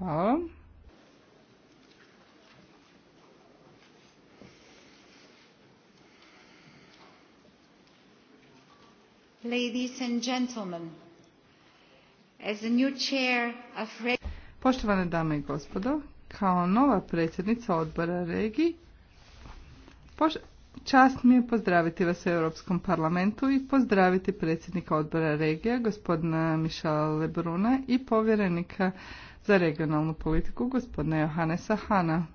Hvala. Ladies and gentlemen, as a new chair of... Poštovane dame i gospodo, kao nova predsjednica odbora regiji, Čast mi je pozdraviti vas u Europskom parlamentu i pozdraviti predsjednika odbora regija, gospodina Mišala Lebruna i povjerenika za regionalnu politiku gospodine Johanesa Hana.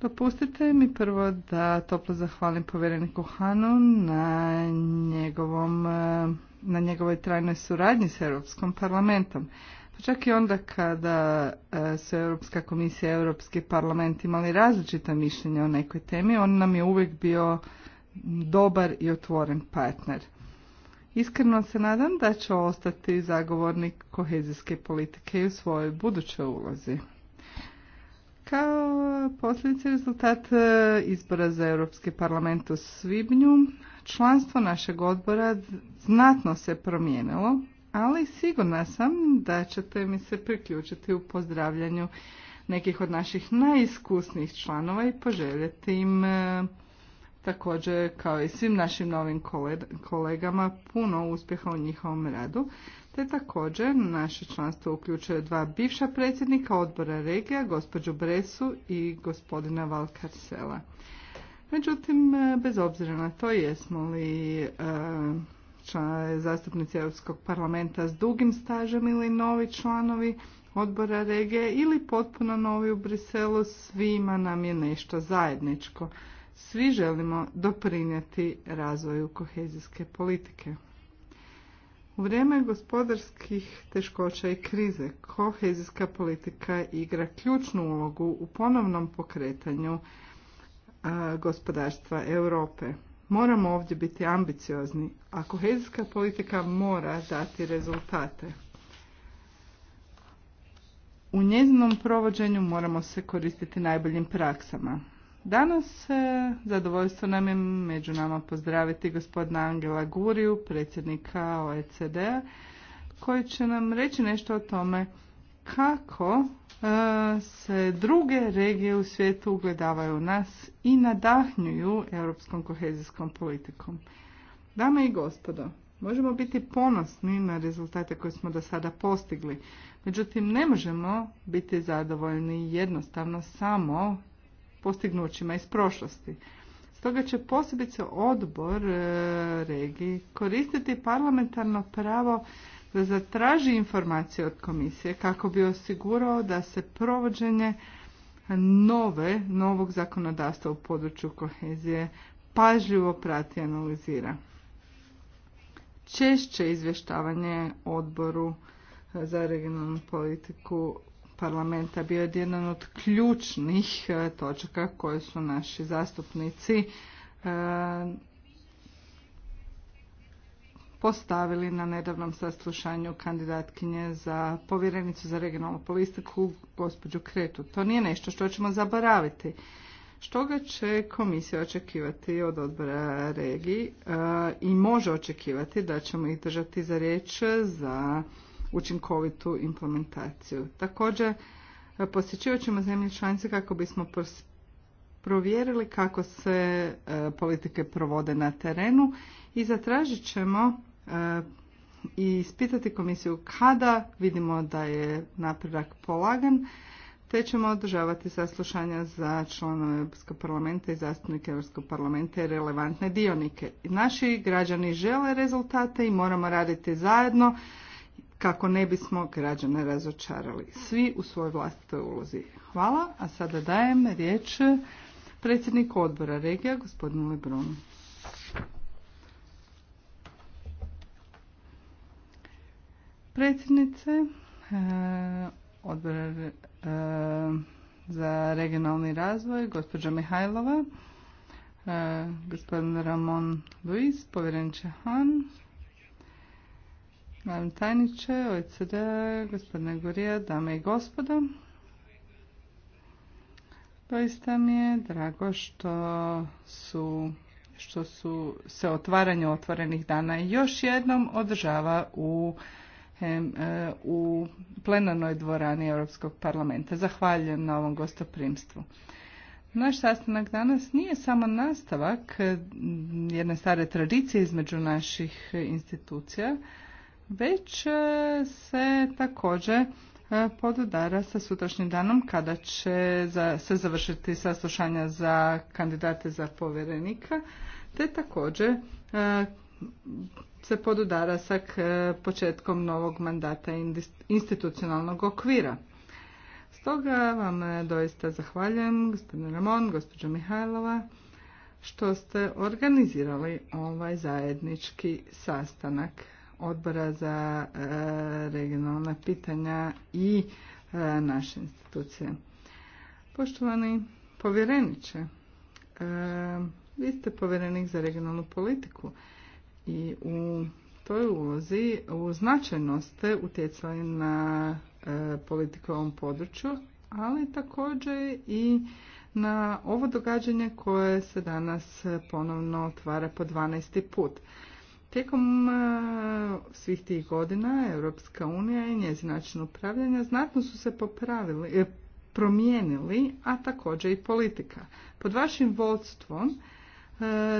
Dopustite mi prvo da toplo zahvalim povjereniku Hanu na, njegovom, na njegovoj trajnoj suradnji s Europskom parlamentom. Pa čak i onda kada e, su Europska komisija i Europski parlament imali različita mišljenja o nekoj temi, on nam je uvijek bio dobar i otvoren partner. Iskreno se nadam da će ostati zagovornik kohezijske politike i u svojoj budućoj ulozi. Kao posljedice rezultat e, izbora za Europski parlament u Svibnju, članstvo našeg odbora znatno se promijenilo, ali sigurna sam da ćete mi se priključiti u pozdravljanju nekih od naših najiskusnijih članova i poželjeti im e, također kao i svim našim novim kolegama puno uspjeha u njihovom radu. Te također naše članstvo uključuje dva bivša predsjednika odbora regija, gospođu Bresu i gospodina Valkarsela. Međutim, bez obzira na to jesmo li e, zastupnici Europskog parlamenta s dugim stažem ili novi članovi odbora regije ili potpuno novi u Briselu, svima nam je nešto zajedničko svi želimo doprinijeti razvoju kohezijske politike. U vrijeme gospodarskih teškoća i krize kohezijska politika igra ključnu ulogu u ponovnom pokretanju gospodarstva Europe. Moramo ovdje biti ambiciozni, a kohezijska politika mora dati rezultate. U njezinom provođenju moramo se koristiti najboljim praksama. Danas e, zadovoljstvo nam je među nama pozdraviti gospodina Angela Guriju, predsjednika OECD-a, koji će nam reći nešto o tome kako e, se druge regije u svijetu ugledavaju nas i nadahnjuju europskom kohezijskom politikom. Dame i gospodo, možemo biti ponosni na rezultate koje smo do sada postigli, međutim ne možemo biti zadovoljni jednostavno samo postignućima iz prošlosti. Stoga će posebice odbor e, regiji koristiti parlamentarno pravo da zatraži informacije od komisije kako bi osigurao da se provođenje nove, novog zakonodavstva u području kohezije pažljivo prati i analizira. Češće izvještavanje odboru za regionalnu politiku parlamenta bio je jedan od ključnih e, točaka koje su naši zastupnici e, postavili na nedavnom saslušanju kandidatkinje za povjerenicu za regionalnu politiku, gospođu Kretu. To nije nešto što ćemo zaboraviti. Što ga će komisija očekivati od odbora regiji e, i može očekivati da ćemo ih držati za riječ za učinkovitu implementaciju. Također, e, posjećivat ćemo zemlje članice kako bismo provjerili kako se e, politike provode na terenu i zatražit ćemo e, i ispitati komisiju kada vidimo da je napredak polagan, te ćemo održavati saslušanja za članove Europskog parlamenta i zastupnike Europskog parlamenta i relevantne dionike. Naši građani žele rezultate i moramo raditi zajedno kako ne bismo građane razočarali. Svi u svojoj vlastitoj ulozi. Hvala, a sada dajem riječ predsjedniku odbora regija, gospodinu Lebronu. Predsjednice e, odbora e, za regionalni razvoj, gospođa Mihajlova, e, gospodin Ramon Luis, povjerenče Han, Glavni tajniče OECD, gospodine Gorija, dame i gospodo. Doista mi je drago što su što su se otvaranje otvorenih dana još jednom održava u, e, u plenarnoj dvorani Europskog parlamenta. Zahvaljujem na ovom gostoprimstvu. Naš sastanak danas nije samo nastavak jedne stare tradicije između naših institucija, već e, se također e, podudara sa sutrašnjim danom kada će se završiti saslušanja za kandidate za povjerenika, te također e, se podudara sa početkom novog mandata institucionalnog okvira. Stoga vam doista zahvaljujem gospodine Ramon, gospođo Mihajlova što ste organizirali ovaj zajednički sastanak odbora za e, regionalna pitanja i e, naše institucije. Poštovani povjereniče, e, vi ste povjerenik za regionalnu politiku i u toj ulozi u značajno ste utjecali na politiku u ovom području, ali također i na ovo događanje koje se danas ponovno otvara po 12. put. Tijekom e, svih tih godina Europska unija i njezin način upravljanja znatno su se popravili, e, promijenili, a također i politika. Pod vašim vodstvom e,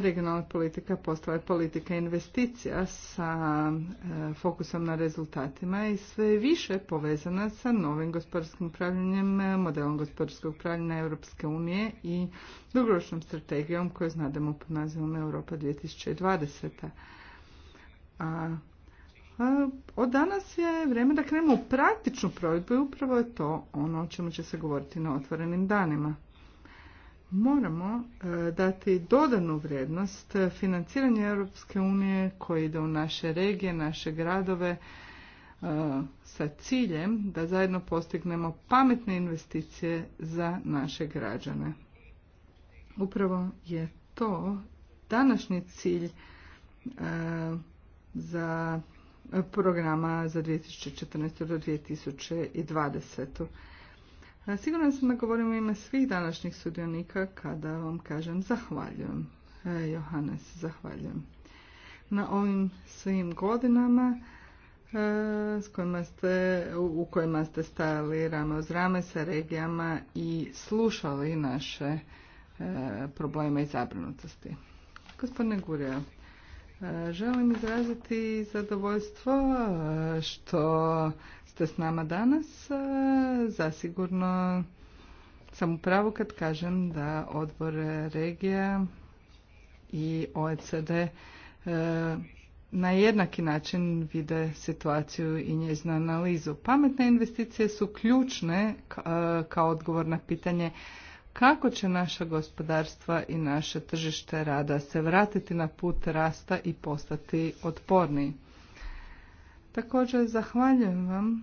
regionalna politika postala je politika investicija sa fokusom na rezultatima i sve više povezana sa novim gospodarskim upravljanjem, modelom gospodarskog upravljanja Europske unije i dugoročnom strategijom koju znademo pod nazivom Europa 2020. A od danas je vrijeme da krenemo u praktičnu provedbu i upravo je to ono o čemu će se govoriti na otvorenim danima. Moramo e, dati dodanu vrijednost financiranja Europske unije koji ide u naše regije, naše gradove e, sa ciljem da zajedno postignemo pametne investicije za naše građane. Upravo je to današnji cilj e, za e, programa za 2014. do 2020. E, sigurno sam da govorim u ime svih današnjih sudionika kada vam kažem zahvaljujem. E, Johannes, zahvaljujem. Na ovim svim godinama s kojima ste, u, kojima ste stajali rame uz sa regijama i slušali naše probleme i zabrinutosti. Gospodine Gurija, E, želim izraziti zadovoljstvo e, što ste s nama danas. E, zasigurno sam u pravu kad kažem da odbor regija i OECD na jednaki način vide situaciju i njeznu analizu. Pametne investicije su ključne kao odgovor na pitanje kako će naša gospodarstva i naše tržište rada se vratiti na put rasta i postati otporniji. Također zahvaljujem vam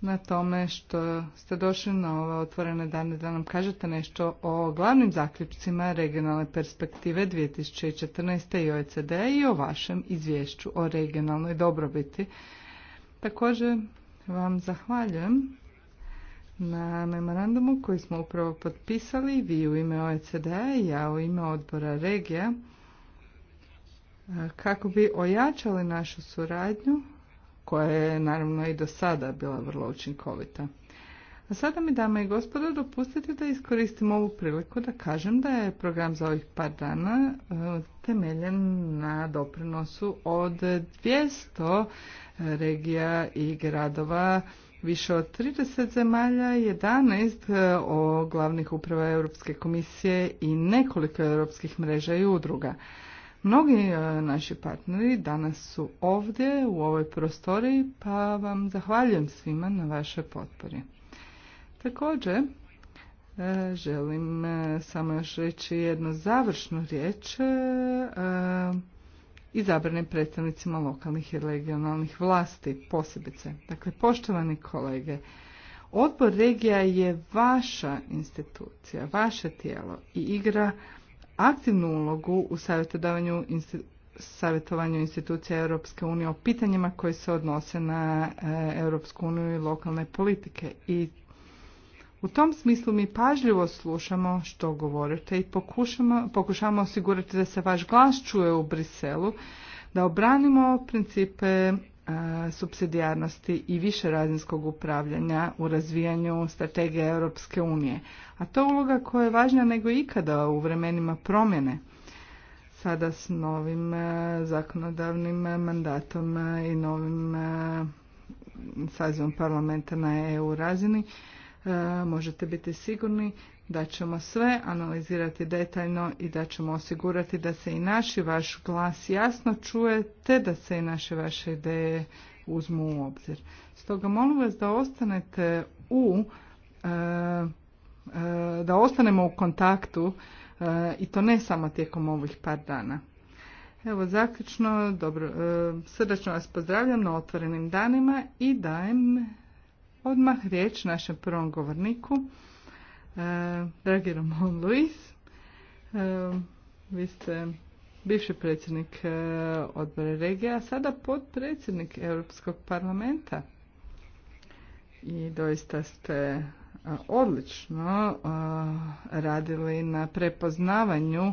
na tome što ste došli na ove otvorene dane da nam kažete nešto o glavnim zaključcima regionalne perspektive 2014. i OECD i o vašem izvješću o regionalnoj dobrobiti. Također vam zahvaljujem na memorandumu koji smo upravo potpisali, vi u ime OECD-a i ja u ime odbora regija, e, kako bi ojačali našu suradnju, koja je naravno i do sada bila vrlo učinkovita. A sada mi, dame i gospodo, dopustite da iskoristim ovu priliku da kažem da je program za ovih par dana e, temeljen na doprinosu od 200 regija i gradova više od 30 zemalja, 11 e, o glavnih uprava Europske komisije i nekoliko europskih mreža i udruga. Mnogi e, naši partneri danas su ovdje u ovoj prostoriji pa vam zahvaljujem svima na vašoj potpori. Također, e, želim samo još reći jednu završnu riječ izabranim predstavnicima lokalnih i regionalnih vlasti posebice. Dakle, poštovani kolege, odbor regija je vaša institucija, vaše tijelo i igra aktivnu ulogu u savjetodavanju savjetovanju institucija Europske unije o pitanjima koji se odnose na e, Europsku uniju i lokalne politike. I u tom smislu mi pažljivo slušamo što govorite i pokušamo, osigurati da se vaš glas čuje u Briselu, da obranimo principe e, subsidijarnosti i više razinskog upravljanja u razvijanju strategije Europske unije. A to je uloga koja je važna nego ikada u vremenima promjene. Sada s novim e, zakonodavnim mandatom e, i novim sazivom parlamenta na EU razini E, možete biti sigurni da ćemo sve analizirati detaljno i da ćemo osigurati da se i naši vaš glas jasno čuje te da se i naše vaše ideje uzmu u obzir. Stoga molim vas da ostanete u e, e, da ostanemo u kontaktu i to ne samo tijekom ovih par dana. Evo zaključno, dobro, srdačno vas pozdravljam na otvorenim danima i dajem odmah riječ našem prvom govorniku, e, dragi Ramon Luis. E, vi ste bivši predsjednik e, odbora regija, a sada podpredsjednik Europskog parlamenta. I doista ste odlično radili na prepoznavanju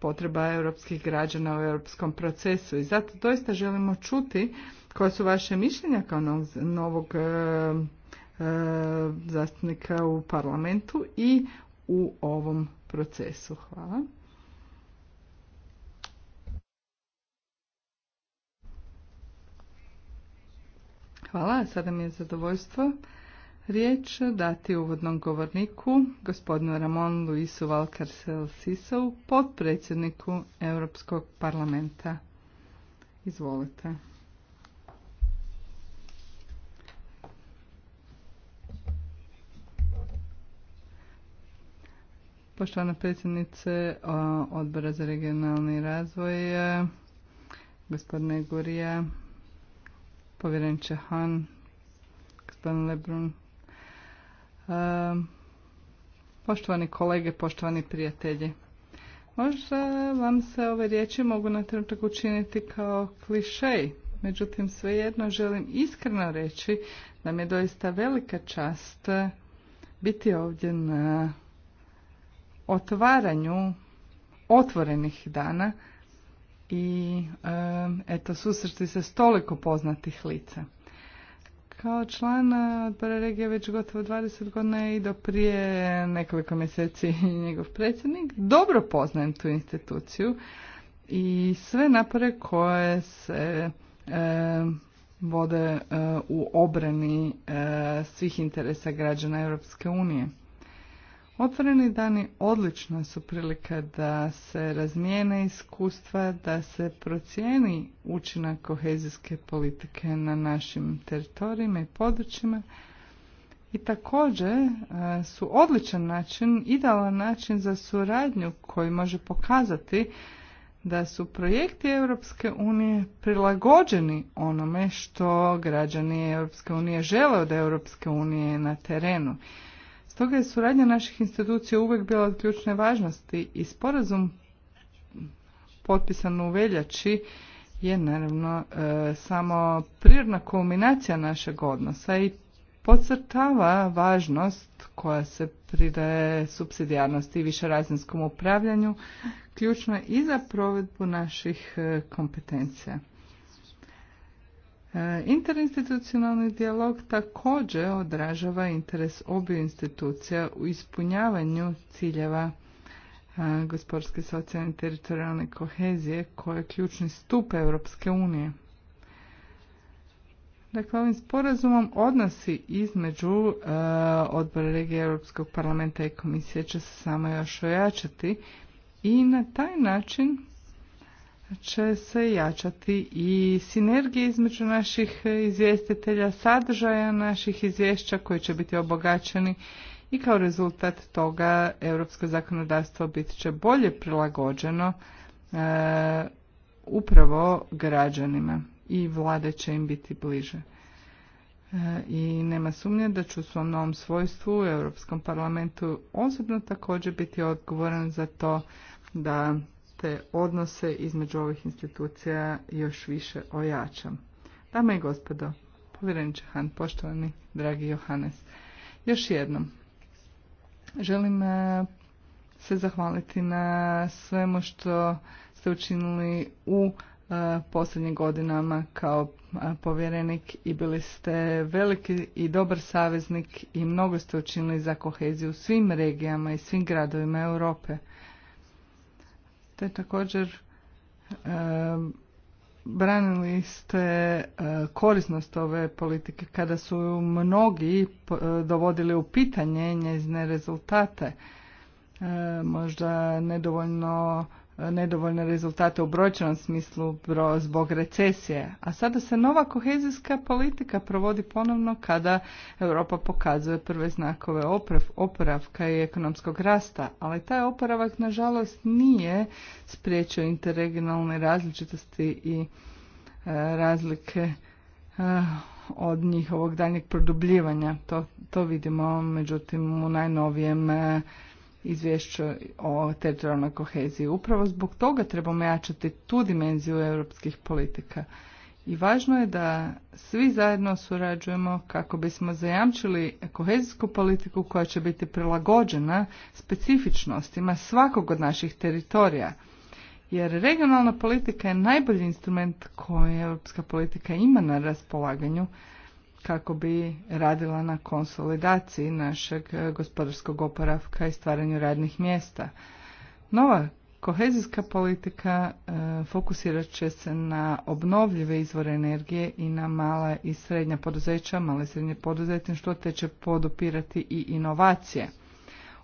potreba europskih građana u europskom procesu i zato doista želimo čuti koja su vaše mišljenja kao novog, novog e, e, zastupnika u parlamentu i u ovom procesu? Hvala. Hvala, sada mi je zadovoljstvo riječ dati uvodnom govorniku, gospodinu Ramon Luisu Valkarsel Sisou, potpredsjedniku Europskog parlamenta. Izvolite. Poštovana predsjednice odbora za regionalni razvoj, e, gospodine Gurija, povjerenče Han, gospodin Lebrun, e, poštovani kolege, poštovani prijatelji. Možda vam se ove riječi mogu na trenutak učiniti kao klišej, međutim svejedno želim iskreno reći da mi je doista velika čast biti ovdje na otvaranju otvorenih dana i eto susrti se s toliko poznatih lica. Kao član eh, odbora regije već gotovo 20 godina i do prije nekoliko mjeseci njegov predsjednik, dobro poznajem tu instituciju i sve napore koje se vode eh, u obrani eh, svih interesa građana Europske unije. Otvoreni dani odlična su prilika da se razmijene iskustva, da se procijeni učinak kohezijske politike na našim teritorijima i područjima i također e, su odličan način, idealan način za suradnju koji može pokazati da su projekti Europske unije prilagođeni onome što građani Europske unije žele od Europske unije na terenu Stoga je suradnja naših institucija uvijek bila od ključne važnosti i sporazum potpisan u veljači je naravno e, samo prirodna kulminacija našeg odnosa i podcrtava važnost koja se pridaje subsidijarnosti i višerazinskom upravljanju, ključno i za provedbu naših e, kompetencija. E, interinstitucionalni dijalog također odražava interes obiju institucija u ispunjavanju ciljeva e, gospodarske, socijalne i teritorijalne kohezije koja je ključni stup Europske unije. Dakle, ovim sporazumom odnosi između e, odbora regije Europskog parlamenta i komisije će se samo još ojačati i na taj način će se jačati i sinergije između naših izvjestitelja, sadržaja naših izvješća koji će biti obogaćeni i kao rezultat toga europsko zakonodavstvo bit će bolje prilagođeno e, upravo građanima i vlade će im biti bliže. E, I nema sumnje da ću u svom novom svojstvu u Europskom parlamentu osobno također biti odgovoran za to da te odnose između ovih institucija još više ojačam. Dame i gospodo, povjereniče Han, poštovani dragi Johannes, još jednom želim e, se zahvaliti na svemu što ste učinili u e, posljednjim godinama kao e, povjerenik i bili ste veliki i dobar saveznik i mnogo ste učinili za koheziju u svim regijama i svim gradovima Europe te također e, branili ste e, korisnost ove politike kada su mnogi e, dovodili u pitanje njezine rezultate. E, možda nedovoljno nedovoljne rezultate u brojčanom smislu zbog recesije. A sada se nova kohezijska politika provodi ponovno kada Europa pokazuje prve znakove oporavka i ekonomskog rasta, ali taj oporavak nažalost nije spriječio interregionalne različitosti i e, razlike e, od njihovog daljnjeg produbljivanja. To, to vidimo međutim u najnovijem e, izvješće o teritorijalnoj koheziji. Upravo zbog toga trebamo jačati tu dimenziju europskih politika. I važno je da svi zajedno surađujemo kako bismo zajamčili kohezijsku politiku koja će biti prilagođena specifičnostima svakog od naših teritorija. Jer regionalna politika je najbolji instrument koji europska politika ima na raspolaganju kako bi radila na konsolidaciji našeg e, gospodarskog oporavka i stvaranju radnih mjesta. Nova kohezijska politika e, fokusirat će se na obnovljive izvore energije i na mala i srednja poduzeća, male i srednje poduzetništvo, te će podupirati i inovacije.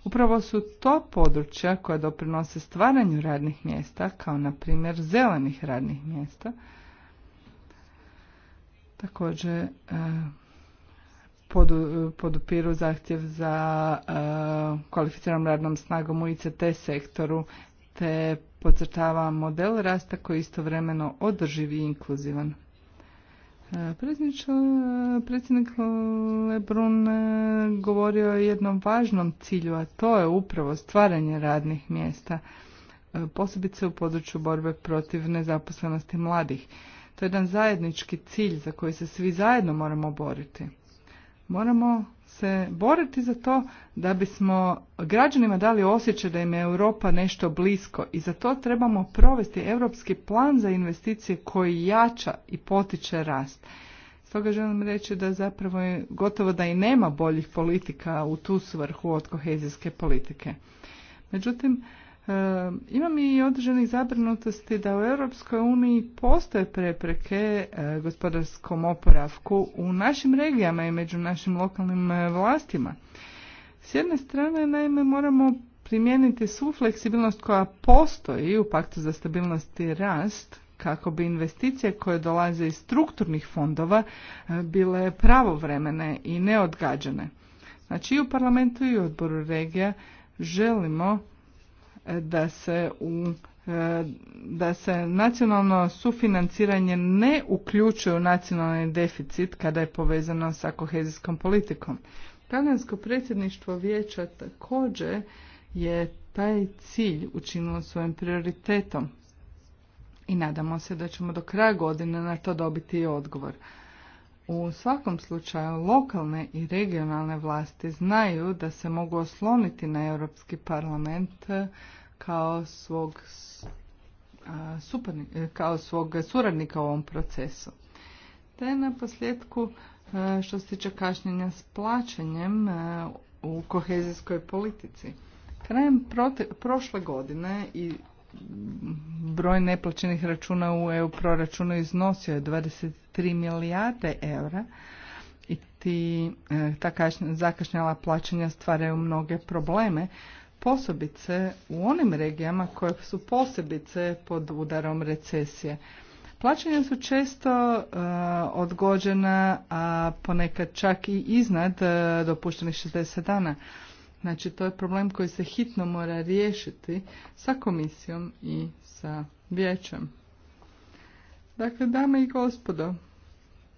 Upravo su to područja koja doprinose stvaranju radnih mjesta, kao na primjer zelenih radnih mjesta – također e, podupiru zahtjev za e, kvalificiranom radnom snagom u ICT sektoru te podcrtava model rasta koji je istovremeno održiv i inkluzivan. E, predsjednik Lebrun govorio o jednom važnom cilju, a to je upravo stvaranje radnih mjesta, posebice u području borbe protiv nezaposlenosti mladih. To je jedan zajednički cilj za koji se svi zajedno moramo boriti. Moramo se boriti za to da bismo građanima dali osjećaj da im je Europa nešto blisko i za to trebamo provesti europski plan za investicije koji jača i potiče rast. Stoga želim reći da zapravo je gotovo da i nema boljih politika u tu svrhu od kohezijske politike. Međutim, Eh, imam i određenih zabrinutosti da u Europskoj uniji postoje prepreke eh, gospodarskom oporavku u našim regijama i među našim lokalnim eh, vlastima. S jedne strane, naime, moramo primijeniti svu fleksibilnost koja postoji u paktu za stabilnost i rast kako bi investicije koje dolaze iz strukturnih fondova bile pravovremene i neodgađene. Znači i u parlamentu i u odboru regija želimo da se u e, da se nacionalno sufinanciranje ne uključuje u nacionalni deficit kada je povezano sa kohezijskom politikom. Talijansko predsjedništvo vijeća također je taj cilj učinilo svojim prioritetom i nadamo se da ćemo do kraja godine na to dobiti odgovor. U svakom slučaju lokalne i regionalne vlasti znaju da se mogu osloniti na Europski parlament eh, kao svog, eh, eh, kao svog suradnika u ovom procesu. Te na posljedku što se tiče kašnjenja s plaćanjem u kohezijskoj politici. Krajem prošle godine i broj neplaćenih računa u EU proračunu iznosio je 23 milijarde eura i ti, e, ta zakašnjala plaćanja stvaraju mnoge probleme, posebice u onim regijama koje su posebice pod udarom recesije. Plaćanja su često e, odgođena, a ponekad čak i iznad e, dopuštenih 60 dana. Znači, to je problem koji se hitno mora riješiti sa komisijom i sa vijećem. Dakle, dame i gospodo,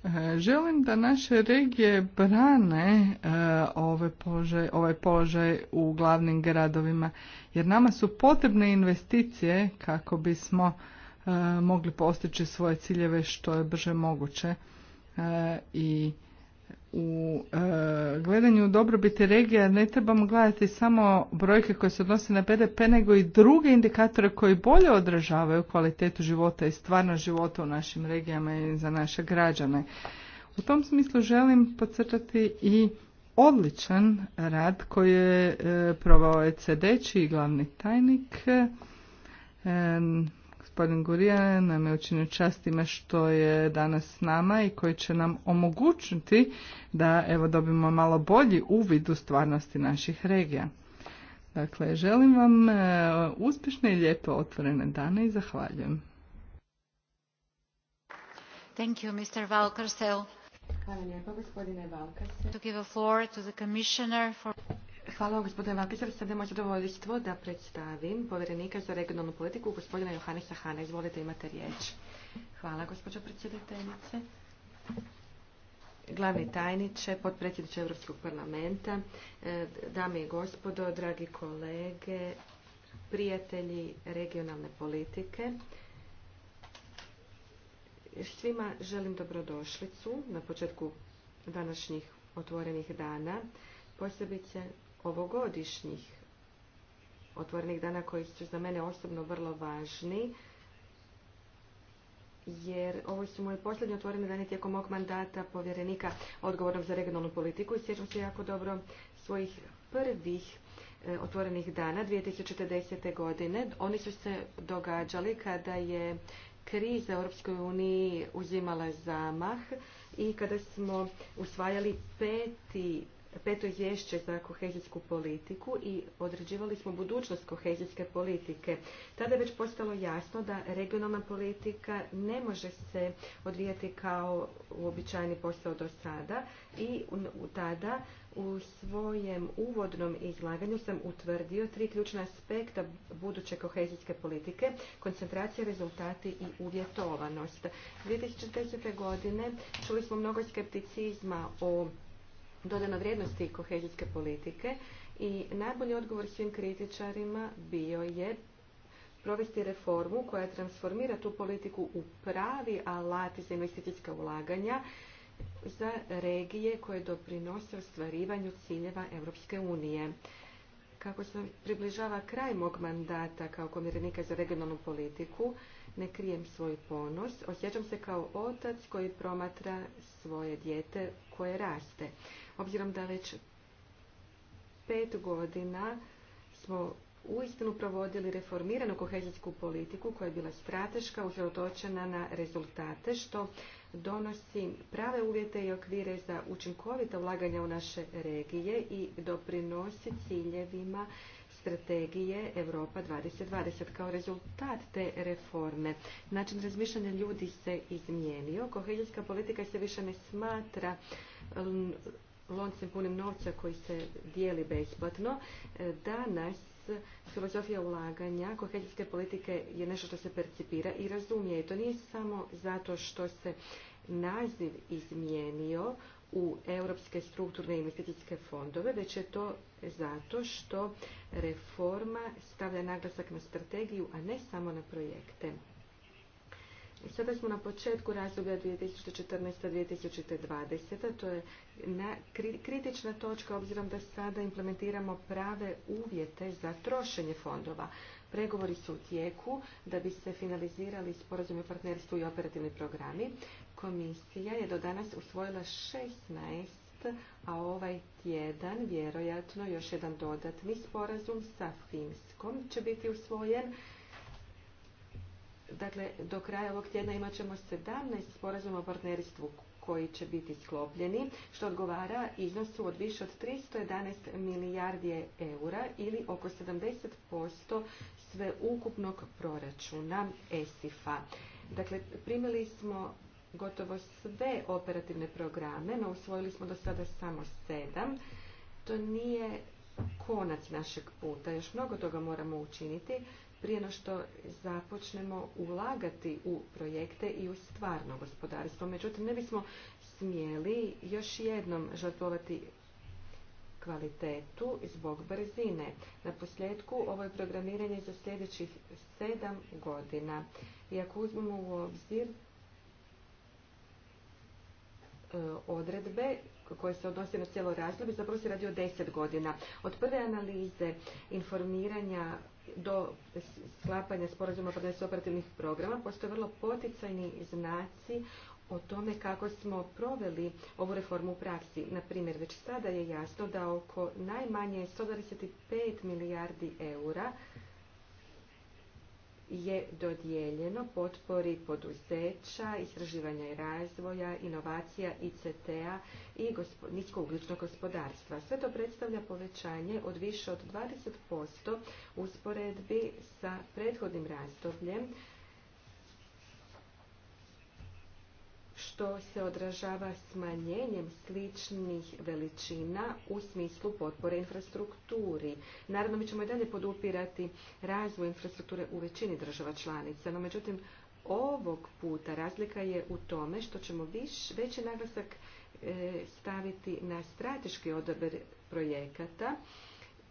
e, želim da naše regije brane e, ovaj položaj u glavnim gradovima, jer nama su potrebne investicije kako bismo e, mogli postići svoje ciljeve što je brže moguće i u e, gledanju dobrobiti regija ne trebamo gledati samo brojke koje se odnose na BDP, nego i druge indikatore koji bolje odražavaju kvalitetu života i stvarno života u našim regijama i za naše građane. U tom smislu želim podcrtati i odličan rad koji je e, provao ECD, čiji glavni tajnik e, gospodin Gurija nam je učinio častima što je danas s nama i koji će nam omogućiti da evo dobimo malo bolji uvid u stvarnosti naših regija. Dakle, želim vam e, uspješne i lijepo otvorene dane i zahvaljujem. Thank you, Mr. Valkersel. Hvala lijepo, gospodine Valkersel. To give a floor to the commissioner for... Hvala vam gospodine Vapićar. Sada ima zadovoljstvo da predstavim povjerenika za regionalnu politiku gospodina Johanesa Hana. Izvolite, imate riječ. Hvala gospođo predsjedateljice. Glavni tajniče, potpredsjedniče Europskog parlamenta, e, dame i gospodo, dragi kolege, prijatelji regionalne politike, svima želim dobrodošlicu na početku današnjih otvorenih dana posebice ovogodišnjih otvorenih dana koji su za mene osobno vrlo važni jer ovo su moje posljednje otvorene dane tijekom mog mandata povjerenika odgovornog za regionalnu politiku i sjećam se jako dobro svojih prvih e, otvorenih dana 2010. godine. Oni su se događali kada je kriza Europskoj uniji uzimala zamah i kada smo usvajali peti peto izvješće za kohezijsku politiku i određivali smo budućnost kohezijske politike. Tada je već postalo jasno da regionalna politika ne može se odvijati kao uobičajeni posao do sada i tada u svojem uvodnom izlaganju sam utvrdio tri ključna aspekta buduće kohezijske politike, koncentracija, rezultati i uvjetovanost. 2010. godine čuli smo mnogo skepticizma o dodana vrijednosti kohezijske politike i najbolji odgovor svim kritičarima bio je provesti reformu koja transformira tu politiku u pravi alat za investicijska ulaganja za regije koje doprinose ostvarivanju ciljeva Europske unije. Kako se približava kraj mog mandata kao komjerenika za regionalnu politiku, ne krijem svoj ponos, osjećam se kao otac koji promatra svoje dijete koje raste obzirom da već pet godina smo uistinu provodili reformiranu kohezijsku politiku koja je bila strateška, usredotočena na rezultate, što donosi prave uvjete i okvire za učinkovita ulaganja u naše regije i doprinosi ciljevima strategije Europa 2020 kao rezultat te reforme. Način razmišljanja ljudi se izmijenio. Kohezijska politika se više ne smatra loncem punim novca koji se dijeli besplatno. E, Danas filozofija ulaganja, kohezijske politike je nešto što se percipira i razumije. I to nije samo zato što se naziv izmijenio u europske strukturne investicijske fondove, već je to zato što reforma stavlja naglasak na strategiju, a ne samo na projekte. Sada smo na početku razdoblja 2014-2020. To je kritična točka obzirom da sada implementiramo prave uvjete za trošenje fondova. Pregovori su u tijeku da bi se finalizirali sporazumi o partnerstvu i operativni programi. Komisija je do danas usvojila 16 a ovaj tjedan vjerojatno još jedan dodatni sporazum sa Finskom će biti usvojen Dakle, do kraja ovog tjedna imat ćemo 17 sporazuma o partnerstvu koji će biti sklopljeni, što odgovara iznosu od više od 311 milijardi eura ili oko 70% sveukupnog proračuna ESIF-a. Dakle, primili smo gotovo sve operativne programe, no usvojili smo do sada samo sedam. To nije konac našeg puta, još mnogo toga moramo učiniti, prije no što započnemo ulagati u projekte i u stvarno gospodarstvo. Međutim, ne bismo smjeli još jednom žrtvovati kvalitetu zbog brzine. Na posljedku ovo je programiranje za sljedećih sedam godina. I ako uzmemo u obzir e, odredbe koje se odnose na cijelo razdoblje, zapravo se radi o deset godina. Od prve analize informiranja do sklapanja sporazuma podnesu operativnih programa postoje vrlo poticajni znaci o tome kako smo proveli ovu reformu u praksi. Na već sada je jasno da oko najmanje 125 milijardi eura je dodijeljeno potpori poduzeća, istraživanja i razvoja, inovacija, ICT-a i gospo, gospodarstva. Sve to predstavlja povećanje od više od 20% usporedbi sa prethodnim razdobljem što se odražava smanjenjem sličnih veličina u smislu potpore infrastrukturi. Naravno, mi ćemo i dalje podupirati razvoj infrastrukture u većini država članica, no međutim, ovog puta razlika je u tome što ćemo viš, veći naglasak e, staviti na strateški odabir projekata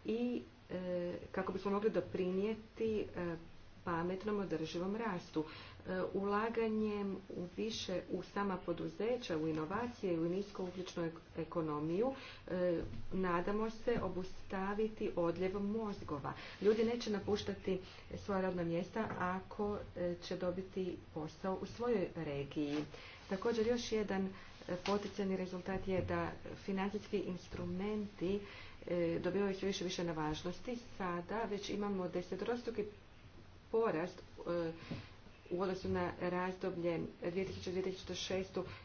i e, kako bismo mogli doprinijeti e, pametnom održivom rastu. E, ulaganjem u više u sama poduzeća, u inovacije i u nisko niskougljičnu ekonomiju e, nadamo se obustaviti odljev mozgova. Ljudi neće napuštati svoja radna mjesta ako e, će dobiti posao u svojoj regiji. Također još jedan poticajni rezultat je da financijski instrumenti dobivaju sve više više na važnosti. Sada već imamo desetrostruki porast u odnosu na razdoblje 2006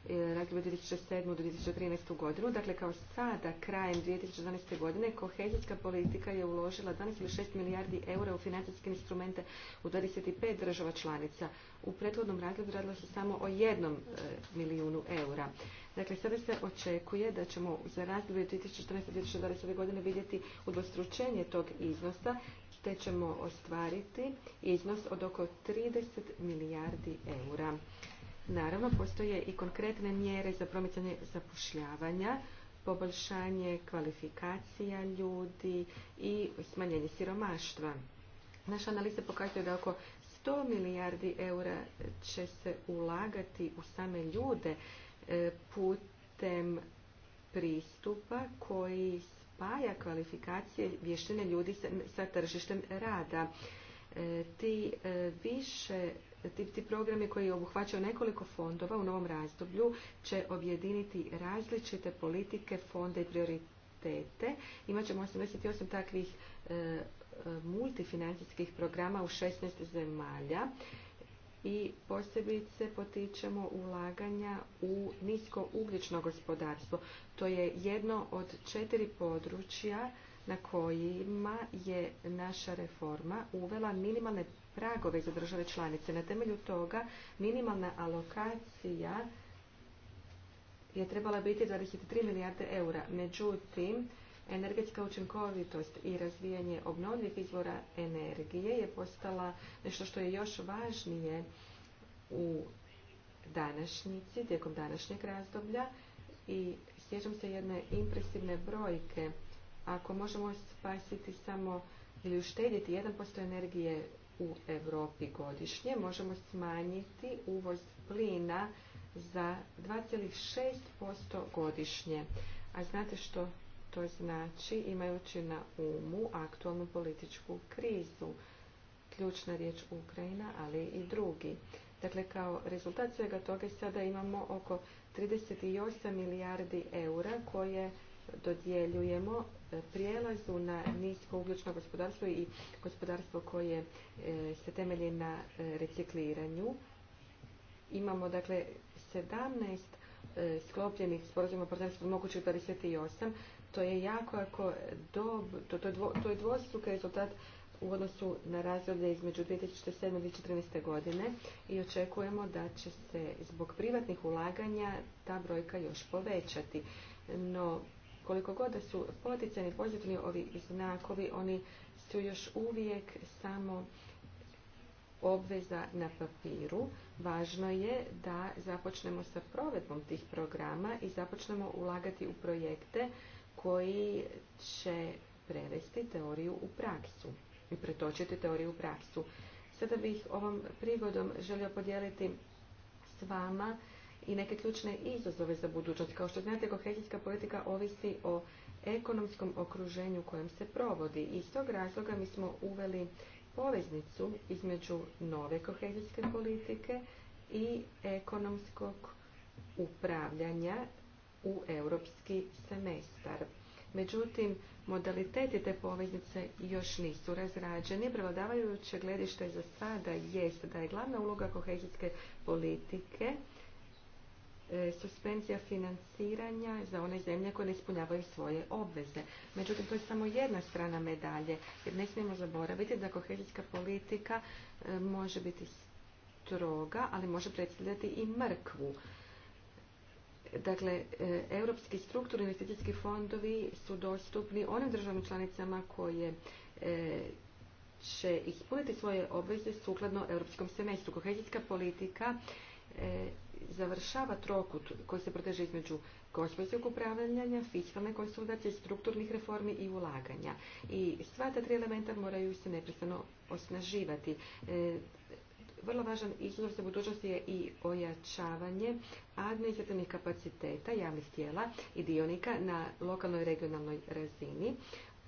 e, razdoblje 2007. do 2013. godinu. Dakle, kao sada, krajem 2012. godine, kohezijska politika je uložila 12,6 milijardi eura u financijske instrumente u 25 država članica. U prethodnom razdoblju radilo se samo o jednom e, milijunu eura. Dakle, sada se očekuje da ćemo za razdoblje 2014-2020. godine vidjeti udvostručenje tog iznosa te ćemo ostvariti iznos od oko 30 milijardi eura. Naravno, postoje i konkretne mjere za promicanje zapošljavanja, poboljšanje kvalifikacija ljudi i smanjenje siromaštva. Naša analiza pokazuje da oko 100 milijardi eura će se ulagati u same ljude e, putem pristupa koji spaja kvalifikacije vještine ljudi sa tržištem rada. E, ti e, više ti, ti programi koji obuhvaćaju nekoliko fondova u novom razdoblju će objediniti različite politike, fonde i prioritete. Imaćemo 88 takvih e, multifinancijskih programa u 16 zemalja i posebice potičemo ulaganja u niskougljično gospodarstvo. To je jedno od četiri područja na kojima je naša reforma uvela minimalne pragove za države članice. Na temelju toga minimalna alokacija je trebala biti 23 milijarde eura. Međutim, Energetska učinkovitost i razvijanje obnovljivih izvora energije je postala nešto što je još važnije u današnjici, tijekom današnjeg razdoblja i sjećam se jedne impresivne brojke. Ako možemo spasiti samo ili uštedjeti 1% energije u Europi godišnje, možemo smanjiti uvoz plina za 2,6% godišnje. A znate što to znači imajući na umu aktualnu političku krizu. Ključna riječ Ukrajina, ali i drugi. Dakle, kao rezultat svega toga sada imamo oko 38 milijardi eura koje dodjeljujemo e, prijelazu na nisko ugljično gospodarstvo i gospodarstvo koje e, se temelji na e, recikliranju. Imamo dakle 17 E, sklopljenih sporazuma o partnerstvu moguće To je jako, jako dob, to, to, to je dvostruki rezultat u odnosu na razdoblje između 2007. i 2014. godine i očekujemo da će se zbog privatnih ulaganja ta brojka još povećati. No, koliko god da su poticani pozitivni ovi znakovi, oni su još uvijek samo obveza na papiru. Važno je da započnemo sa provedbom tih programa i započnemo ulagati u projekte koji će prevesti teoriju u praksu i pretočiti teoriju u praksu. Sada bih ovom prigodom želio podijeliti s vama i neke ključne izazove za budućnost. Kao što znate, kohezijska politika ovisi o ekonomskom okruženju kojem se provodi. Iz tog razloga mi smo uveli poveznicu između nove kohezijske politike i ekonomskog upravljanja u europski semestar. Međutim, modaliteti te poveznice još nisu razrađeni. Prevladavajuće gledište za sada jest da je glavna uloga kohezijske politike E, suspenzija financiranja za one zemlje koje ne ispunjavaju svoje obveze. Međutim, to je samo jedna strana medalje, jer ne smijemo zaboraviti da kohezijska politika e, može biti stroga, ali može predstavljati i mrkvu. Dakle, e, europski strukturni investicijski fondovi su dostupni onim državnim članicama koje će ispuniti svoje obveze sukladno europskom semestru. Kohezijska politika završava trokut koji se proteže između gospodarskog upravljanja, fiskalne konsolidacije, strukturnih reformi i ulaganja. I sva ta tri elementa moraju se neprestano osnaživati. E, vrlo važan iznos za budućnosti je i ojačavanje administrativnih kapaciteta javnih tijela i dionika na lokalnoj i regionalnoj razini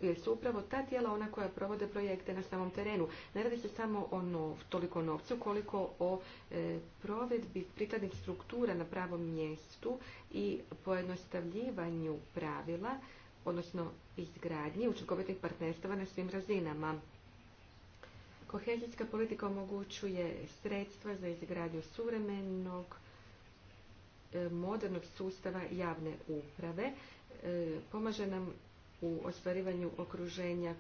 jer su upravo ta tijela ona koja provode projekte na samom terenu. Ne radi se samo o nov, toliko novcu koliko o e, provedbi prikladnih struktura na pravom mjestu i pojednostavljivanju pravila, odnosno izgradnji učinkovitih partnerstava na svim razinama. Kohezijska politika omogućuje sredstva za izgradnju suvremenog, e, modernog sustava javne uprave. E, pomaže nam u ostvarivanju okruženja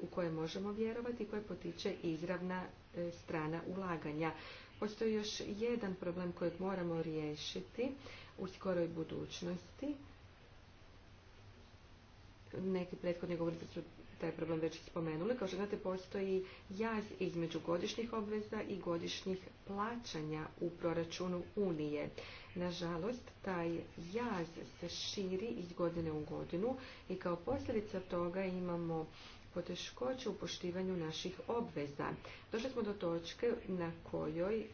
u koje možemo vjerovati i koje potiče izravna e, strana ulaganja. Postoji još jedan problem kojeg moramo riješiti u skoroj budućnosti. Neki prethodni govornici su taj problem već spomenuli. Kao što znate, postoji jaz između godišnjih obveza i godišnjih plaćanja u proračunu Unije. Nažalost, taj jaz se širi iz godine u godinu i kao posljedica toga imamo poteškoće u poštivanju naših obveza. Došli smo do točke na kojoj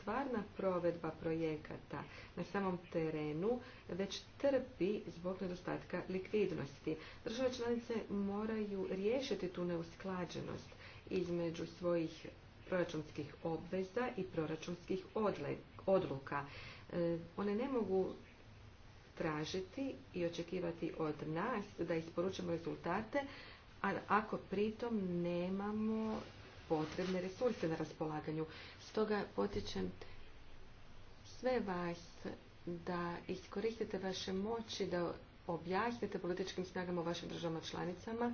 stvarna provedba projekata na samom terenu već trpi zbog nedostatka likvidnosti. Države članice moraju riješiti tu neusklađenost između svojih proračunskih obveza i proračunskih odluka. E, one ne mogu tražiti i očekivati od nas da isporučimo rezultate, a ako pritom nemamo potrebne resurse na raspolaganju. Stoga potičem sve vas da iskoristite vaše moći, da objasnite političkim snagama u vašim državama članicama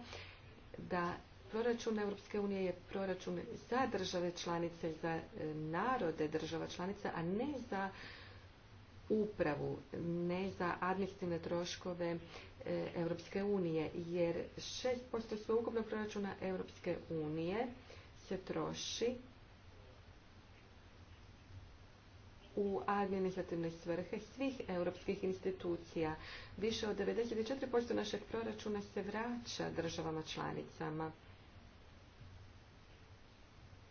da proračun Europske unije je proračun za države članice, za e, narode država članica, a ne za upravu, ne za administrativne troškove e, Europske unije, jer 6% ukupnog proračuna Europske unije se troši u administrativne svrhe svih europskih institucija. Više od 94% našeg proračuna se vraća državama članicama.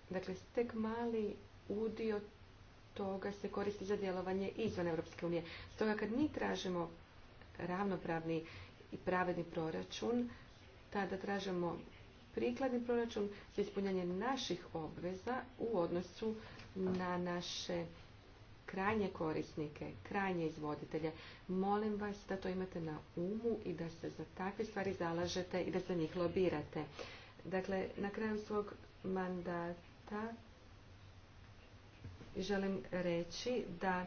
Dakle, tek mali udio toga se koristi za djelovanje izvan Europske unije. Stoga kad mi tražimo ravnopravni i pravedni proračun, tada tražimo prikladni proračun za ispunjanje naših obveza u odnosu na naše krajnje korisnike, krajnje izvoditelje. Molim vas da to imate na umu i da se za takve stvari zalažete i da za njih lobirate. Dakle, na kraju svog mandata želim reći da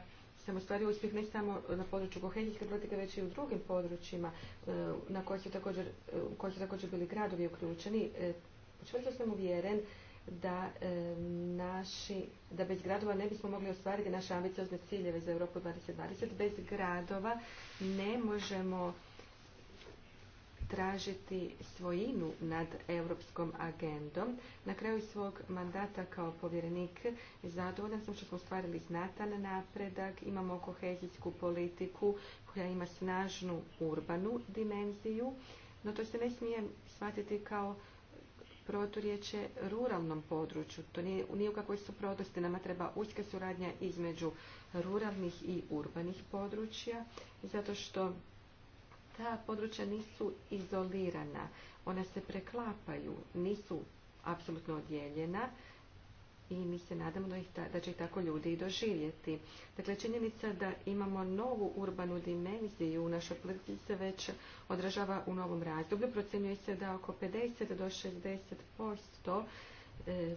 sam ostvario uspjeh ne samo na području kohezijske politike, već i u drugim područjima e, na koje su također, e, koje su također bili gradovi uključeni. E, čvrsto sam uvjeren da, naši, da bez gradova ne bismo mogli ostvariti naše ambiciozne ciljeve za Europu 2020. Bez gradova ne možemo tražiti svojinu nad europskom agendom. Na kraju svog mandata kao povjerenik zadovoljan sam što smo ostvarili znatan napredak, imamo kohezijsku politiku koja ima snažnu urbanu dimenziju, no to se ne smije shvatiti kao proturječe ruralnom području. To nije, nije u kakvoj suprotnosti. Nama treba uska suradnja između ruralnih i urbanih područja, zato što ta područja nisu izolirana, ona se preklapaju, nisu apsolutno odjeljena i mi se nadamo da, ih da će ih tako ljudi i doživjeti. Dakle, činjenica da imamo novu urbanu dimenziju u našoj politici se već odražava u novom razdoblju. Procjenjuje se da oko 50 do 60% E,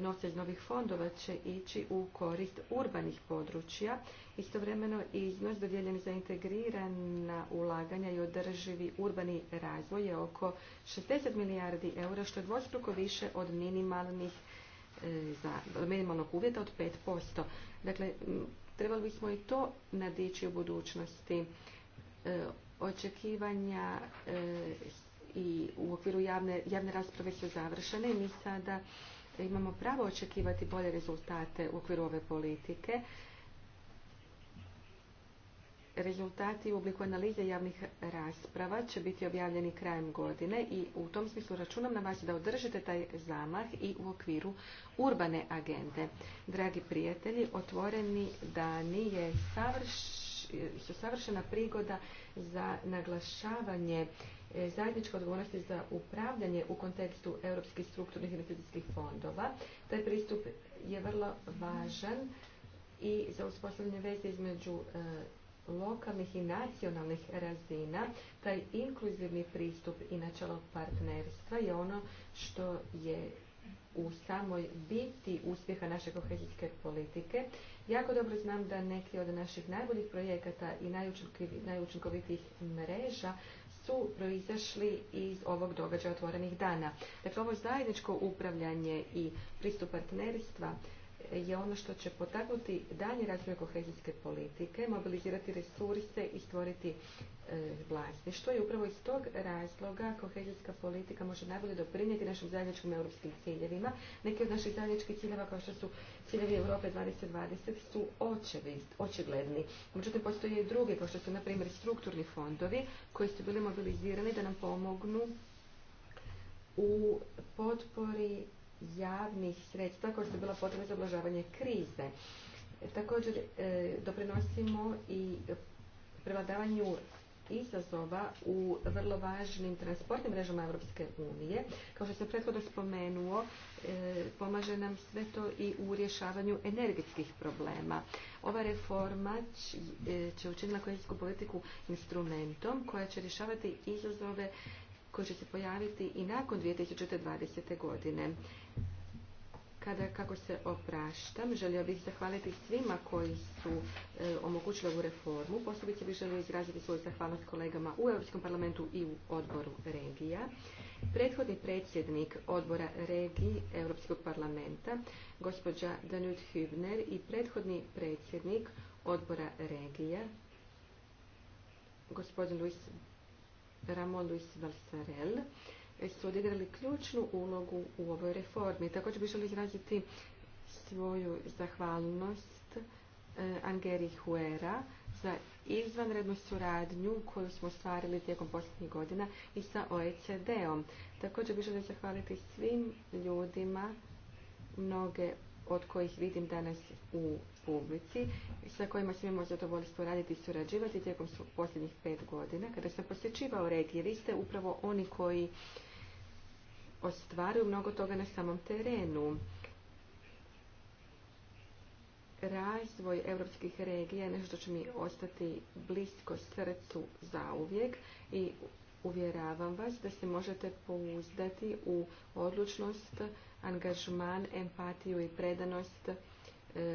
nositelj novih fondova će ići u korist urbanih područja. Istovremeno iznos dodijeljen za integrirana ulaganja i održivi urbani razvoj je oko 60 milijardi eura, što je dvostruko više od minimalnih e, za, minimalnog uvjeta od 5%. Dakle, trebali bismo i to nadići u budućnosti. E, očekivanja i u okviru javne, javne rasprave su završene i mi sada imamo pravo očekivati bolje rezultate u okviru ove politike. Rezultati u obliku analize javnih rasprava će biti objavljeni krajem godine i u tom smislu računam na vas da održite taj zamah i u okviru urbane agende. Dragi prijatelji, otvoreni dani je savrš, su savršena prigoda za naglašavanje E, zajedničke odgovornosti za upravljanje u kontekstu europskih strukturnih investicijskih fondova. Taj pristup je vrlo važan i za uspostavljanje veze između e, lokalnih i nacionalnih razina, taj inkluzivni pristup i načelo partnerstva je ono što je u samoj biti uspjeha naše kohezijske politike. Jako dobro znam da neki od naših najboljih projekata i najučinkovitijih mreža su proizašli iz ovog događaja otvorenih dana. Dakle, ovo zajedničko upravljanje i pristup partnerstva je ono što će potaknuti dalje razvoj kohezijske politike, mobilizirati resurse i stvoriti e, Što je upravo iz tog razloga kohezijska politika može najbolje doprinijeti našim zajedničkim europskim ciljevima. Neki od naših zajedničkih ciljeva kao što su ciljevi Europe 2020 su očigledni. Međutim, postoje i drugi kao što su, na primjer, strukturni fondovi koji su bili mobilizirani da nam pomognu u potpori javnih sredstva koja su bila potrebna za oblažavanje krize. Također e, doprinosimo i prevladavanju izazova u vrlo važnim transportnim mrežama Europske unije. Kao što sam prethodno spomenuo, e, pomaže nam sve to i u rješavanju energetskih problema. Ova reforma e, će učinila kohezijsku politiku instrumentom koja će rješavati izazove koje će se pojaviti i nakon 2020. godine. Kada kako se opraštam, želio bih zahvaliti svima koji su e, omogućili ovu reformu. Posebice bih želio izraziti svoju zahvalnost kolegama u Europskom parlamentu i u odboru regija. Prethodni predsjednik odbora regiji Europskog parlamenta, gospođa Danut Hübner i prethodni predsjednik odbora regija, gospodin Luis, Ramon Luis Valsarel, E, su odigrali ključnu ulogu u ovoj reformi. Također bih želi izraziti svoju zahvalnost e, Angeri Huera za izvanrednu suradnju koju smo stvarili tijekom posljednjih godina i sa OECD-om. Također bih želi zahvaliti svim ljudima, mnoge od kojih vidim danas u publici, sa kojima sam imao zadovoljstvo raditi i surađivati tijekom posljednjih pet godina. Kada sam posjećivao regije, vi ste upravo oni koji ostvaruju mnogo toga na samom terenu. Razvoj europskih regija je nešto će mi ostati blisko srcu zauvijek i uvjeravam vas da se možete pouzdati u odlučnost angažman, empatiju i predanost e,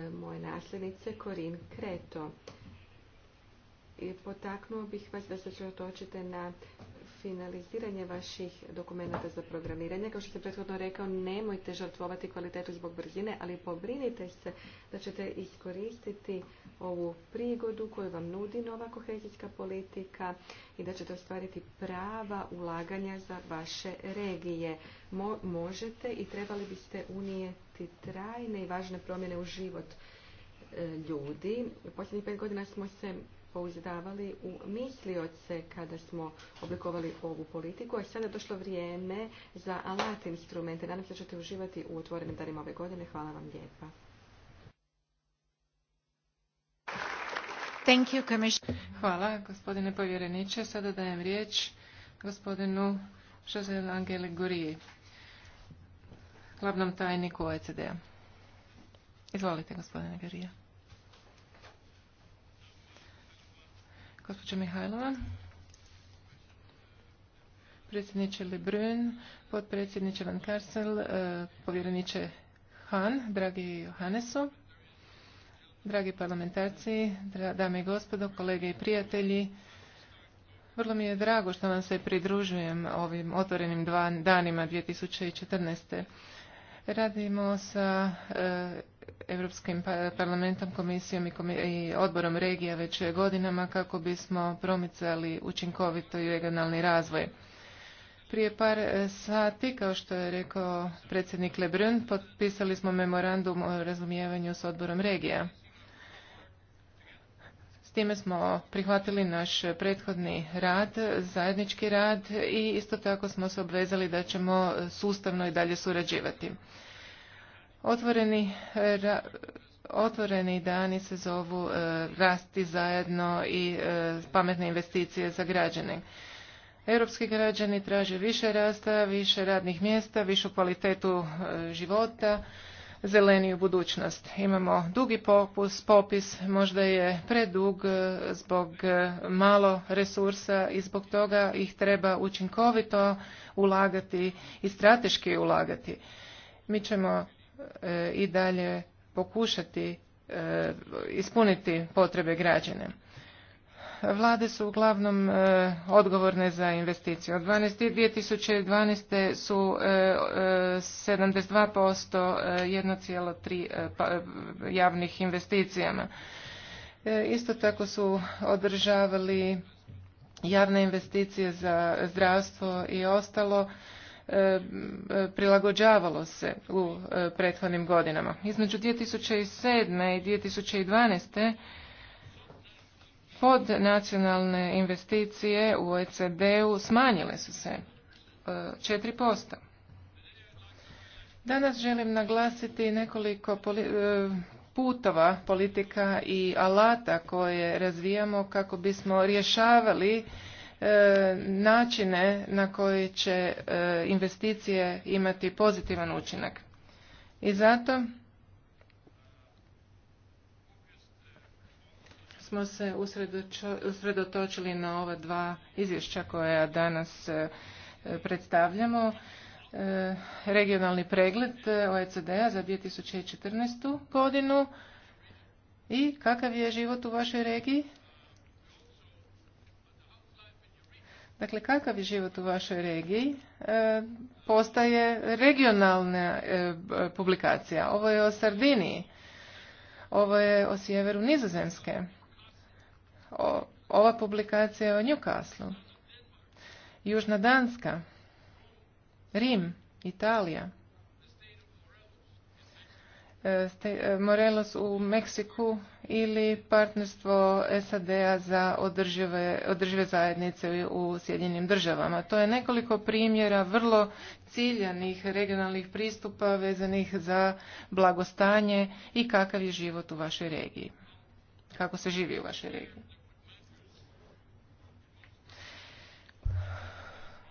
moje nasljednice Korin Kreto. I potaknuo bih vas da se otočite na finaliziranje vaših dokumenta za programiranje. Kao što sam prethodno rekao, nemojte žrtvovati kvalitetu zbog brzine, ali pobrinite se da ćete iskoristiti ovu prigodu koju vam nudi nova kohezijska politika i da ćete ostvariti prava ulaganja za vaše regije. možete i trebali biste unijeti trajne i važne promjene u život e, ljudi. U posljednjih pet godina smo se pouzdavali u mislioce kada smo oblikovali ovu politiku, a sada je došlo vrijeme za alat instrumente. Danas da ćete uživati u otvorenim darima ove godine. Hvala vam lijepa. Hvala, gospodine povjereniče. Sada dajem riječ gospodinu José Angele Gurije, glavnom tajniku OECD-a. Izvolite, gospodine Gurija. Gospođa Mihajlova. Predsjedniče Lebrun, potpredsjedniče Van Karsel, e, povjereniče Han, dragi Johannesu, dragi parlamentarci, dame i gospodo, kolege i prijatelji, vrlo mi je drago što vam se pridružujem ovim otvorenim dva danima 2014. Radimo sa e, Europskim pa-, parlamentom, komisijom i odborom regija već godinama kako bismo promicali učinkovito i regionalni razvoj. Prije par e, sati, kao što je rekao predsjednik Lebrun, potpisali smo memorandum o razumijevanju s odborom regija. S time smo prihvatili naš prethodni rad, zajednički rad i isto tako smo se obvezali da ćemo sustavno i dalje surađivati. Otvoreni, otvoreni dani se zovu e, rasti zajedno i e, pametne investicije za građane. Europski građani traže više rasta, više radnih mjesta, višu kvalitetu e, života, zeleniju budućnost. Imamo dugi popus, popis, možda je predug zbog malo resursa i zbog toga ih treba učinkovito ulagati i strateški ulagati. Mi ćemo E, i dalje pokušati e, ispuniti potrebe građana. Vlade su uglavnom e, odgovorne za investicije. Od 2012. su 72% 1,3 pa, javnih investicijama. Isto tako su održavali javne investicije za zdravstvo i ostalo E, prilagođavalo se u e, prethodnim godinama. Između 2007. i 2012. pod nacionalne investicije u OECD-u smanjile su se 4%. E, Danas želim naglasiti nekoliko putova politika i alata koje razvijamo kako bismo rješavali E, načine na koji će e, investicije imati pozitivan učinak. I zato smo se usredotočili na ova dva izvješća koja danas e, predstavljamo. Regionalni pregled OECD-a za 2014. godinu i kakav je život u vašoj regiji? Dakle, kakav je život u vašoj regiji e, postaje regionalna e, publikacija. Ovo je o Sardiniji, ovo je o sjeveru Nizozemske, ova publikacija je o Newcastle, Južna Danska, Rim, Italija. Morelos u Meksiku ili partnerstvo SAD-a za održive, održive zajednice u Sjedinjenim državama. To je nekoliko primjera vrlo ciljanih regionalnih pristupa vezanih za blagostanje i kakav je život u vašoj regiji. Kako se živi u vašoj regiji.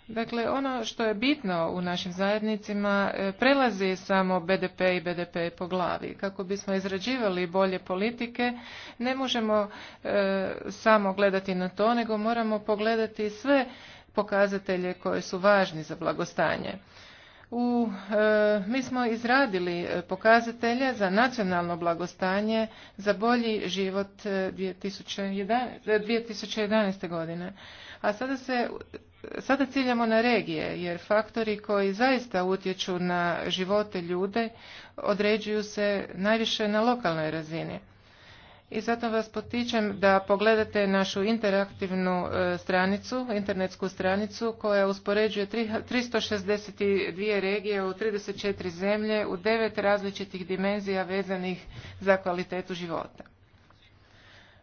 Dakle, ono što je bitno u našim zajednicima e, prelazi samo BDP i BDP po glavi. Kako bismo izrađivali bolje politike, ne možemo e, samo gledati na to, nego moramo pogledati sve pokazatelje koje su važni za blagostanje. U, e, mi smo izradili pokazatelje za nacionalno blagostanje za bolji život 2011, 2011. godine. A sada se sada ciljamo na regije, jer faktori koji zaista utječu na živote ljude određuju se najviše na lokalnoj razini. I zato vas potičem da pogledate našu interaktivnu e, stranicu, internetsku stranicu koja uspoređuje 362 regije u 34 zemlje u devet različitih dimenzija vezanih za kvalitetu života.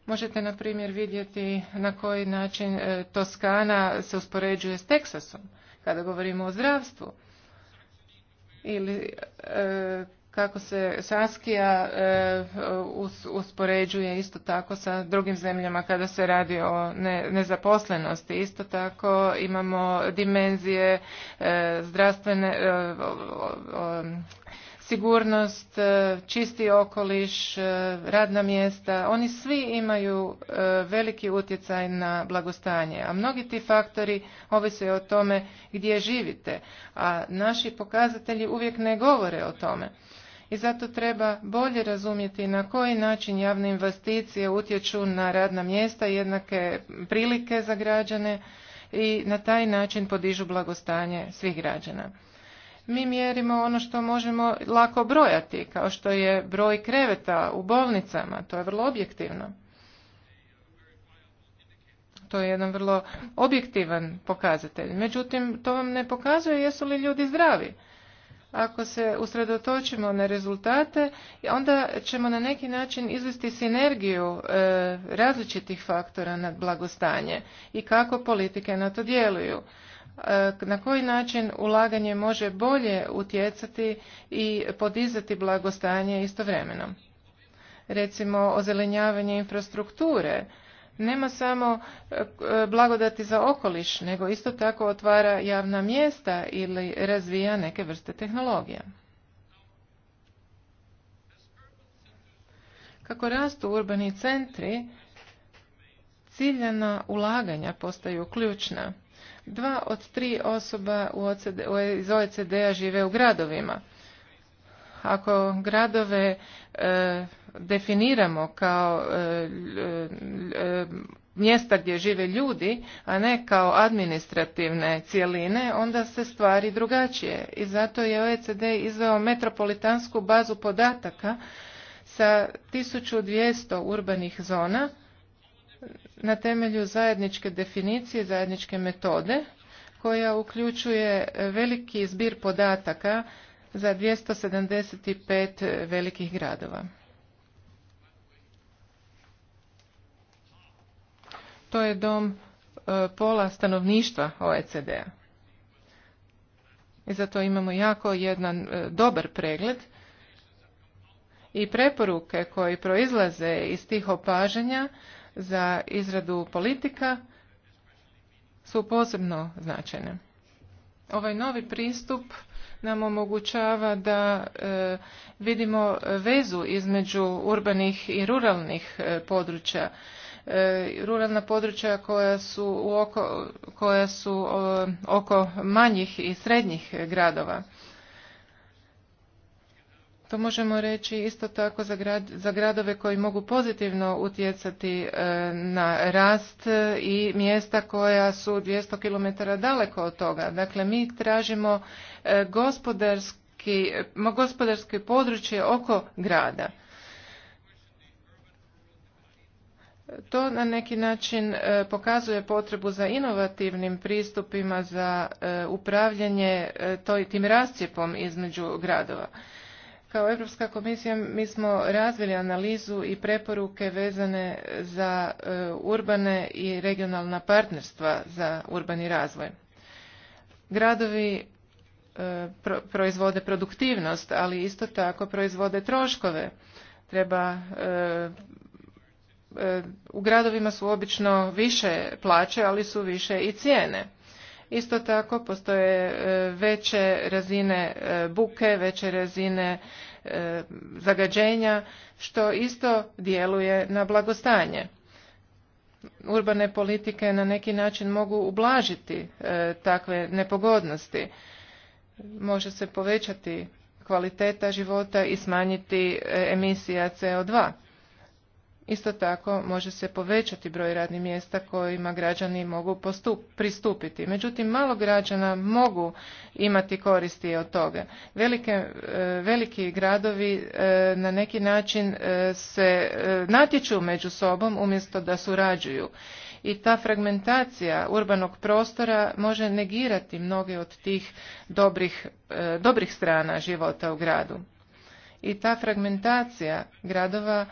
Možete na primjer vidjeti na koji način e, Toskana se uspoređuje s Teksasom kada govorimo o zdravstvu ili e, kako se Saskija e, uspoređuje isto tako sa drugim zemljama kada se radi o nezaposlenosti. Isto tako imamo dimenzije zdravstvene sigurnost, e, čisti okoliš, e, radna mjesta, oni svi imaju e, veliki utjecaj na blagostanje, a mnogi ti faktori ovise o tome gdje živite, a naši pokazatelji uvijek ne govore o tome. I zato treba bolje razumjeti na koji način javne investicije utječu na radna mjesta, jednake prilike za građane i na taj način podižu blagostanje svih građana mi mjerimo ono što možemo lako brojati, kao što je broj kreveta u bolnicama, to je vrlo objektivno. To je jedan vrlo objektivan pokazatelj. Međutim, to vam ne pokazuje jesu li ljudi zdravi. Ako se usredotočimo na rezultate, onda ćemo na neki način izvesti sinergiju e, različitih faktora na blagostanje i kako politike na to djeluju. E, na koji način ulaganje može bolje utjecati i podizati blagostanje istovremeno. Recimo, ozelenjavanje infrastrukture nema samo e, blagodati za okoliš, nego isto tako otvara javna mjesta ili razvija neke vrste tehnologija. Kako rastu urbani centri, ciljena ulaganja postaju ključna dva od tri osoba u OCD, iz OECD-a žive u gradovima. Ako gradove e, definiramo kao e, e, mjesta gdje žive ljudi, a ne kao administrativne cjeline, onda se stvari drugačije. I zato je OECD izveo metropolitansku bazu podataka sa 1200 urbanih zona na temelju zajedničke definicije, zajedničke metode koja uključuje veliki zbir podataka za 275 velikih gradova. To je dom e, pola stanovništva OECD-a. I zato imamo jako jedan e, dobar pregled i preporuke koji proizlaze iz tih opaženja za izradu politika su posebno značajne. Ovaj novi pristup nam omogućava da e, vidimo vezu između urbanih i ruralnih e, područja. E, ruralna područja koja su, oko, koja su oko manjih i srednjih gradova. To pa možemo reći isto tako za, gradove koji mogu pozitivno utjecati e, na rast e, i mjesta koja su 200 km daleko od toga. Dakle, mi tražimo e, gospodarski, gospodarske područje oko grada. To na neki način pokazuje potrebu za inovativnim pristupima za upravljanje tim rascijepom između gradova. Kao Europska komisija mi smo razvili analizu i preporuke vezane za e, urbane i regionalna partnerstva za urbani razvoj. Gradovi e, proizvode produktivnost, ali isto tako proizvode troškove. Treba e, u gradovima su obično više plaće, ali su više i cijene. Isto tako postoje e, veće razine e, buke, veće razine e, zagađenja, što isto djeluje na blagostanje. Urbane politike na neki način mogu ublažiti takve nepogodnosti. Može se povećati kvaliteta života i smanjiti emisija CO2. Isto tako može se povećati broj radnih mjesta kojima građani mogu pristupiti. Međutim, malo građana mogu imati koristi od toga. E, veliki gradovi e, na neki način e, se natječu među sobom umjesto da surađuju. I ta fragmentacija urbanog prostora može negirati mnoge od tih dobrih, dobrih strana života u gradu. I ta fragmentacija gradova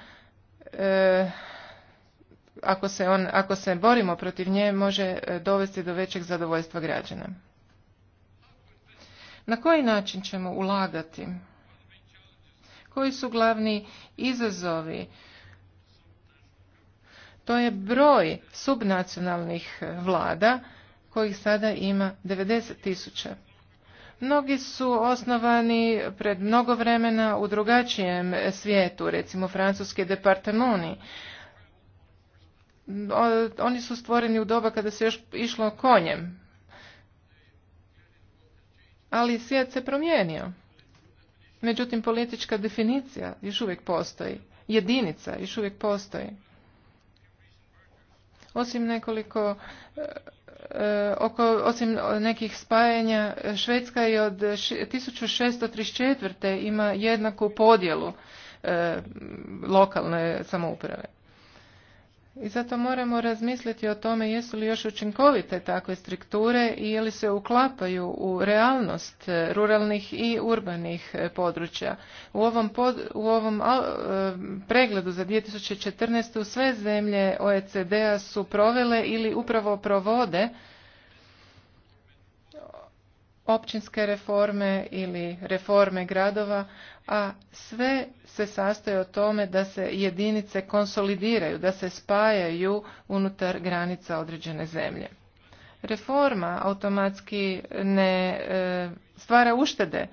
E, ako se, on, ako se borimo protiv nje, može e, dovesti do većeg zadovoljstva građana. Na koji način ćemo ulagati? Koji su glavni izazovi? To je broj subnacionalnih e, vlada kojih sada ima 90 tisuća. Mnogi su osnovani pred mnogo vremena u drugačijem svijetu, recimo francuske departamoni. Oni su stvoreni u doba kada se još išlo konjem. Ali svijet se promijenio. Međutim, politička definicija još uvijek postoji. Jedinica još uvijek postoji. Osim nekoliko E, oko, osim nekih spajanja, Švedska je od 1634. ima jednaku podjelu e, lokalne samouprave. I zato moramo razmisliti o tome jesu li još učinkovite takve strukture i je li se uklapaju u realnost e, ruralnih i urbanih e, područja. U ovom, pod, u ovom e, pregledu za 2014. sve zemlje OECD-a su provele ili upravo provode općinske reforme ili reforme gradova, a sve se sastoje o tome da se jedinice konsolidiraju, da se spajaju unutar granica određene zemlje. Reforma automatski ne e, stvara uštede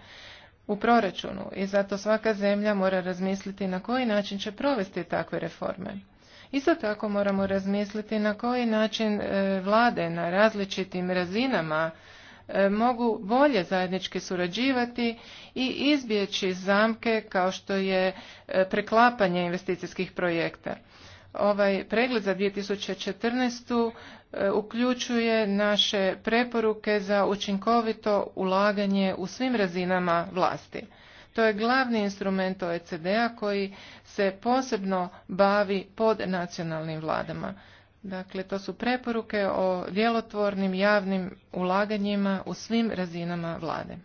u proračunu i zato svaka zemlja mora razmisliti na koji način će provesti takve reforme. Isto tako moramo razmisliti na koji način e, vlade na različitim razinama E, mogu bolje zajednički surađivati i izbjeći zamke kao što je e, preklapanje investicijskih projekta. Ovaj pregled za 2014. E, uključuje naše preporuke za učinkovito ulaganje u svim razinama vlasti. To je glavni instrument OECD-a koji se posebno bavi pod nacionalnim vladama. Dakle, to su preporuke o djelotvornim javnim ulaganjima u svim razinama vlade.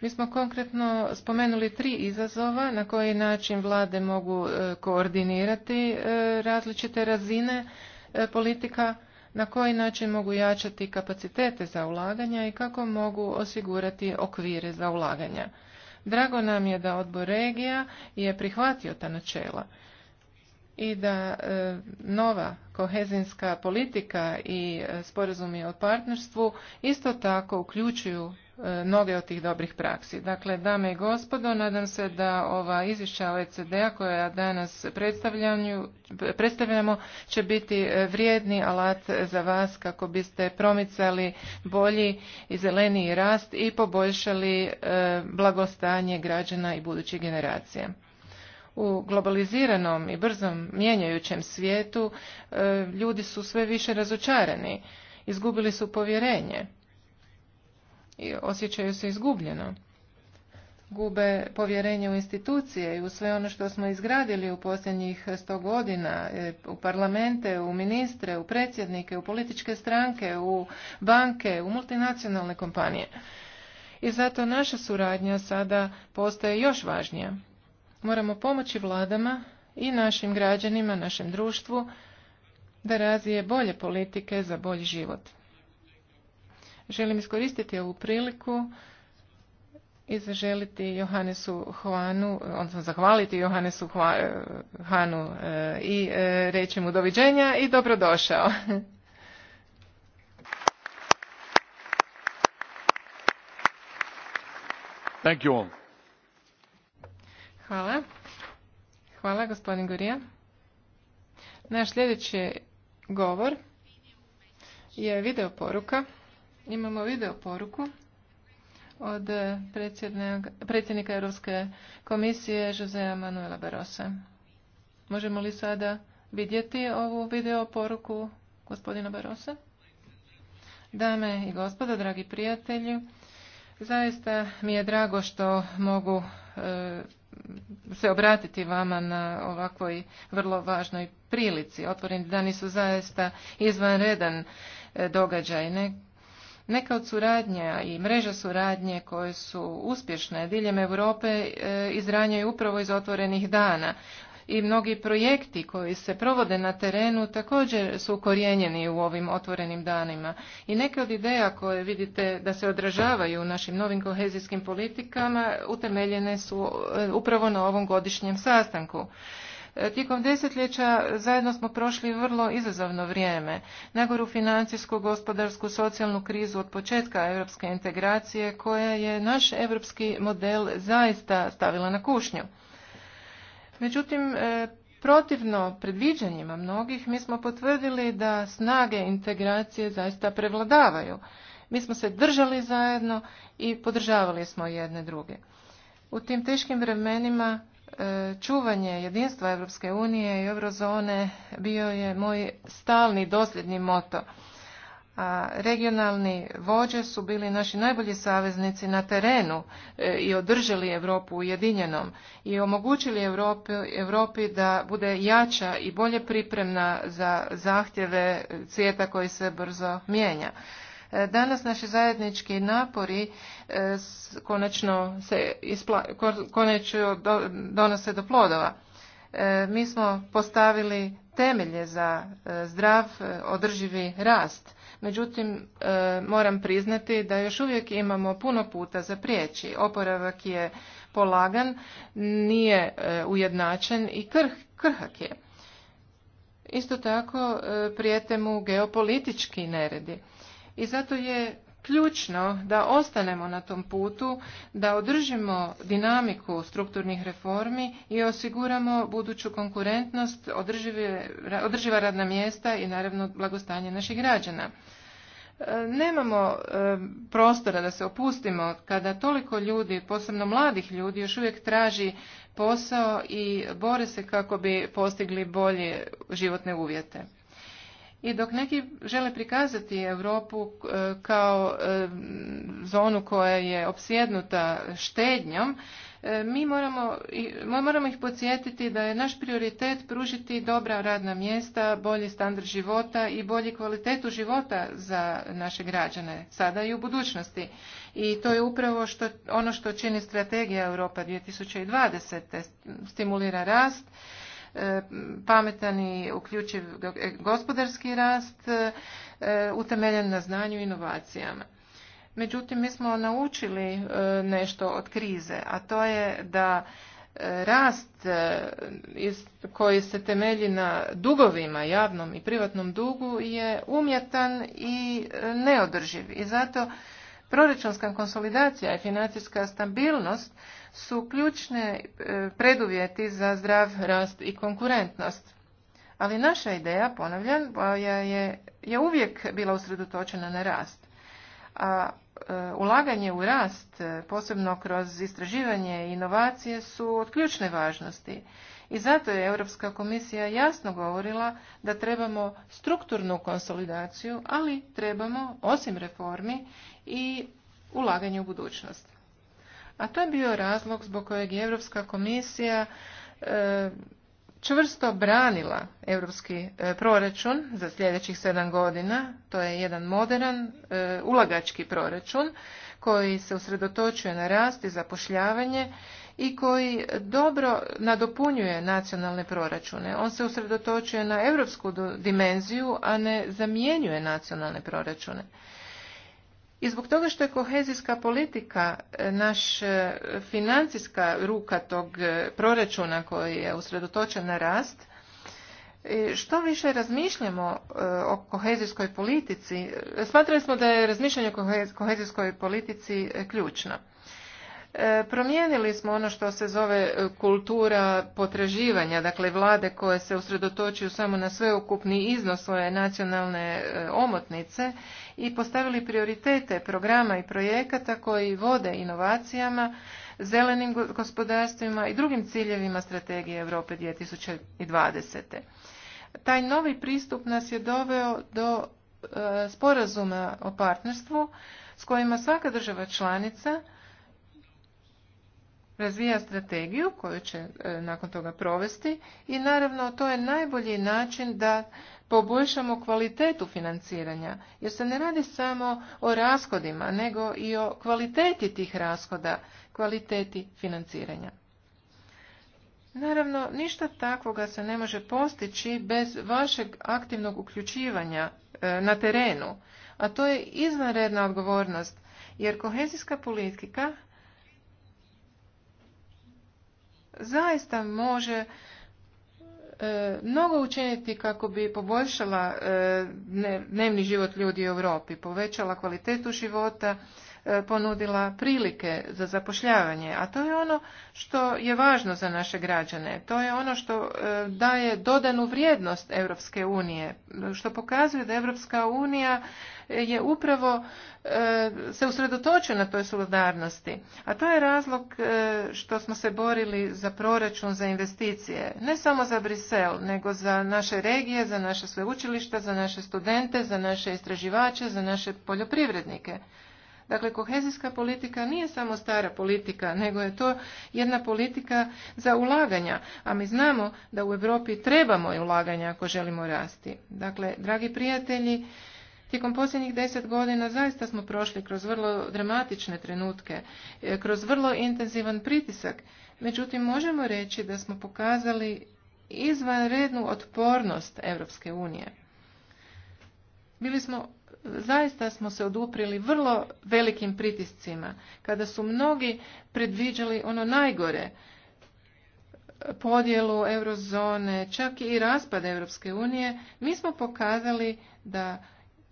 Mi smo konkretno spomenuli tri izazova na koji način vlade mogu e, koordinirati e, različite razine e, politika, na koji način mogu jačati kapacitete za ulaganja i kako mogu osigurati okvire za ulaganja. Drago nam je da odbor regija je prihvatio ta načela i da e, nova kohezijska politika i e, sporazumi o partnerstvu isto tako uključuju e, mnoge od tih dobrih praksi. Dakle, dame i gospodo, nadam se da ova izvješća OECD-a koja danas predstavljamo će biti vrijedni alat za vas kako biste promicali bolji i zeleniji rast i poboljšali blagostanje građana i budućih generacija. U globaliziranom i brzom mijenjajućem svijetu e, ljudi su sve više razočarani, izgubili su povjerenje i osjećaju se izgubljeno. Gube povjerenje u institucije i u sve ono što smo izgradili u posljednjih sto godina, e, u parlamente, u ministre, u predsjednike, u političke stranke, u banke, u multinacionalne kompanije. I zato naša suradnja sada postaje još važnija. Moramo pomoći vladama i našim građanima, našem društvu, da razvije bolje politike za bolji život. Želim iskoristiti ovu priliku i zaželiti Johannesu Hoanu, odnosno zahvaliti Johannesu Hanu eh, eh, i eh, reći mu doviđenja i dobrodošao. Thank you Hvala. Hvala, gospodin Gurija. Naš sljedeći govor je video poruka. Imamo video poruku od predsjednika Europske komisije Josea Manuela Barosa. Možemo li sada vidjeti ovu video poruku gospodina Barosa? Dame i gospodo, dragi prijatelji, zaista mi je drago što mogu e, se obratiti vama na ovakvoj vrlo važnoj prilici. Otvoreni dani su zaista izvanredan e, događaj. neka od suradnja i mreža suradnje koje su uspješne diljem Europe e, izranjaju upravo iz otvorenih dana i mnogi projekti koji se provode na terenu također su ukorijenjeni u ovim otvorenim danima. I neke od ideja koje vidite da se odražavaju u našim novim kohezijskim politikama utemeljene su e, upravo na ovom godišnjem sastanku. E, tijekom desetljeća zajedno smo prošli vrlo izazovno vrijeme. Nagoru financijsku, gospodarsku, socijalnu krizu od početka europske integracije koja je naš europski model zaista stavila na kušnju. Međutim, e, protivno predviđanjima mnogih, mi smo potvrdili da snage integracije zaista prevladavaju. Mi smo se držali zajedno i podržavali smo jedne druge. U tim teškim vremenima e, čuvanje jedinstva Europske unije i eurozone bio je moj stalni dosljedni moto a regionalni vođe su bili naši najbolji saveznici na terenu e, i održali Europu ujedinjenom i omogućili Europi, da bude jača i bolje pripremna za zahtjeve svijeta koji se brzo mijenja. E, danas naši zajednički napori e, konačno se konačno donose do plodova. Mi smo postavili temelje za zdrav održivi rast međutim e, moram priznati da još uvijek imamo puno puta za prijeći. Oporavak je polagan, nije e, ujednačen i krh, krhak je. Isto tako e, prijete mu geopolitički neredi. I zato je ključno da ostanemo na tom putu, da održimo dinamiku strukturnih reformi i osiguramo buduću konkurentnost, održiva radna mjesta i naravno blagostanje naših građana. E, nemamo e, prostora da se opustimo kada toliko ljudi, posebno mladih ljudi, još uvijek traži posao i bore se kako bi postigli bolje životne uvjete. I dok neki žele prikazati Europu e, kao e, zonu koja je opsjednuta štednjom, e, mi moramo, moramo ih podsjetiti da je naš prioritet pružiti dobra radna mjesta, bolji standard života i bolji kvalitetu života za naše građane, sada i u budućnosti. I to je upravo što, ono što čini strategija Europa 2020. Stimulira rast, pametan i uključiv gospodarski rast e, utemeljen na znanju i inovacijama. Međutim, mi smo naučili e, nešto od krize, a to je da e, rast koji se temelji na dugovima, javnom i privatnom dugu, je umjetan i neodrživ. I zato proračunska konsolidacija i financijska stabilnost su ključne preduvjeti za zdrav rast i konkurentnost. Ali naša ideja, ponavljam, je, je uvijek bila usredotočena na rast. A e, ulaganje u rast, e, posebno kroz istraživanje i inovacije, su od ključne važnosti. I zato je Europska komisija jasno govorila da trebamo strukturnu konsolidaciju, ali trebamo, osim reformi, i ulaganje u budućnost. A to je bio razlog zbog kojeg je Europska komisija e, čvrsto branila europski e, proračun za sljedećih sedam godina. To je jedan modern e, ulagački proračun koji se usredotočuje na rast i zapošljavanje i koji dobro nadopunjuje nacionalne proračune. On se usredotočuje na europsku dimenziju, a ne zamjenjuje nacionalne proračune. I zbog toga što je kohezijska politika e, naš e, financijska ruka tog e, proračuna koji je usredotočen na rast, što više razmišljamo o kohezijskoj politici, smatrali smo da je razmišljanje o kohezijskoj politici ključno. E, promijenili smo ono što se zove e, kultura potraživanja, dakle vlade koje se usredotočuju samo na sveukupni iznos svoje nacionalne e, omotnice i postavili prioritete programa i projekata koji vode inovacijama, zelenim gospodarstvima i drugim ciljevima strategije Europe 2020. Taj novi pristup nas je doveo do sporazuma o partnerstvu s kojima svaka država članica razvija strategiju koju će e, nakon toga provesti i naravno to je najbolji način da poboljšamo kvalitetu financiranja jer se ne radi samo o rashodima nego i o kvaliteti tih rashoda, kvaliteti financiranja. Naravno, ništa takvoga se ne može postići bez vašeg aktivnog uključivanja e, na terenu, a to je izvanredna odgovornost jer kohezijska politika zaista može e, mnogo učiniti kako bi poboljšala e, dnevni život ljudi u Europi, povećala kvalitetu života E, ponudila prilike za zapošljavanje, a to je ono što je važno za naše građane. To je ono što e, daje dodanu vrijednost Europske unije, što pokazuje da Europska unija je upravo e, se usredotočio na toj solidarnosti. A to je razlog što smo se borili za proračun za investicije. Ne samo za Brisel, nego za naše regije, za naše sveučilišta, za naše studente, za naše istraživače, za naše poljoprivrednike. Dakle, kohezijska politika nije samo stara politika, nego je to jedna politika za ulaganja, a mi znamo da u Europi trebamo i ulaganja ako želimo rasti. Dakle, dragi prijatelji, Tijekom posljednjih deset godina zaista smo prošli kroz vrlo dramatične trenutke, e, kroz vrlo intenzivan pritisak. Međutim, možemo reći da smo pokazali izvanrednu otpornost Europske unije. Bili smo zaista smo se oduprili vrlo velikim pritiscima, kada su mnogi predviđali ono najgore, podjelu eurozone, čak i raspad Europske unije, mi smo pokazali da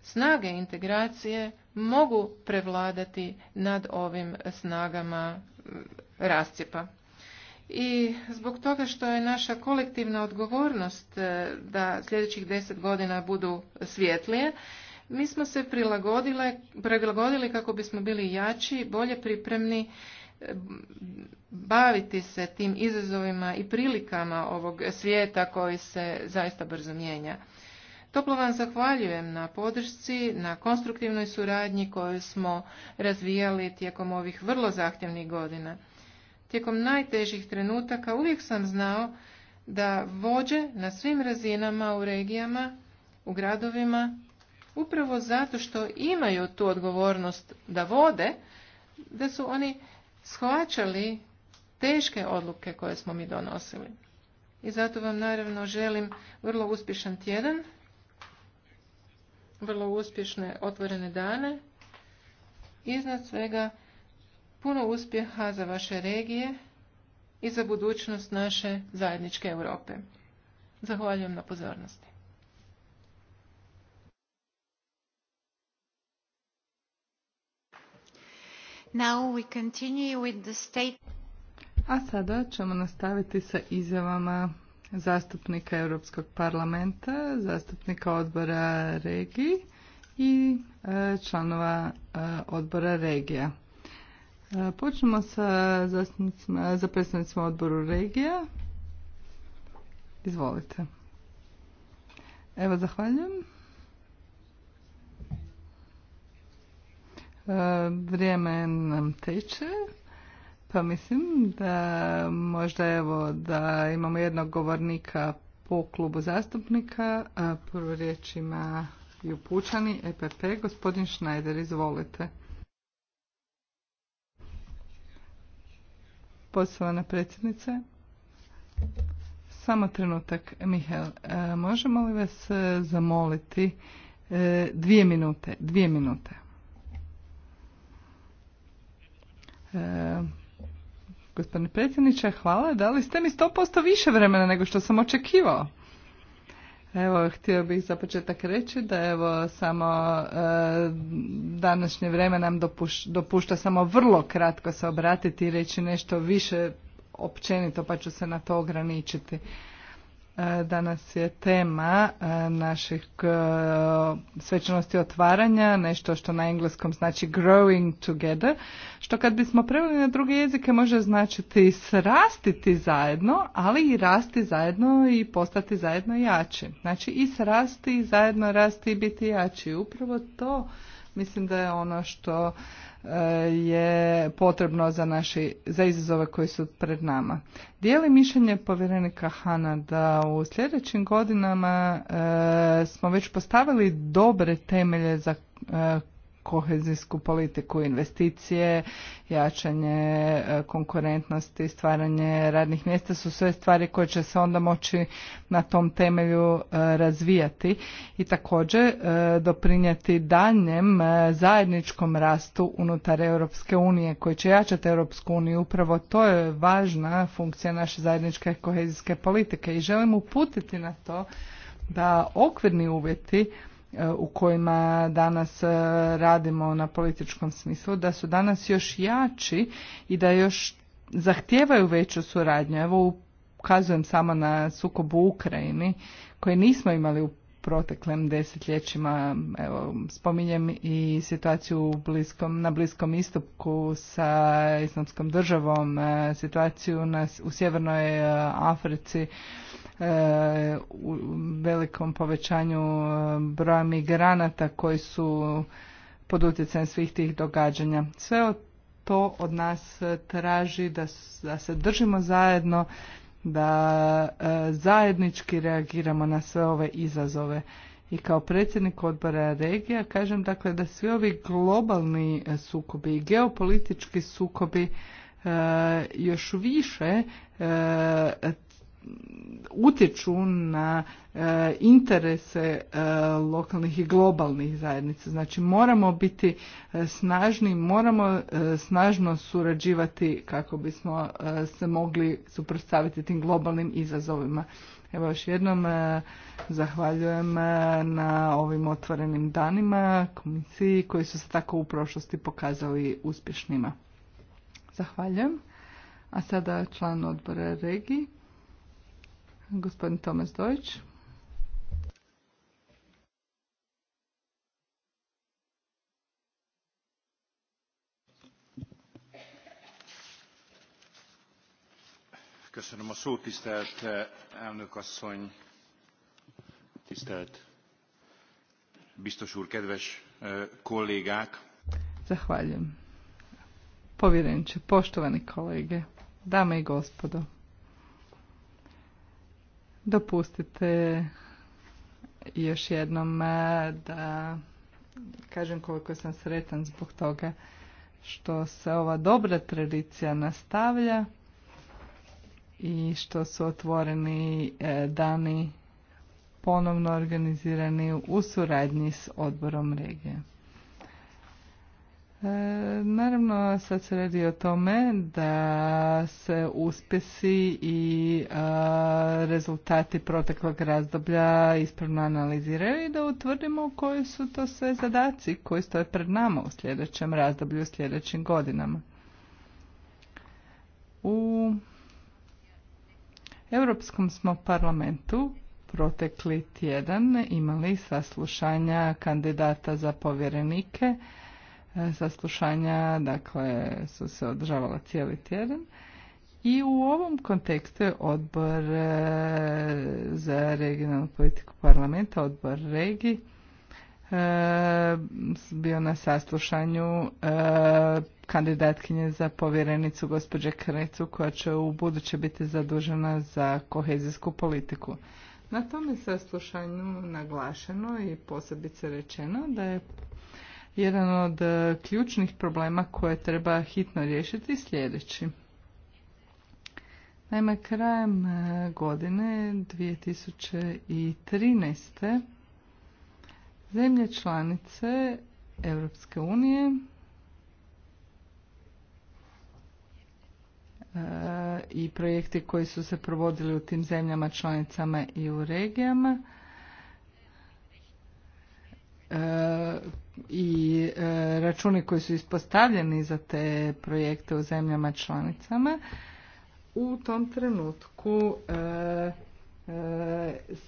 snage integracije mogu prevladati nad ovim snagama e, rascijepa. I zbog toga što je naša kolektivna odgovornost e, da sljedećih deset godina budu svjetlije, mi smo se prilagodili kako bismo bili jači, bolje pripremni e, baviti se tim izazovima i prilikama ovog svijeta koji se zaista brzo mijenja. Toplo vam zahvaljujem na podršci, na konstruktivnoj suradnji koju smo razvijali tijekom ovih vrlo zahtjevnih godina. Tijekom najtežih trenutaka uvijek sam znao da vođe na svim razinama u regijama, u gradovima upravo zato što imaju tu odgovornost da vode, da su oni shvaćali teške odluke koje smo mi donosili. I zato vam naravno želim vrlo uspješan tjedan, vrlo uspješne otvorene dane, iznad svega puno uspjeha za vaše regije i za budućnost naše zajedničke Europe. Zahvaljujem na pozornosti. A sada ćemo nastaviti sa izjavama zastupnika Europskog parlamenta, zastupnika odbora regiji i e, članova e, odbora regija. E, počnemo sa za predstavnicima odboru regija. Izvolite. Evo, zahvaljujem. vrijeme nam teče. Pa mislim da možda evo da imamo jednog govornika po klubu zastupnika. Prvo riječ ima Jupučani, EPP. Gospodin Šnajder, izvolite. Poštovana predsjednice. Samo trenutak, Mihael. E, možemo li vas e, zamoliti e, dvije minute, dvije minute. E, gospodine predsjedniče, hvala. Dali ste mi posto više vremena nego što sam očekivao. Evo, htio bih za početak reći da evo samo e, današnje vreme nam dopušta samo vrlo kratko se obratiti i reći nešto više općenito, pa ću se na to ograničiti. E, danas je tema e, naših e, svečanosti otvaranja, nešto što na engleskom znači growing together, što kad bismo preveli na druge jezike može značiti srastiti zajedno, ali i rasti zajedno i postati zajedno jači. Znači i srasti i zajedno rasti i biti jači. Upravo to Mislim da je ono što e, je potrebno za, naši, za izazove koji su pred nama. Dijeli mišljenje povjerenika Hana da u sljedećim godinama e, smo već postavili dobre temelje za e, kohezijsku politiku, investicije, jačanje e, konkurentnosti, stvaranje radnih mjesta su sve stvari koje će se onda moći na tom temelju e, razvijati i također e, doprinijeti danjem zajedničkom rastu unutar Europske unije koji će jačati Europsku uniju. Upravo to je važna funkcija naše zajedničke kohezijske politike i želim uputiti na to da okvirni uvjeti E, u kojima danas e, radimo na političkom smislu, da su danas još jači i da još zahtijevaju veću suradnju. Evo ukazujem samo na sukob u Ukrajini koje nismo imali u proteklim desetljećima. Evo, spominjem i situaciju u bliskom, na Bliskom istoku sa islamskom državom, e, situaciju u Sjevernoj e, Africi, e, u velikom povećanju broja migranata koji su pod utjecajem svih tih događanja. Sve to od nas traži da, da se držimo zajedno da e, zajednički reagiramo na sve ove izazove. I kao predsjednik odbora regija kažem dakle da svi ovi globalni e, sukobi i geopolitički sukobi e, još više utječu na e, interese e, lokalnih i globalnih zajednica. Znači moramo biti e, snažni, moramo snažno surađivati kako bismo se mogli suprotstaviti tim globalnim izazovima. Evo još jednom zahvaljujem na ovim otvorenim danima komisiji koji su se tako u prošlosti pokazali uspješnima. Zahvaljujem. A sada član odbora regiji. Gospodin Tomas Dojić. Köszönöm a szót, tisztelt eh, elnök asszony, tisztelt biztos úr, kedves eh, kollégák. Zahvaljujem. Povjerenče, poštovani kolege, dame i gospodo. Dopustite još jednom e, da kažem koliko sam sretan zbog toga što se ova dobra tradicija nastavlja i što su otvoreni e, dani ponovno organizirani u suradnji s odborom regije. E, naravno, sad se radi o tome da se uspjesi i e, rezultati proteklog razdoblja ispravno analiziraju i da utvrdimo koji su to sve zadaci koji stoje pred nama u sljedećem razdoblju, u sljedećim godinama. U Europskom smo parlamentu protekli tjedan imali saslušanja kandidata za povjerenike E, saslušanja, dakle su se održavala cijeli tjedan. I u ovom kontekstu je odbor e, za regionalnu politiku parlamenta, odbor regi, e, bio na saslušanju kandidatkinje za povjerenicu gospođe Krecu koja će u buduće biti zadužena za kohezijsku politiku. Na tome saslušanju naglašeno i posebice rečeno da je jedan od e, ključnih problema koje treba hitno riješiti sljedeći. Naime, krajem e, godine 2013. zemlje članice Europske unije e, i projekti koji su se provodili u tim zemljama članicama i u regijama E, i e, računi koji su ispostavljeni za te projekte u zemljama članicama, u tom trenutku e,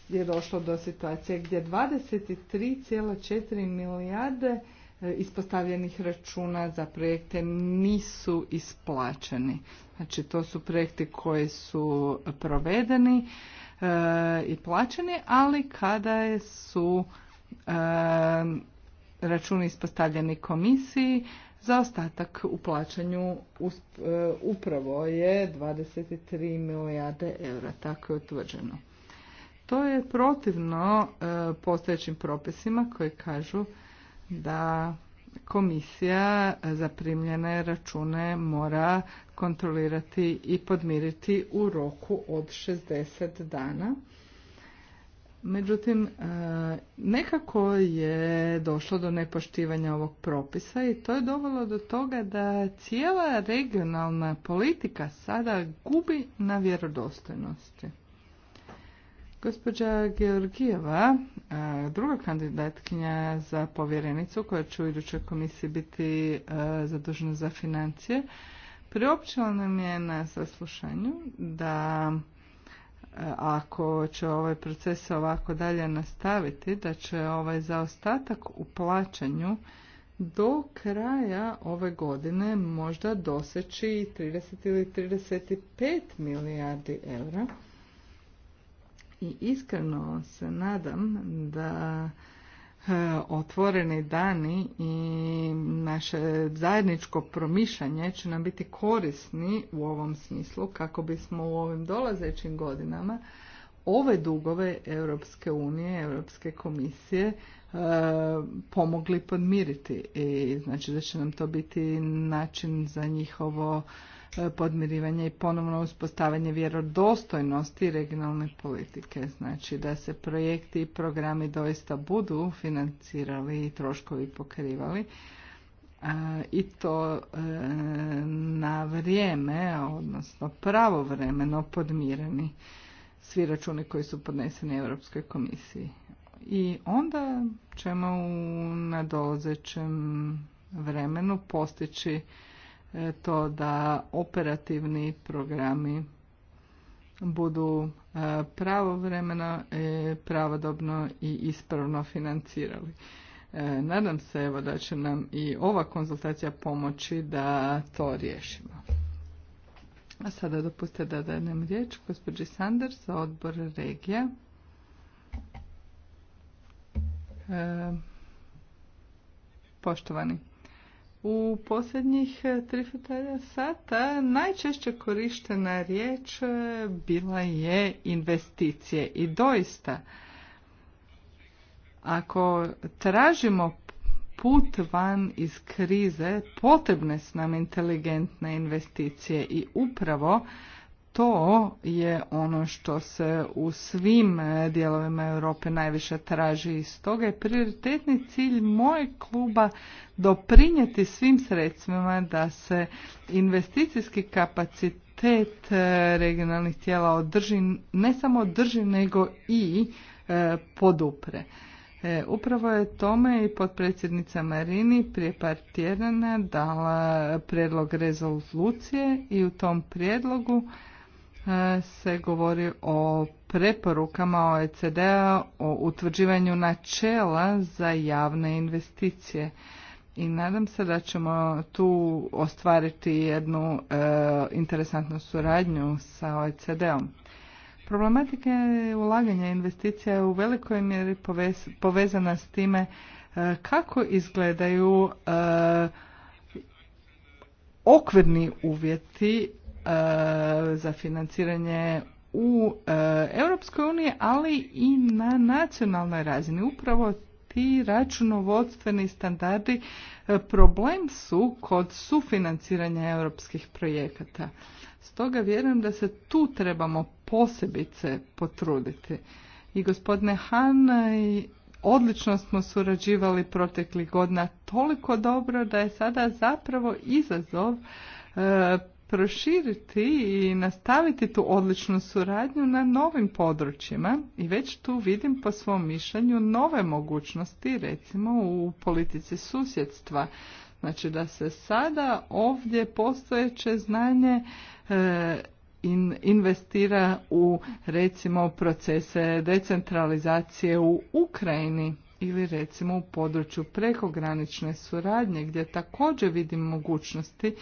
je došlo do situacije gdje 23,4 milijarde ispostavljenih računa za projekte nisu isplaćeni. Znači to su projekti koji su provedeni i plaćeni, ali kada su E, račun ispostavljeni komisiji, za ostatak u plaćanju e, upravo je 23 milijarde eura, tako je utvrđeno. To je protivno e, postojećim propisima koji kažu da komisija zaprimljene račune mora kontrolirati i podmiriti u roku od 60 dana Međutim, e, nekako je došlo do nepoštivanja ovog propisa i to je dovelo do toga da cijela regionalna politika sada gubi na vjerodostojnosti. Gospođa Georgijeva, e, druga kandidatkinja za povjerenicu koja će u idućoj komisiji biti e, zadužena za financije, priopćila nam je na saslušanju da ako će ovaj proces ovako dalje nastaviti, da će ovaj zaostatak u plaćanju do kraja ove godine možda doseći 30 ili 35 milijardi eura. I iskreno se nadam da otvoreni dani i naše zajedničko promišljanje će nam biti korisni u ovom smislu kako bismo u ovim dolazećim godinama ove dugove Europske unije, Europske komisije e, pomogli podmiriti. I znači da će nam to biti način za njihovo podmirivanje i ponovno uspostavanje vjerodostojnosti regionalne politike. Znači da se projekti i programi doista budu financirali i troškovi pokrivali i to e, na vrijeme, odnosno pravovremeno podmireni svi računi koji su podneseni Europskoj komisiji. I onda ćemo u nadolazećem vremenu postići to da operativni programi budu e, pravovremeno, e, pravodobno i ispravno financirali. E, nadam se evo da će nam i ova konzultacija pomoći da to riješimo. A sada dopustite da dajem riječ gospođi Sanders za odbor regija. poštovani u posljednjih e, tri sata najčešće korištena riječ e, bila je investicije i doista ako tražimo put van iz krize potrebne su nam inteligentne investicije i upravo to je ono što se u svim e, dijelovima Europe najviše traži i stoga je prioritetni cilj mojeg kluba doprinijeti svim sredstvima da se investicijski kapacitet e, regionalnih tijela održi, ne samo održi nego i e, podupre. upravo je tome i potpredsjednica Marini prije par tjedana dala prijedlog rezolucije i u tom prijedlogu se govori o preporukama OECD-a o utvrđivanju načela za javne investicije. I nadam se da ćemo tu ostvariti jednu e, interesantnu suradnju sa OECD-om. Problematika ulaganja investicija je u velikoj mjeri povezana s time e, kako izgledaju e, okvirni uvjeti Eh, za financiranje u eh, Europskoj uniji, ali i na nacionalnoj razini. Upravo ti računovodstveni standardi eh, problem su kod sufinanciranja europskih projekata. Stoga vjerujem da se tu trebamo posebice potruditi. I gospodine Han, odlično smo surađivali proteklih godina toliko dobro da je sada zapravo izazov proširiti i nastaviti tu odličnu suradnju na novim područjima i već tu vidim po svom mišljenju nove mogućnosti recimo u politici susjedstva. Znači da se sada ovdje postojeće znanje e, in, investira u recimo procese decentralizacije u Ukrajini ili recimo u području prekogranične suradnje gdje također vidim mogućnosti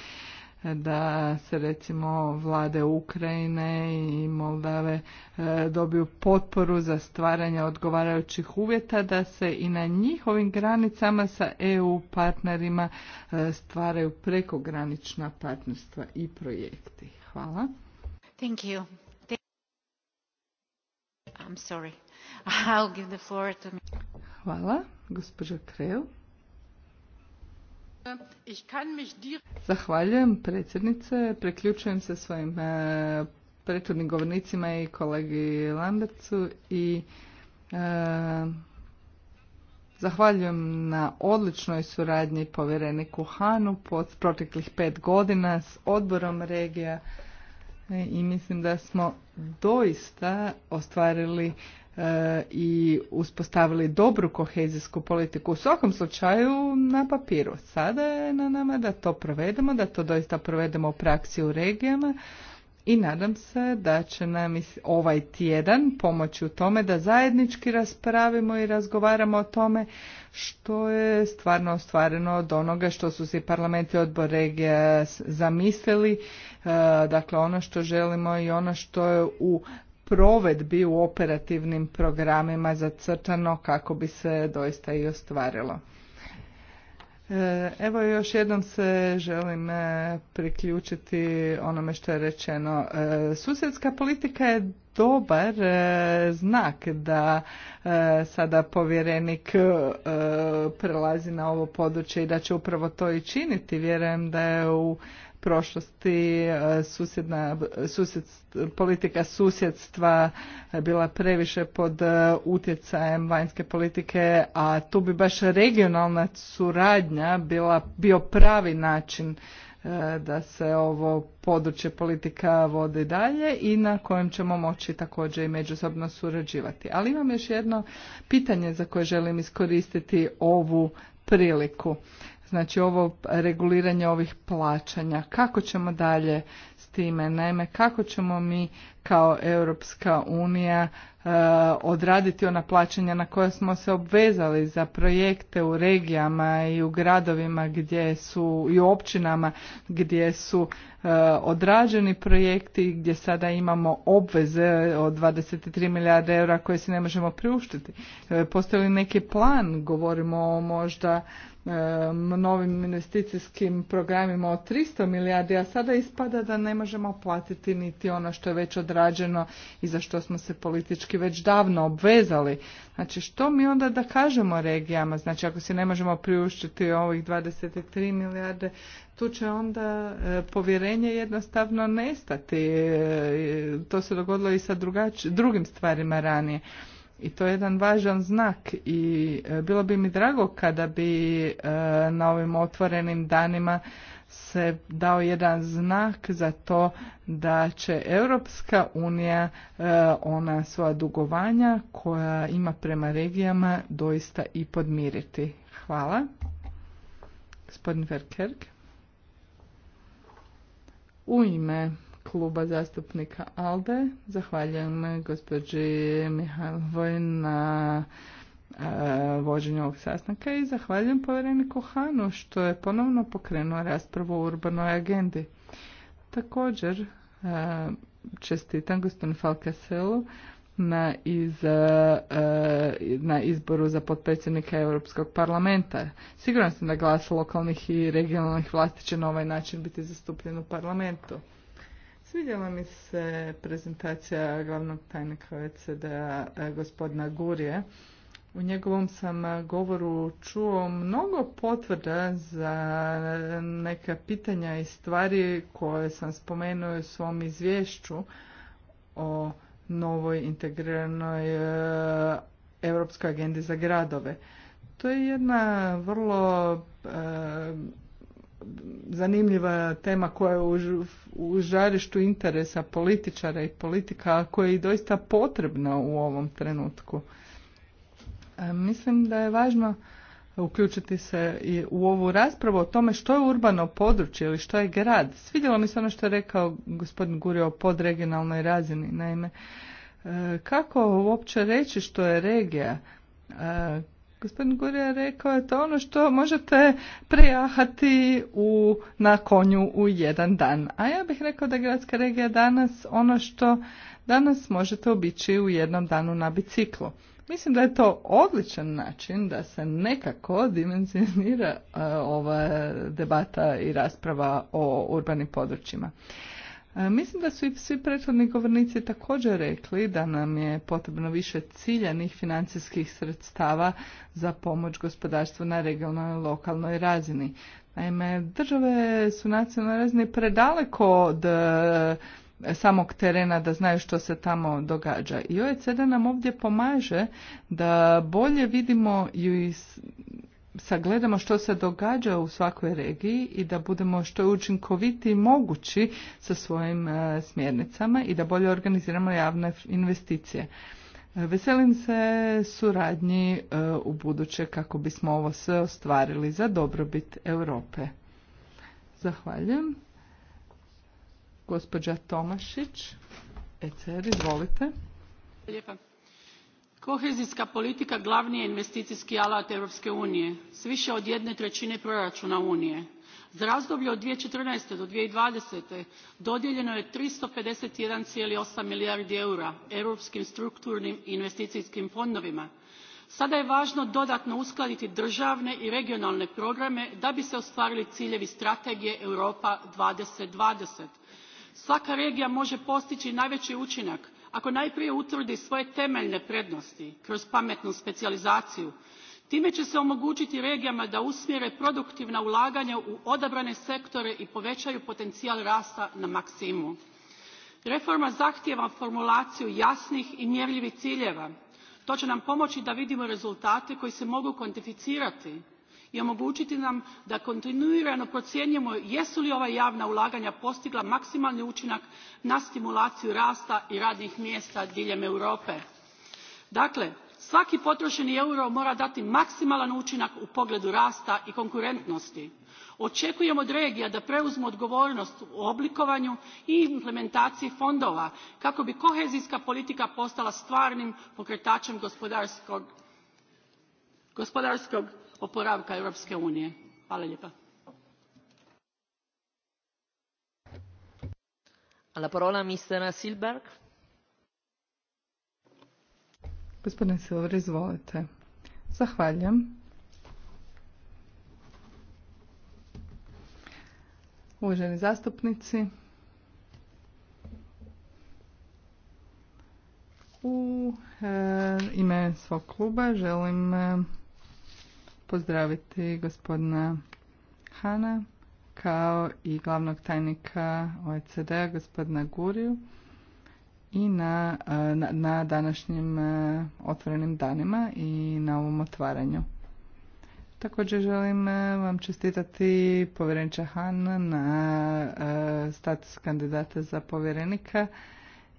da se recimo vlade Ukrajine i Moldave e, dobiju potporu za stvaranje odgovarajućih uvjeta da se i na njihovim granicama sa EU partnerima e, stvaraju prekogranična partnerstva i projekti. Hvala. Thank you. I'm sorry. I'll give the floor to Hvala, gospođo Kreu. Zahvaljujem predsjednice. Preključujem se svojim e, prethodnim govornicima i kolegi Landercu i e, zahvaljujem na odličnoj suradnji povjereniku Hanu pod proteklih pet godina s odborom regija e, i mislim da smo doista ostvarili E, i uspostavili dobru kohezijsku politiku u svakom slučaju na papiru. Sada je na nama da to provedemo, da to doista provedemo u praksi u regijama i nadam se da će nam ovaj tjedan pomoći u tome da zajednički raspravimo i razgovaramo o tome što je stvarno ostvareno od onoga što su se parlament i odbor regija zamislili, e, dakle ono što želimo i ono što je u provedbi u operativnim programima zacrtano kako bi se doista i ostvarilo. E, evo još jednom se želim e, priključiti onome što je rečeno. E, susjedska politika je dobar znak da sada povjerenik prelazi na ovo područje i da će upravo to i činiti. Vjerujem da je u prošlosti e, susjedna, susjed, politika susjedstva bila previše pod e, utjecajem vanjske politike, a tu bi baš regionalna suradnja bila bio pravi način e, da se ovo područje politika vodi dalje i na kojem ćemo moći također i međusobno surađivati. Ali imam još jedno pitanje za koje želim iskoristiti ovu priliku znači ovo reguliranje ovih plaćanja. Kako ćemo dalje s time? Naime, kako ćemo mi kao Europska unija e, odraditi ona plaćanja na koja smo se obvezali za projekte u regijama i u gradovima gdje su i u općinama gdje su e, odrađeni projekti gdje sada imamo obveze od 23 milijarde eura koje si ne možemo priuštiti. E, postoji li neki plan? Govorimo o možda Um, novim investicijskim programima od 300 milijardi, a sada ispada da ne možemo platiti niti ono što je već odrađeno i za što smo se politički već davno obvezali. Znači što mi onda da kažemo regijama? Znači ako se ne možemo priuštiti ovih 23 milijarde, tu će onda e, povjerenje jednostavno nestati. E, to se dogodilo i sa drugim stvarima ranije i to je jedan važan znak i e, bilo bi mi drago kada bi e, na ovim otvorenim danima se dao jedan znak za to da će Europska unija e, ona svoja dugovanja koja ima prema regijama doista i podmiriti. Hvala. Gospodin Verkerk. U ime kluba zastupnika ALDE. Zahvaljujem gospođi Mihajlovoj na e, vođenju ovog sastanka i zahvaljujem povjereniku Hanu što je ponovno pokrenuo raspravu o urbanoj agendi. Također e, čestitam gospodinu Falkaselu na, iz, e, na izboru za potpredsjednika Europskog parlamenta. Siguran sam da glas lokalnih i regionalnih vlasti će na ovaj način biti zastupljen u parlamentu. Svidjela mi se prezentacija glavnog tajnika OECD-a eh, gospodina Gurije. U njegovom sam eh, govoru čuo mnogo potvrda za eh, neka pitanja i stvari koje sam spomenuo u svom izvješću o novoj integriranoj Europskoj agendi za gradove. To je jedna vrlo zanimljiva tema koja je u, žarištu interesa političara i politika, a koja je i doista potrebna u ovom trenutku. E, mislim da je važno uključiti se i u ovu raspravu o tome što je urbano područje ili što je grad. Svidjelo mi se ono što je rekao gospodin Gurio o podregionalnoj razini. Naime, e, kako uopće reći što je regija? E, Gospodin Gurija rekao je to ono što možete prejahati u, na konju u jedan dan. A ja bih rekao da je gradska regija danas ono što danas možete obići u jednom danu na biciklu. Mislim da je to odličan način da se nekako dimenzionira e, ova debata i rasprava o urbanim područjima. E, mislim da su i svi prethodni govornici također rekli da nam je potrebno više ciljanih financijskih sredstava za pomoć gospodarstvu na regionalnoj i lokalnoj razini. Naime, države su nacionalne razine predaleko od e, samog terena da znaju što se tamo događa. I OECD nam ovdje pomaže da bolje vidimo i sagledamo što se događa u svakoj regiji i da budemo što je učinkovitiji mogući sa svojim e, smjernicama i da bolje organiziramo javne investicije. Veselim se suradnji e, u buduće kako bismo ovo sve ostvarili za dobrobit Europe. Zahvaljujem. Gospođa Tomašić, ECR, izvolite. Lijepa kohezijska politika glavni je investicijski alat europske unije s više od jedne treine prorauna unije. za razdoblje od. two thousand and fourteen do. two thousand and twenty dodijeljeno je three hundred and fifty one eight milijardi eura europskim strukturnim i investicijskim fondovima. sada je važno dodatno uskladiti državne i regionalne programe da bi se ostvarili ciljevi strategije europa. two thousand and twenty svaka regija može postići najveći učinak ako najprije utvrdi svoje temeljne prednosti kroz pametnu specijalizaciju time će se omogućiti regijama da usmjere produktivna ulaganja u odabrane sektore i povećaju potencijal rasta na maksimu. reforma zahtijeva formulaciju jasnih i mjerljivih ciljeva. to će nam pomoći da vidimo rezultate koji se mogu kvantificirati i omogućiti nam da kontinuirano procjenjujemo jesu li ova javna ulaganja postigla maksimalni učinak na stimulaciju rasta i radnih mjesta diljem europe. dakle svaki potrošeni euro mora dati maksimalan učinak u pogledu rasta i konkurentnosti. Očekujemo od regija da preuzmu odgovornost u oblikovanju i implementaciji fondova kako bi kohezijska politika postala stvarnim pokretačem gospodarskog oporavka europske unije. hvala lijepa. Gospodine Silver, izvolite. Zahvaljujem. Uvaženi zastupnici, u e, ime svog kluba želim e, pozdraviti gospodina Hana kao i glavnog tajnika OECD-a gospodina Guriju i na, e, na, današnjim e, otvorenim danima i na ovom otvaranju. Također želim e, vam čestitati povjerenča Han na status kandidata za povjerenika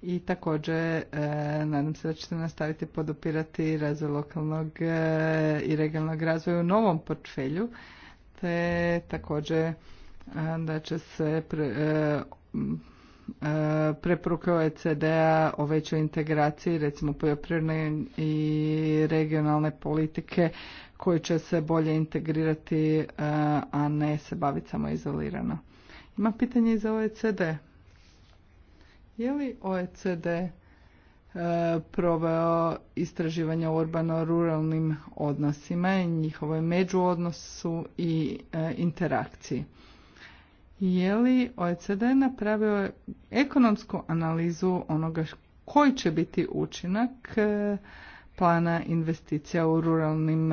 i također e, nadam se da ćete nastaviti podupirati razvoj lokalnog e, i regionalnog razvoja u novom portfelju, te također e, da će se preporuke OECD-a o većoj integraciji recimo poljoprivredne i regionalne politike koje će se bolje integrirati, a ne se baviti samo izolirano. Ima pitanje i za OECD. Je li OECD e, proveo istraživanja u urbano-ruralnim odnosima i njihovoj međuodnosu i e, interakciji? Je li OECD napravio ekonomsku analizu onoga koji će biti učinak e, plana investicija u ruralnim,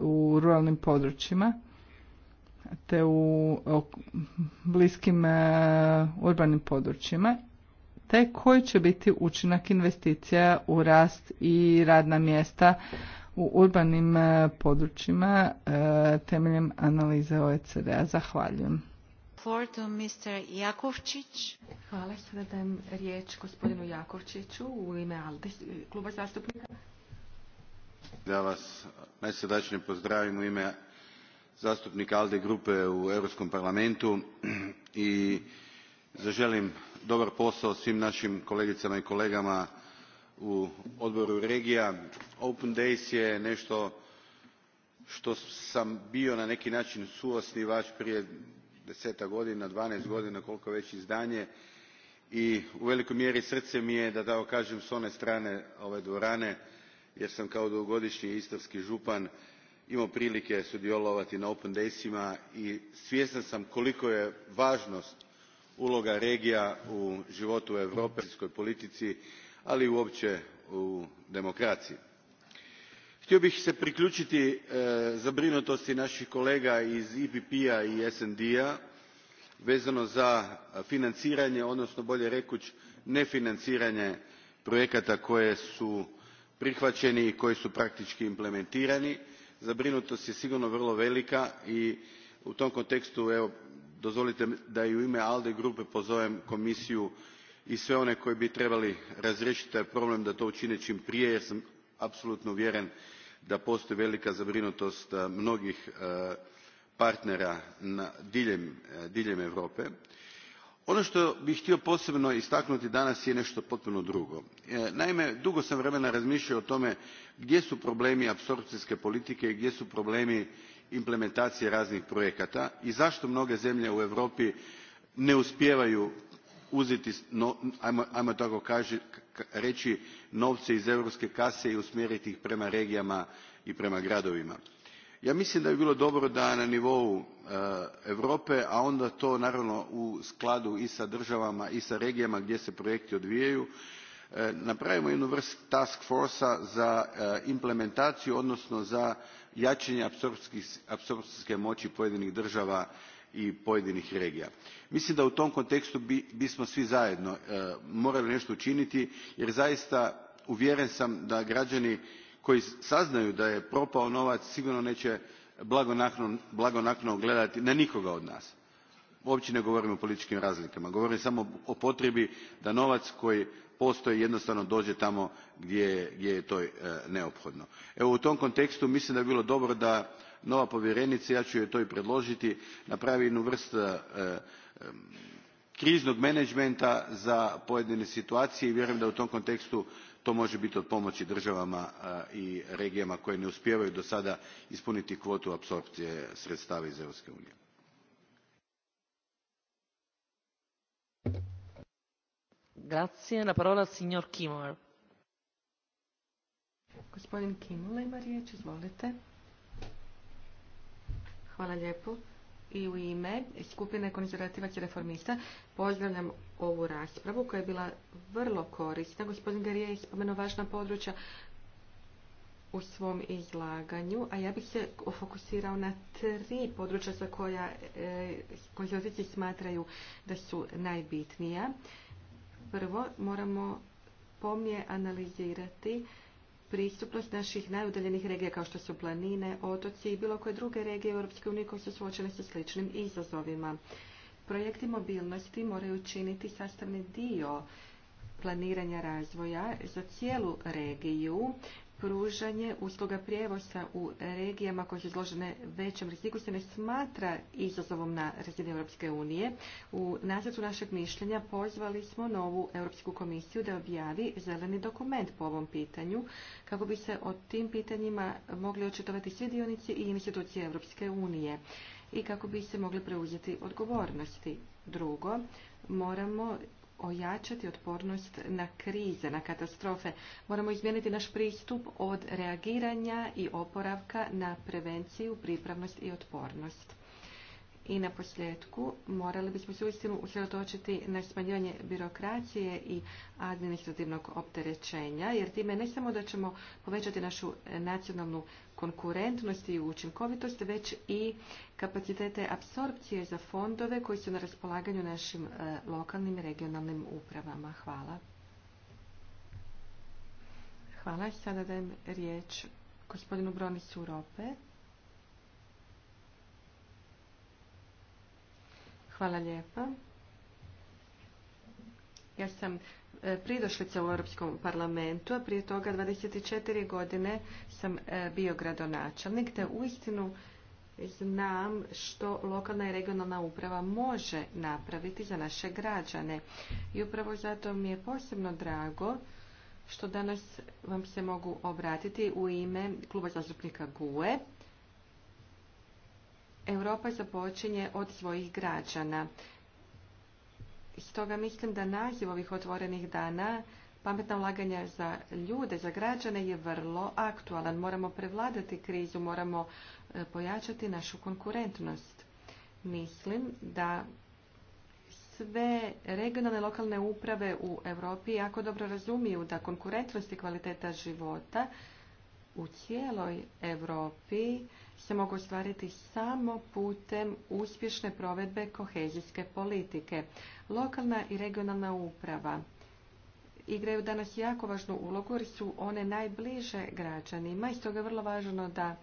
u ruralnim područjima te u bliskim urbanim područjima te koji će biti učinak investicija u rast i radna mjesta u urbanim e, područjima e, temeljem analize OECD-a. Zahvaljujem. Jakovčić. Hvala. Sada dajem riječ gospodinu Jakovčiću u ime Alde, kluba zastupnika. Da vas najsrdačnije pozdravim u ime zastupnika Alde grupe u Europskom parlamentu i zaželim dobar posao svim našim kolegicama i kolegama u odboru regija. open days je nešto što sam bio na neki način suosnivač prije desetak godina dvanaest godina koliko već izdanje i u velikoj mjeri srce mi je da tako kažem s one strane ove dvorane jer sam kao dugogodišnji istarski župan imao prilike sudjelovati na open daysima i svjestan sam koliko je važnost uloga regija u životu europe u vanjskoj politici ali i uopće u demokraciji. htio bih se priključiti e, zabrinutosti naših kolega iz epp a p-a i sd a vezano za financiranje odnosno bolje rekuć nefinanciranje projekata koji su prihvaćeni i koji su praktički implementirani. zabrinutost je sigurno vrlo velika i u tom kontekstu evo dozvolite da i u ime alde grupe pozovem komisiju i sve one koji bi trebali razriješiti taj problem da to učine čim prije jer sam apsolutno uvjeren da postoji velika zabrinutost eh, mnogih eh, partnera eh, diljem europe. ono što bih htio posebno istaknuti danas je nešto potpuno drugo. naime dugo sam vremena razmišljao o tome gdje su problemi apsorpcijske politike i gdje su problemi implementacije raznih projekata i zašto mnoge zemlje u europi ne uspijevaju uzeti ajmo tako reći novce iz europske kase i usmjeriti ih prema regijama i prema gradovima. ja mislim da bi bilo dobro da na nivou e, europe a onda to naravno u skladu i sa državama i sa regijama gdje se projekti odvijaju e, napravimo jednu vrstu task forsa za e, implementaciju odnosno za jačanje apsorpcijske moći pojedinih država i pojedinih regija. mislim da u tom kontekstu bismo svi zajedno e, morali nešto učiniti jer zaista uvjeren sam da građani koji saznaju da je propao novac sigurno neće blagonaklono gledati na nikoga od nas uopće ne govorim o političkim razlikama govorim samo o potrebi da novac koji postoji jednostavno dođe tamo gdje je to e, neophodno. u tom kontekstu mislim da bi bilo dobro da nova povjerenica ja ću joj to i predložiti napravi jednu vrstu e, e, kriznog menadžmenta za pojedine situacije i vjerujem da u tom kontekstu to može biti od pomoći državama i regijama koje ne uspijevaju do sada ispuniti kvotu apsorpcije sredstava iz europske unije. Grazie, la parola signor Gospodin kimule ima riječ, Hvala lijepo. I u ime skupine konzervativaca reformista pozdravljam ovu raspravu koja je bila vrlo korisna. Gospodin Garije je spomenuo važna područja u svom izlaganju, a ja bih se fokusirao na tri područja za koja e, konzorcici smatraju da su najbitnija. Prvo, moramo pomnije analizirati pristupnost naših najudaljenih regija kao što su planine, otoci i bilo koje druge regije u EU koje su suočene sa sličnim izazovima. Projekti mobilnosti moraju činiti sastavni dio planiranja razvoja za cijelu regiju pružanje usluga prijevoza u regijama koje su izložene većem riziku se ne smatra izazovom na razini Europske unije. U nacrtu našeg mišljenja pozvali smo novu Europsku komisiju da objavi zeleni dokument po ovom pitanju kako bi se o tim pitanjima mogli očitovati svi dionici i institucije Europske unije i kako bi se mogli preuzeti odgovornosti. Drugo, moramo ojačati otpornost na krize, na katastrofe. Moramo izmijeniti naš pristup od reagiranja i oporavka na prevenciju, pripravnost i otpornost. I na posljedku morali bismo se uistinu usredotočiti na smanjivanje birokracije i administrativnog opterećenja, jer time ne samo da ćemo povećati našu nacionalnu konkurentnost i učinkovitost, već i kapacitete apsorpcije za fondove koji su na raspolaganju našim e, lokalnim i regionalnim upravama. Hvala. Hvala. Sada dajem riječ gospodinu Bronisu Rope. Hvala lijepa. Ja sam e, pridošlica u Europskom parlamentu, a prije toga 24 godine sam e, bio gradonačelnik, te uistinu znam što lokalna i regionalna uprava može napraviti za naše građane. I upravo zato mi je posebno drago što danas vam se mogu obratiti u ime kluba zastupnika GUE Europa započinje od svojih građana. Stoga mislim da naziv ovih otvorenih dana pametna ulaganja za ljude, za građane je vrlo aktualan. Moramo prevladati krizu, moramo e, pojačati našu konkurentnost. Mislim da sve regionalne lokalne uprave u Europi jako dobro razumiju da konkurentnost i kvaliteta života u cijeloj Europi se mogu ostvariti samo putem uspješne provedbe kohezijske politike. Lokalna i regionalna uprava igraju danas jako važnu ulogu jer su one najbliže građanima i stoga je vrlo važno da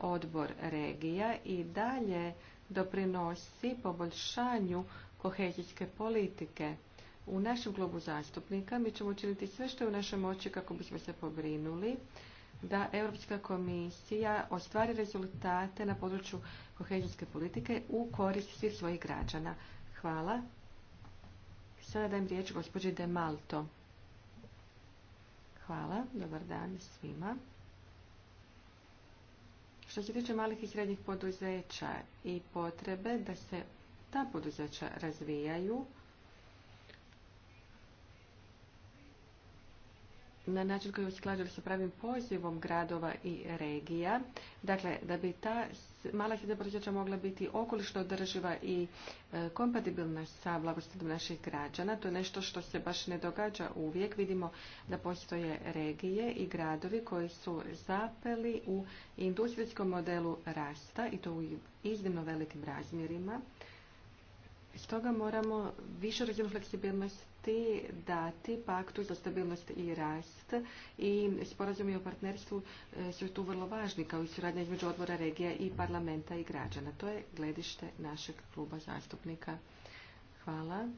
odbor regija i dalje doprinosi poboljšanju kohezijske politike. U našem klubu zastupnika mi ćemo učiniti sve što je u našoj moći kako bismo se pobrinuli da Europska komisija ostvari rezultate na području kohezijske politike u korist svih svojih građana. Hvala. Sada dajem riječ gospođi De Malto. Hvala, dobar dan svima. Što se tiče malih i srednjih poduzeća i potrebe da se ta poduzeća razvijaju, na način koji je usklađen sa pravim pozivom gradova i regija. Dakle, da bi ta mala sredna poduzeća mogla biti okolišno održiva i e, kompatibilna sa blagostom naših građana. To je nešto što se baš ne događa uvijek. Vidimo da postoje regije i gradovi koji su zapeli u industrijskom modelu rasta i to u iznimno velikim razmjerima. Stoga moramo više razinu fleksibilnosti dati paktu za stabilnost i rast i sporazumi o partnerstvu e, su tu vrlo važni kao i suradnja između odbora regija i parlamenta i građana. To je gledište našeg kluba zastupnika. Hvala.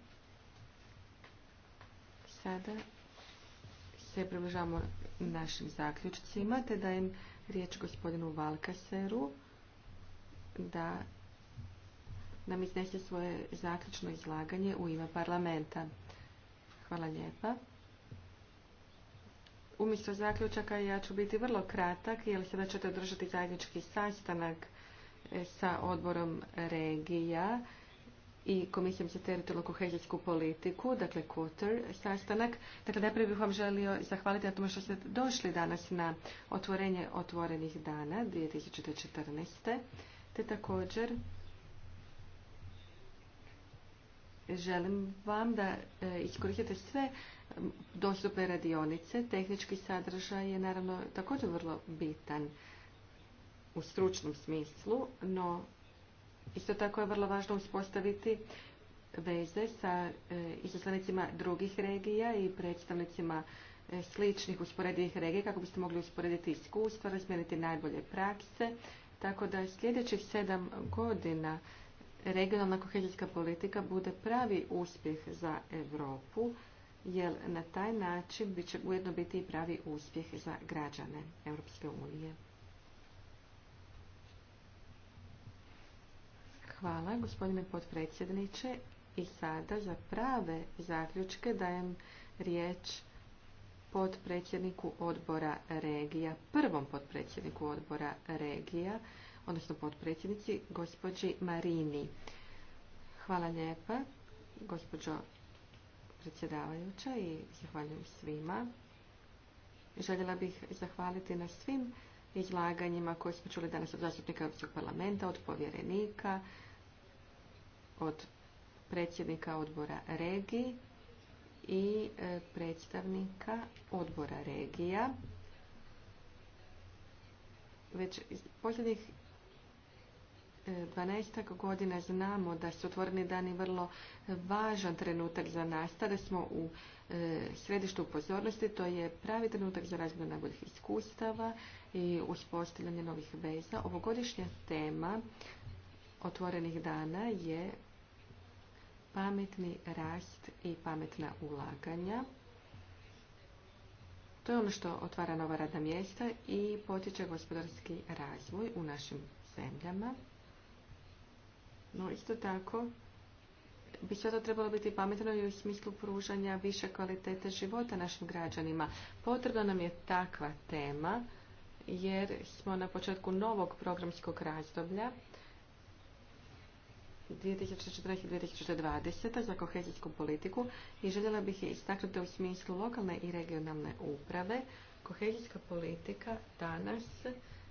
Sada se približavamo našim zaključcima te dajem riječ gospodinu Valkaseru da nam iznese svoje zaključno izlaganje u ime parlamenta. Hvala lijepa. Umjesto zaključaka ja ću biti vrlo kratak, jer sada ćete održati zajednički sastanak e, sa odborom regija i Komisijom za teritorijalnu kohezijsku politiku, dakle kutr sastanak. Dakle, najprije bih vam želio zahvaliti na tome što ste došli danas na otvorenje otvorenih dana 2014. Te također Želim vam da e, iskoristite sve dostupne radionice. Tehnički sadržaj je naravno također vrlo bitan u stručnom smislu, no isto tako je vrlo važno uspostaviti veze sa e, izaslanicima drugih regija i predstavnicima e, sličnih usporedivih regija kako biste mogli usporediti iskustva, razmijeniti najbolje prakse. Tako da sljedećih sedam godina regionalna kohezijska politika bude pravi uspjeh za Europu, jer na taj način bi će ujedno biti i pravi uspjeh za građane Europske unije. Hvala, gospodine potpredsjedniče. I sada za prave zaključke dajem riječ potpredsjedniku odbora regija, prvom potpredsjedniku odbora regija, odnosno potpredsjednici, gospođi Marini. Hvala lijepa, gospođo predsjedavajuća i zahvaljujem svima. Željela bih zahvaliti na svim izlaganjima koje smo čuli danas od zastupnika Europskog parlamenta, od povjerenika, od predsjednika odbora regiji i e, predstavnika odbora regija. Već iz posljednjih 12. godina znamo da su otvoreni dani vrlo važan trenutak za nas, tada smo u e, središtu pozornosti, to je pravi trenutak za razmjenu najboljih iskustava i uspostavljanje novih veza. Ovogodišnja tema otvorenih dana je pametni rast i pametna ulaganja. To je ono što otvara nova radna mjesta i potiče gospodarski razvoj u našim zemljama. No isto tako, bi sve to trebalo biti pametno i u smislu pružanja više kvalitete života našim građanima. Potrebna nam je takva tema jer smo na početku novog programskog razdoblja 2014-2020 za kohezijsku politiku i željela bih istaknuti u smislu lokalne i regionalne uprave. Kohezijska politika danas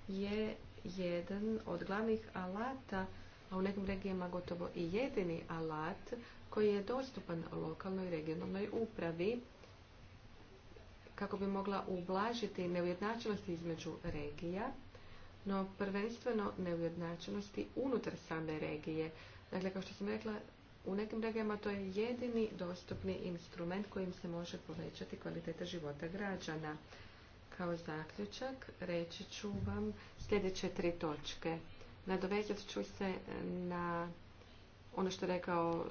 je jedan od glavnih alata a u nekim regijama gotovo i jedini alat koji je dostupan lokalnoj i regionalnoj upravi kako bi mogla ublažiti neujednačenosti između regija, no prvenstveno neujednačenosti unutar same regije. Dakle, kao što sam rekla, u nekim regijama to je jedini dostupni instrument kojim se može povećati kvaliteta života građana. Kao zaključak reći ću vam sljedeće tri točke. Nadovezat ću se e, na ono što je rekao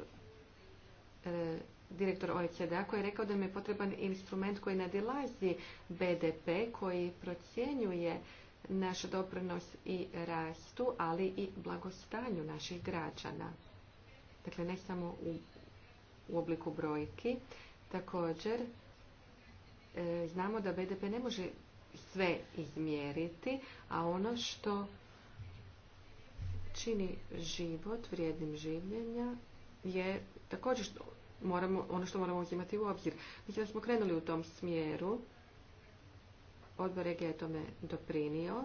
e, direktor OECD-a koji je rekao da mi je potreban instrument koji nadilazi BDP, koji procjenjuje naš doprinos i rastu, ali i blagostanju naših građana. Dakle, ne samo u, obliku brojki. Također, e, znamo da BDP ne može sve izmjeriti, a ono što čini život vrijednim življenja je također što moramo, ono što moramo uzimati u obzir. Mislim da smo krenuli u tom smjeru. Odbor je tome doprinio.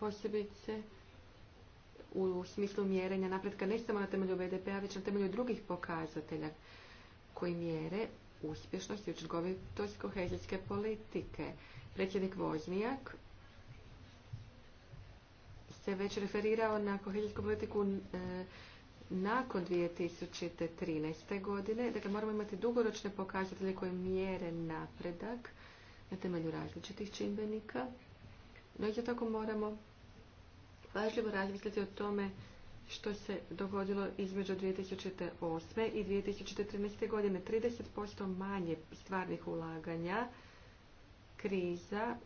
Posebice u smislu mjerenja napretka ne samo na temelju BDP-a, već na temelju drugih pokazatelja koji mjere uspješnost i učinkovitost kohezijske politike. Predsjednik Voznijak se već referirao na kohezijsku politiku e, nakon 2013. godine. Dakle, moramo imati dugoročne pokazatelje koje mjere napredak na temelju različitih čimbenika. No, isto tako moramo važno razmisliti o tome što se dogodilo između 2008. i 2013. godine. 30% manje stvarnih ulaganja kriza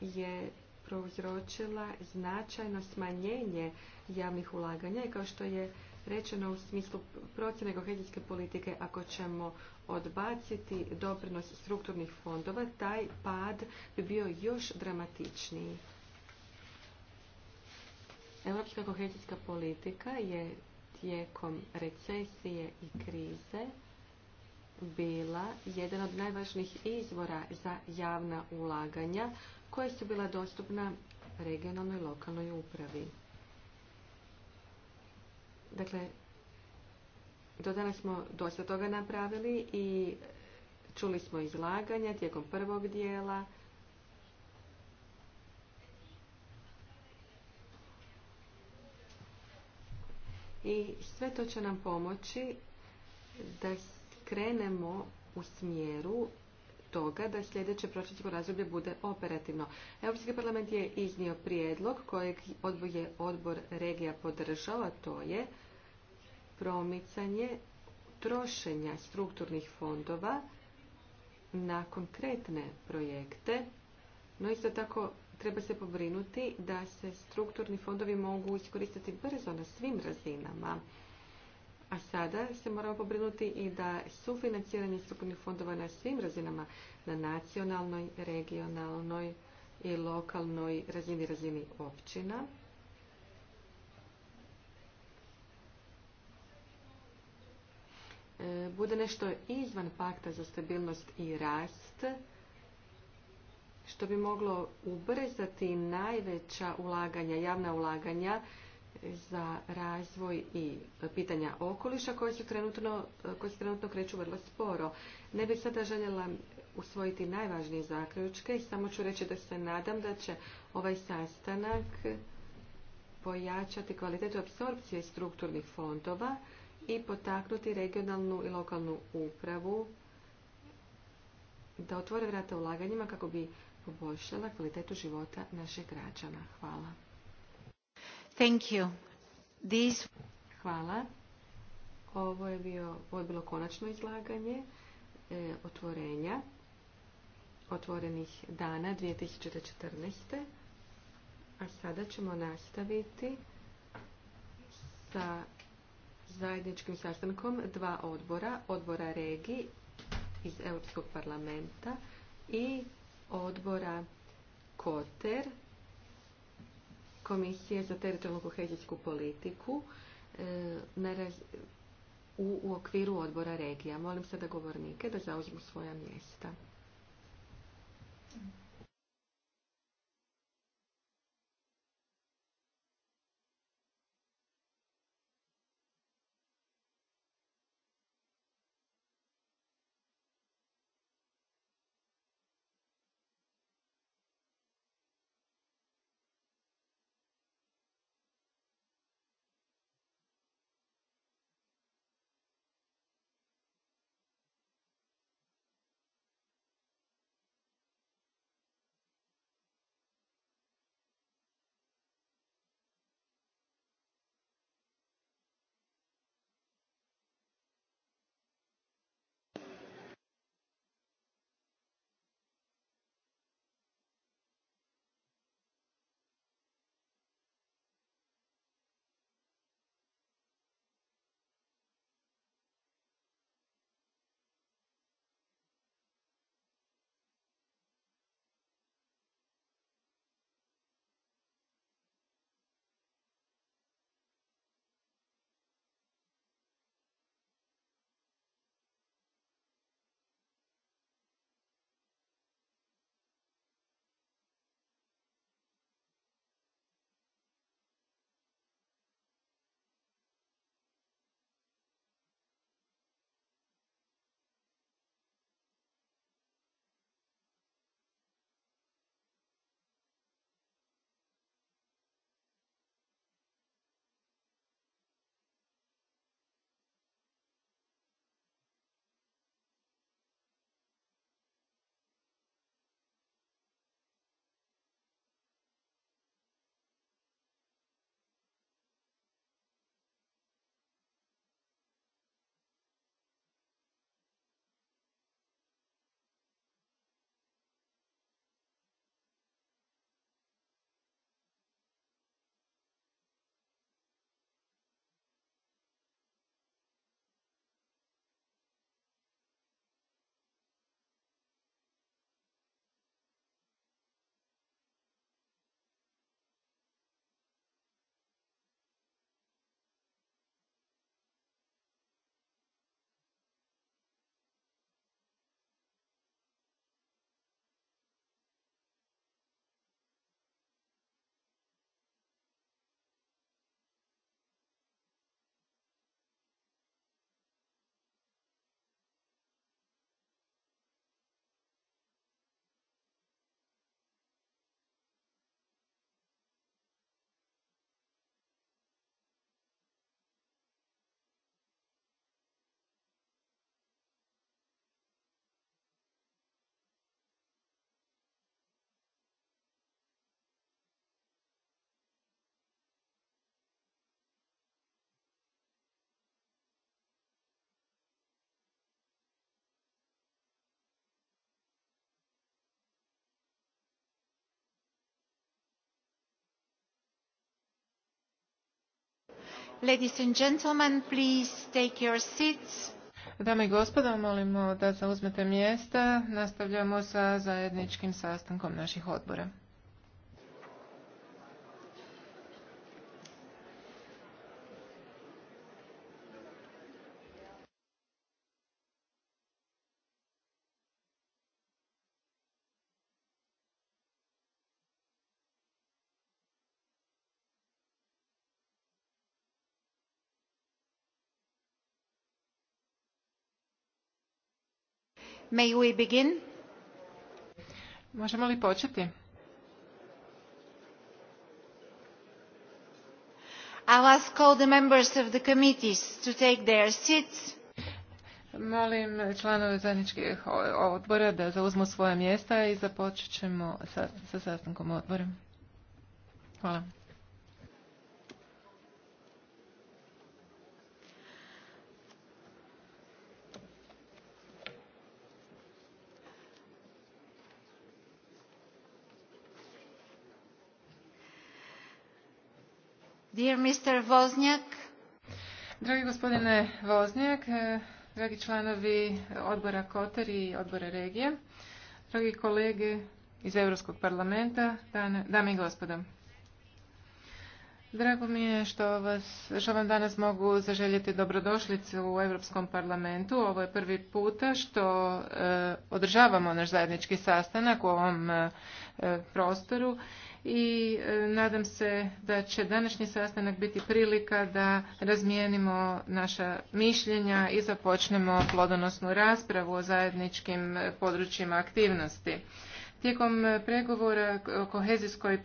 je prouzročila značajno smanjenje javnih ulaganja i kao što je rečeno u smislu procjene kohezijske politike, ako ćemo odbaciti doprinos strukturnih fondova, taj pad bi bio još dramatičniji. Europska kohezijska politika je tijekom recesije i krize bila jedan od najvažnijih izvora za javna ulaganja koja su bila dostupna regionalnoj i lokalnoj upravi. Dakle, do danas smo dosta toga napravili i čuli smo izlaganja tijekom prvog dijela. I sve to će nam pomoći da krenemo u smjeru toga da sljedeće proračunsko razdoblje bude operativno. Europski parlament je iznio prijedlog kojeg je odbor regija podržao, a to je promicanje trošenja strukturnih fondova na konkretne projekte, no isto tako treba se pobrinuti da se strukturni fondovi mogu iskoristiti brzo na svim razinama. A sada se moramo pobrinuti i da sufinanciranje strukturnih fondova na svim razinama, na nacionalnoj, regionalnoj i lokalnoj razini, razini općina, e, bude nešto izvan pakta za stabilnost i rast, što bi moglo ubrzati najveća ulaganja, javna ulaganja za razvoj i pitanja okoliša koje se trenutno, trenutno kreću vrlo sporo. Ne bih sada željela usvojiti najvažnije zaključke i samo ću reći da se nadam da će ovaj sastanak pojačati kvalitetu apsorpcije strukturnih fondova i potaknuti regionalnu i lokalnu upravu da otvore vrata ulaganjima kako bi poboljšala kvalitetu života naših građana. Hvala. Thank you. Hvala. Ovo je, bilo konačno izlaganje e, otvorenja otvorenih dana 2014. A sada ćemo nastaviti sa zajedničkim sastankom dva odbora, odbora regi iz Europskog parlamenta i odbora Koter Komisije za teritorijalnu kohezijsku politiku e, u, okviru odbora regija. Molim sada govornike da zauzmu svoja mjesta. Ladies and gentlemen, please take your seats. Dame i gospodo, molimo da zauzmete mjesta. Nastavljamo sa zajedničkim sastankom naših odbora. May we begin? Možemo li početi? I'll ask all the members of the committees to take their seats. Molim članove zajedničkih odbora da zauzmu svoje mjesta i započet ćemo sa, sa sastankom odbora. Hvala. Dragi gospodine Voznjak, e, dragi članovi odbora Koter i odbora regije, dragi kolege iz Europskog parlamenta, dame i gospodo. Drago mi je što, vas, što vam danas mogu zaželjeti dobrodošlicu u Europskom parlamentu. Ovo je prvi puta što e, održavamo naš zajednički sastanak u ovom e, prostoru i e, nadam se da će današnji sastanak biti prilika da razmijenimo naša mišljenja i započnemo plodonosnu raspravu o zajedničkim područjima aktivnosti. Tijekom e, pregovora o kohezijskoj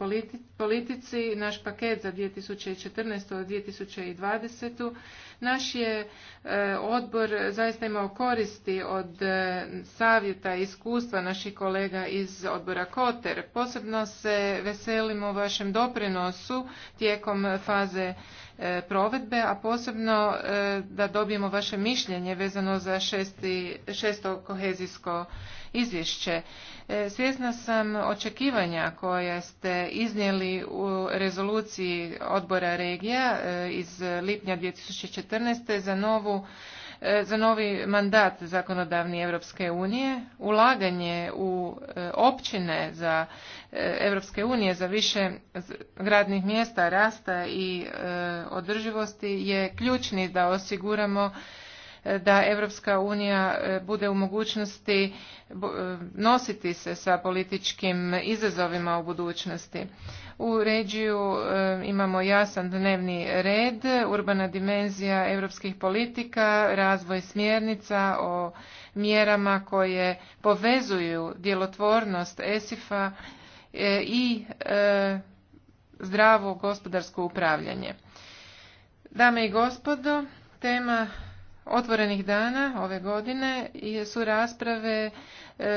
politici, naš paket za 2014. do 2020. naš je e, odbor zaista imao koristi od e, savjeta i iskustva naših kolega iz odbora Koter. Posebno se veselimo vašem doprinosu tijekom faze E, provedbe, a posebno e, da dobijemo vaše mišljenje vezano za šesti, šesto kohezijsko izvješće. E, svjesna sam očekivanja koje ste iznijeli u rezoluciji odbora regija iz lipnja 2014. za novu E, za novi mandat zakonodavni Europske unije, ulaganje u e, općine za Europske unije za više gradnih mjesta, rasta i e, održivosti je ključni da osiguramo da Europska unija bude u mogućnosti nositi se sa političkim izazovima u budućnosti. U ređiju e, imamo jasan dnevni red, urbana dimenzija europskih politika, razvoj smjernica o mjerama koje povezuju djelotvornost ESIF-a e, i e, zdravo gospodarsko upravljanje. Dame i gospodo, tema otvorenih dana ove godine su rasprave e,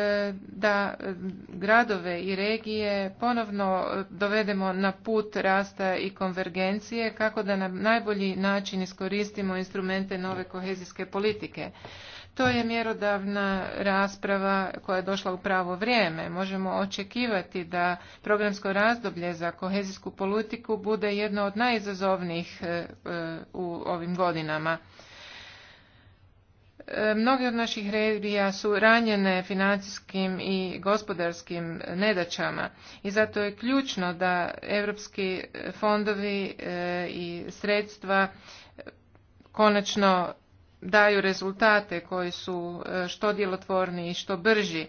da gradove i regije ponovno dovedemo na put rasta i konvergencije kako da na najbolji način iskoristimo instrumente nove kohezijske politike. To je mjerodavna rasprava koja je došla u pravo vrijeme. Možemo očekivati da programsko razdoblje za kohezijsku politiku bude jedno od najizazovnijih e, e, u ovim godinama. E, mnoge od naših regija su ranjene financijskim i gospodarskim nedaćama i zato je ključno da europski fondovi e, i sredstva e, konačno daju rezultate koji su što djelotvorniji i što brži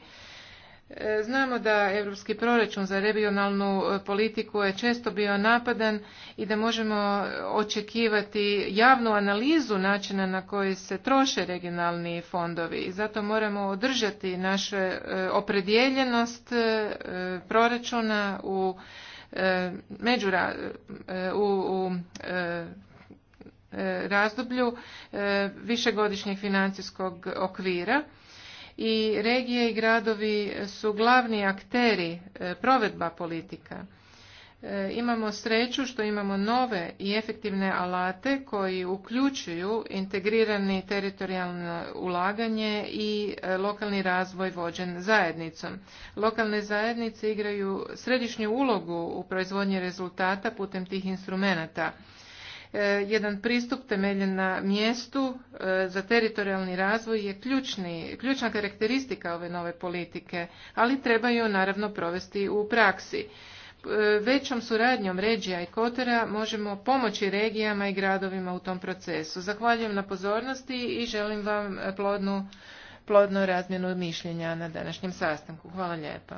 E, znamo da europski proračun za regionalnu e, politiku je često bio napadan i da možemo očekivati javnu analizu načina na koji se troše regionalni fondovi i zato moramo održati našu e, opredjeljenost proračuna u među u, u razdoblju višegodišnjeg financijskog okvira i regije i gradovi su glavni akteri e, provedba politika. E, imamo sreću što imamo nove i efektivne alate koji uključuju integrirani teritorijalno ulaganje i e, lokalni razvoj vođen zajednicom. Lokalne zajednice igraju središnju ulogu u proizvodnji rezultata putem tih instrumenata. E, jedan pristup temeljen na mjestu e, za teritorijalni razvoj je ključni, ključna karakteristika ove nove politike, ali treba ju naravno provesti u praksi. E, većom suradnjom regija i kotera možemo pomoći regijama i gradovima u tom procesu. Zahvaljujem na pozornosti i želim vam plodnu, plodnu razmjenu mišljenja na današnjem sastanku. Hvala lijepa.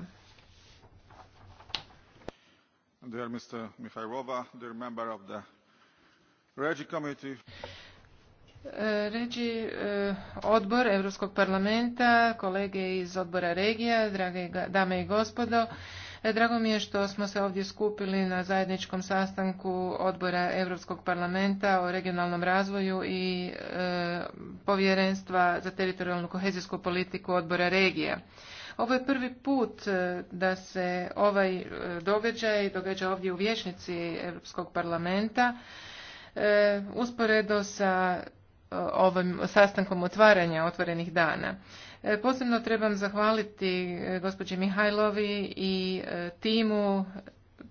Dear Mr. Mihajlova, dear member of the Ređi e, e, odbor Europskog parlamenta, kolege iz odbora regija, drage dame i gospodo, e, Drago mi je što smo se ovdje skupili na zajedničkom sastanku odbora Europskog parlamenta o regionalnom razvoju i povjerenstva za teritorijalnu kohezijsku politiku odbora regija. Ovo je prvi put da se ovaj događaj događa ovdje u vječnici Europskog parlamenta E, usporedo sa e, ovim sastankom otvaranja otvorenih dana. E, posebno trebam zahvaliti gospođi Mihajlovi i timu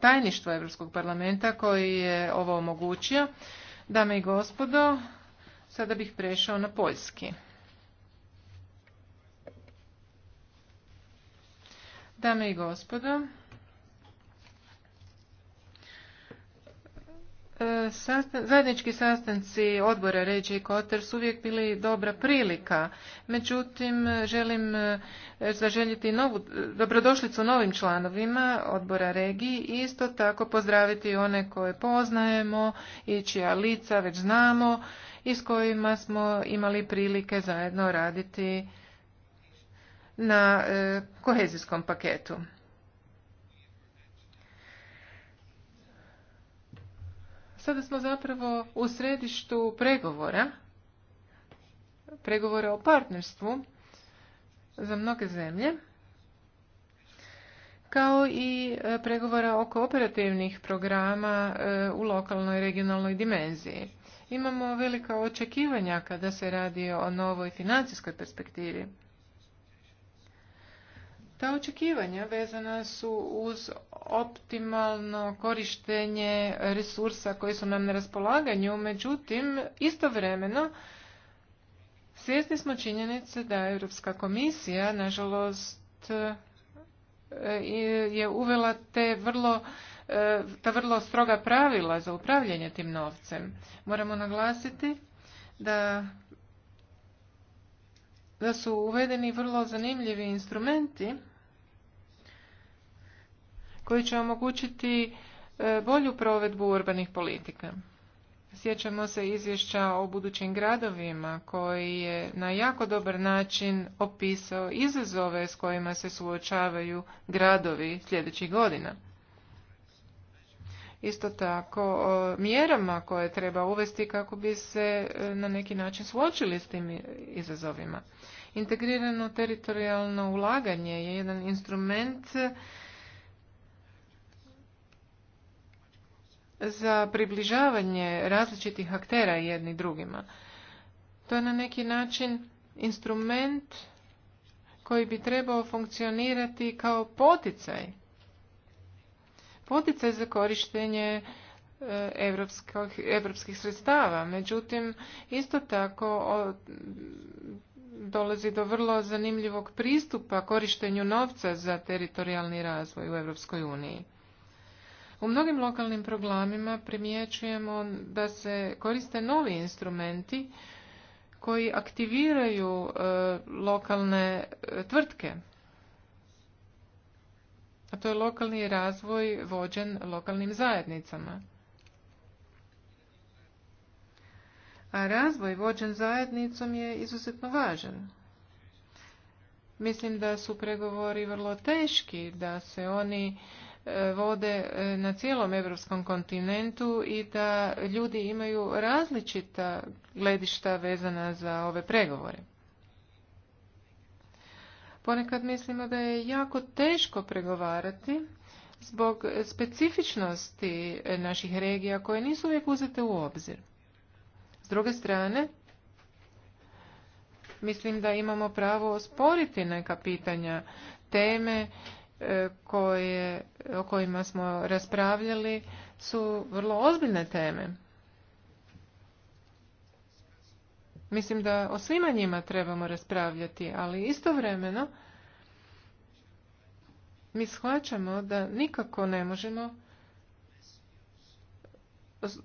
tajništva Europskog parlamenta koji je ovo omogućio. Dame i gospodo, sada bih prešao na poljski. Dame i gospodo, Sastan, zajednički sastanci odbora Ređe i Kotar su uvijek bili dobra prilika. Međutim, želim e, zaželjiti novu, e, dobrodošlicu novim članovima odbora regiji i isto tako pozdraviti one koje poznajemo i čija lica već znamo i s kojima smo imali prilike zajedno raditi na e, kohezijskom paketu. Sada smo zapravo u središtu pregovora, pregovora o partnerstvu za mnoge zemlje, kao i e, pregovora oko operativnih programa e, u lokalnoj i regionalnoj dimenziji. Imamo velika očekivanja kada se radi o novoj financijskoj perspektivi. Ta očekivanja vezana su uz optimalno korištenje resursa koji su nam na raspolaganju, međutim istovremeno svjesni smo činjenice da Europska komisija nažalost e, je uvela te vrlo e, ta vrlo stroga pravila za upravljanje tim novcem. Moramo naglasiti da da su uvedeni vrlo zanimljivi instrumenti koji će omogućiti e, bolju provedbu urbanih politika. Sjećamo se izvješća o budućim gradovima koji je na jako dobar način opisao izazove s kojima se suočavaju gradovi sljedećih godina. Isto tako o mjerama koje treba uvesti kako bi se e, na neki način suočili s tim izazovima. Integrirano teritorijalno ulaganje je jedan instrument za približavanje različitih aktera jedni drugima. To je na neki način instrument koji bi trebao funkcionirati kao poticaj. Poticaj za korištenje europskih sredstava. Međutim, isto tako dolazi do vrlo zanimljivog pristupa korištenju novca za teritorijalni razvoj u Europskoj uniji. U mnogim lokalnim programima primjećujemo da se koriste novi instrumenti koji aktiviraju e, lokalne e, tvrtke. A to je lokalni razvoj vođen lokalnim zajednicama. A razvoj vođen zajednicom je izuzetno važan. Mislim da su pregovori vrlo teški, da se oni E, vode e, na cijelom europskom kontinentu i da ljudi imaju različita gledišta vezana za ove pregovore. Ponekad mislimo da je jako teško pregovarati zbog specifičnosti naših regija koje nisu uvijek uzete u obzir. S druge strane, mislim da imamo pravo osporiti neka pitanja, teme E, koje, o kojima smo raspravljali su vrlo ozbiljne teme. Mislim da o svima njima trebamo raspravljati, ali istovremeno mi shvaćamo da nikako ne možemo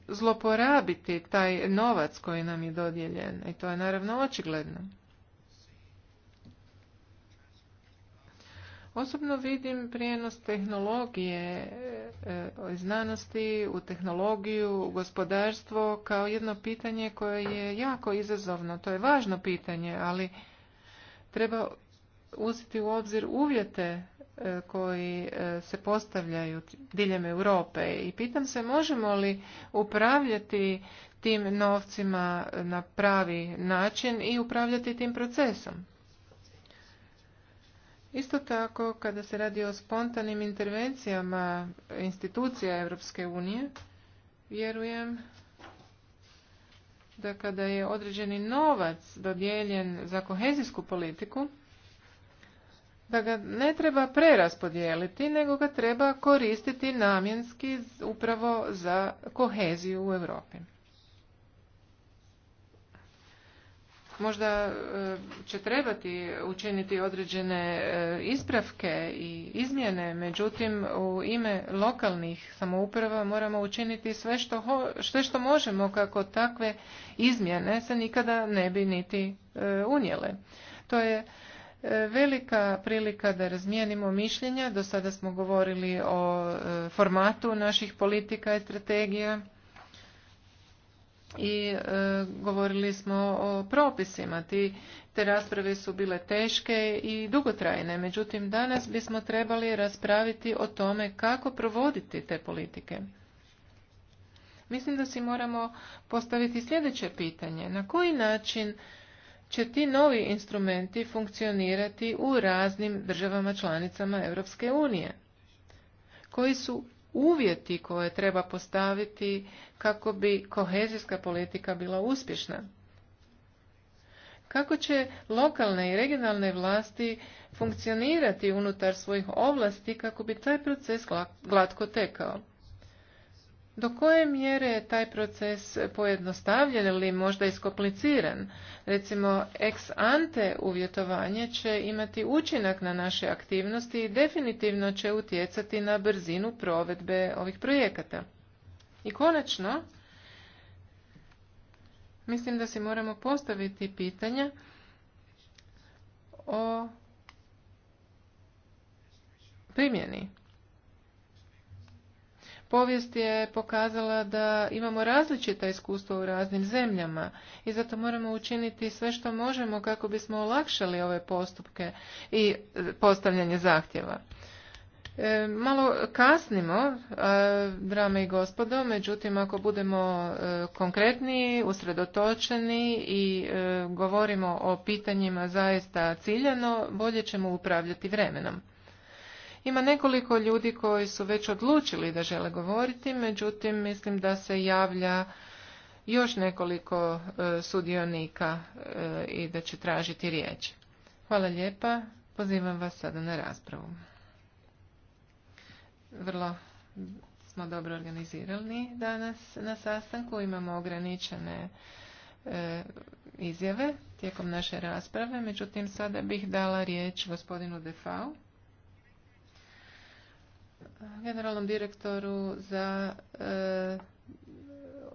zloporabiti taj novac koji nam je dodijeljen i to je naravno očigledno. Osobno vidim prijenos tehnologije e, e, znanosti u tehnologiju, u gospodarstvo kao jedno pitanje koje je jako izazovno. To je važno pitanje, ali treba uzeti u obzir uvjete e, koji se postavljaju diljem Europe i pitam se možemo li upravljati tim novcima na pravi način i upravljati tim procesom. Isto tako, kada se radi o spontanim intervencijama institucija Europske unije, vjerujem da kada je određeni novac dodijeljen za kohezijsku politiku, da ga ne treba preraspodijeliti, nego ga treba koristiti namjenski upravo za koheziju u Europi. možda e, će trebati učiniti određene e, ispravke i izmjene, međutim u ime lokalnih samouprava moramo učiniti sve što, što možemo kako takve izmjene se nikada ne bi niti e, unijele. To je velika prilika da razmijenimo mišljenja, do sada smo govorili o formatu naših politika i strategija i e, govorili smo o propisima. Ti, te rasprave su bile teške i dugotrajne, međutim danas bismo trebali raspraviti o tome kako provoditi te politike. Mislim da si moramo postaviti sljedeće pitanje. Na koji način će ti novi instrumenti funkcionirati u raznim državama članicama Europske unije? Koji su uvjeti koje treba postaviti kako bi kohezijska politika bila uspješna. Kako će lokalne i regionalne vlasti funkcionirati unutar svojih ovlasti kako bi taj proces glatko tekao? Do koje mjere je taj proces pojednostavljen ili možda iskompliciran? Recimo, ex ante uvjetovanje će imati učinak na naše aktivnosti i definitivno će utjecati na brzinu provedbe ovih projekata. I konačno, mislim da si moramo postaviti pitanja o primjeni povijest je pokazala da imamo različita iskustva u raznim zemljama i zato moramo učiniti sve što možemo kako bismo olakšali ove postupke i e, postavljanje zahtjeva. E, malo kasnimo, e, drame i gospodo, međutim ako budemo konkretni, usredotočeni i govorimo o pitanjima zaista ciljano, bolje ćemo upravljati vremenom. Ima nekoliko ljudi koji su već odlučili da žele govoriti, međutim mislim da se javlja još nekoliko e, sudionika e, i da će tražiti riječ. Hvala lijepa, pozivam vas sada na raspravu. Vrlo smo dobro organizirani danas na sastanku, imamo ograničene e, izjave tijekom naše rasprave, međutim sada bih dala riječ gospodinu Defau generalnom direktoru za e,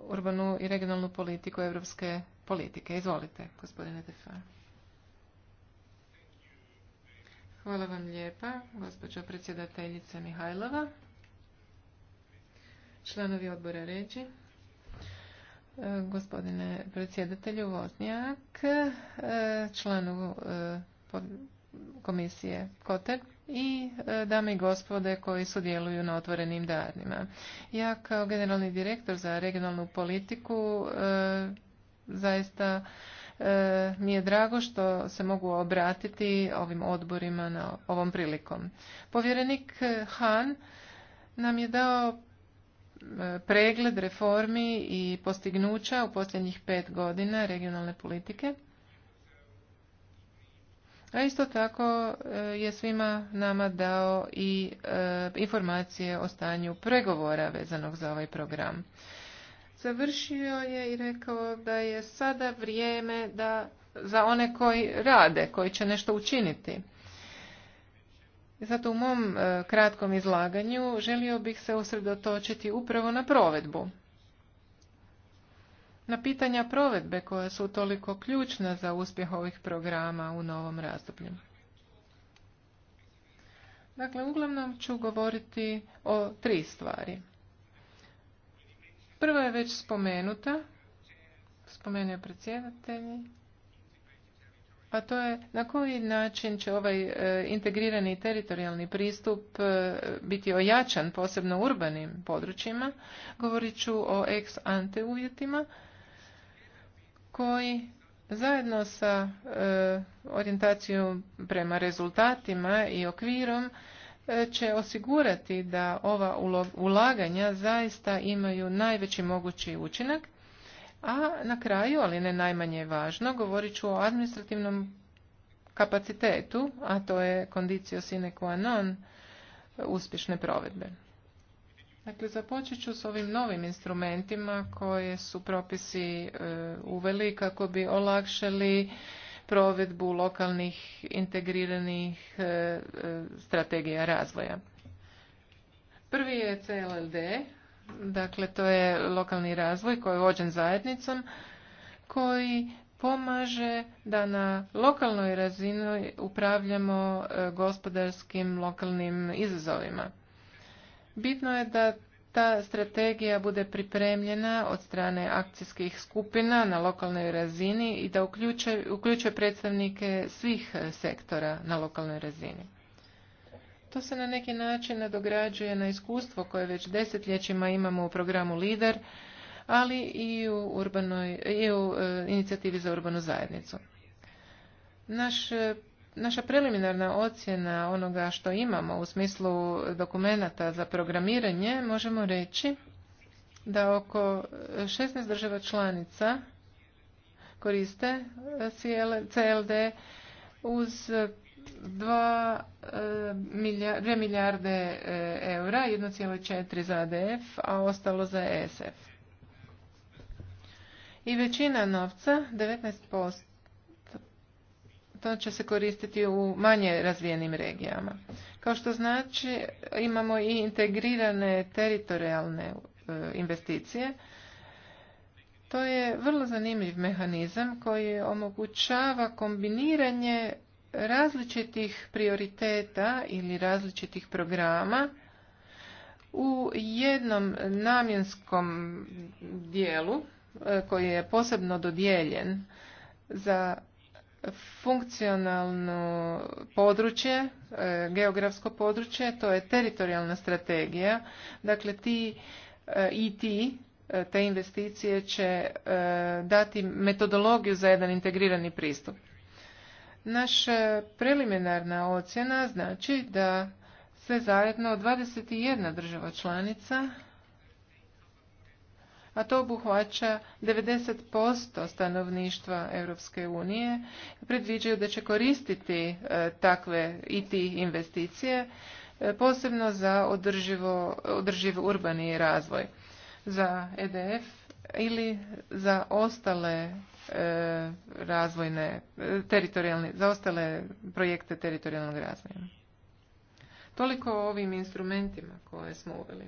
urbanu i regionalnu politiku europske politike. Izvolite, gospodine Defa. Hvala vam lijepa, gospođo predsjedateljice Mihajlova, članovi odbora ređi, e, gospodine predsjedatelju Vosnijak, e, članu komisije Kotek, i e, dame i gospode koji sudjeluju na otvorenim danima. Ja kao generalni direktor za regionalnu politiku e, zaista e, mi je drago što se mogu obratiti ovim odborima na ovom prilikom. Povjerenik Han nam je dao pregled reformi i postignuća u posljednjih pet godina regionalne politike. A isto tako e, je svima nama dao i e, informacije o stanju pregovora vezanog za ovaj program. Završio je i rekao da je sada vrijeme da za one koji rade, koji će nešto učiniti. Zato u mom e, kratkom izlaganju želio bih se usredotočiti upravo na provedbu na pitanja provedbe koja su toliko ključna za uspjeh ovih programa u novom razdoblju. Dakle, uglavnom ću govoriti o tri stvari. Prva je već spomenuta, spomenuo predsjedatelji, a to je na koji način će ovaj e, integrirani teritorijalni pristup e, biti ojačan, posebno urbanim područjima. Govorit ću o ex ante uvjetima, koji zajedno sa e, orijentacijom prema rezultatima i okvirom e, će osigurati da ova ulaganja zaista imaju najveći mogući učinak. A na kraju, ali ne najmanje važno, govorit ću o administrativnom kapacitetu, a to je kondicio sine qua non e, uspješne provedbe. Dakle, započet ću s ovim novim instrumentima koje su propisi e, uveli kako bi olakšali provedbu lokalnih integriranih e, e, strategija razvoja. Prvi je CLLD, dakle to je lokalni razvoj koji je vođen zajednicom, koji pomaže da na lokalnoj razini upravljamo gospodarskim lokalnim izazovima. Bitno je da ta strategija bude pripremljena od strane akcijskih skupina na lokalnoj razini i da uključuje, predstavnike svih sektora na lokalnoj razini. To se na neki način nadograđuje na iskustvo koje već desetljećima imamo u programu LIDER, ali i u, urbanoj, i u e, inicijativi za urbanu zajednicu. Naš naša preliminarna ocjena onoga što imamo u smislu dokumenata za programiranje možemo reći da oko 16 država članica koriste CLD uz 2 e, milijarde e, eura, 1,4 za ADF, a ostalo za ESF. I većina novca, 19%, to će se koristiti u manje razvijenim regijama. Kao što znači, imamo i integrirane teritorijalne e, investicije. To je vrlo zanimljiv mehanizam koji omogućava kombiniranje različitih prioriteta ili različitih programa u jednom namjenskom dijelu e, koji je posebno dodijeljen za funkcionalno područje, e, geografsko područje, to je teritorijalna strategija. Dakle, ti i e, e te investicije će dati metodologiju za jedan integrirani pristup. Naša preliminarna ocjena znači da sve zajedno 21 država članica a to obuhvaća 90% stanovništva Europske unije, predviđaju da će koristiti e, takve IT investicije, e, posebno za održivo, održiv urbani razvoj, za EDF ili za ostale e, razvojne, teritorijalne, za ostale projekte teritorijalnog razvoja. Toliko o ovim instrumentima koje smo uveli.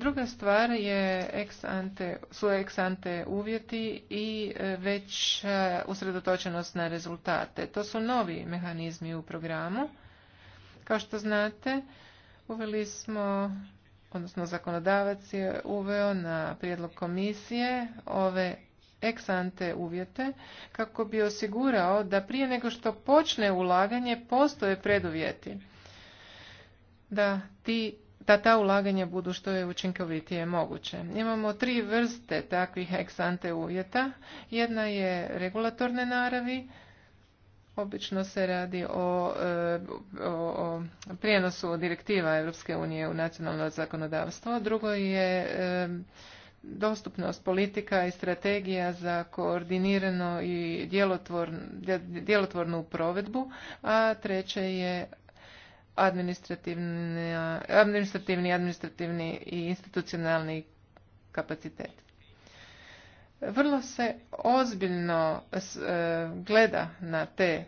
Druga stvar je ex ante, su ex ante uvjeti i e, već e, usredotočenost na rezultate. To su novi mehanizmi u programu. Kao što znate, uveli smo, odnosno zakonodavac je uveo na prijedlog komisije ove ex ante uvjete kako bi osigurao da prije nego što počne ulaganje postoje preduvjeti da ti da ta ulaganja budu što je učinkovitije moguće. Imamo tri vrste takvih eksante uvjeta. Jedna je regulatorne naravi, obično se radi o, e, o, o prijenosu direktiva Europske unije u nacionalno zakonodavstvo. Drugo je e, dostupnost politika i strategija za koordinirano i djelotvornu provedbu, a treće je administrativni, administrativni, administrativni i institucionalni kapacitet. Vrlo se ozbiljno e, gleda na te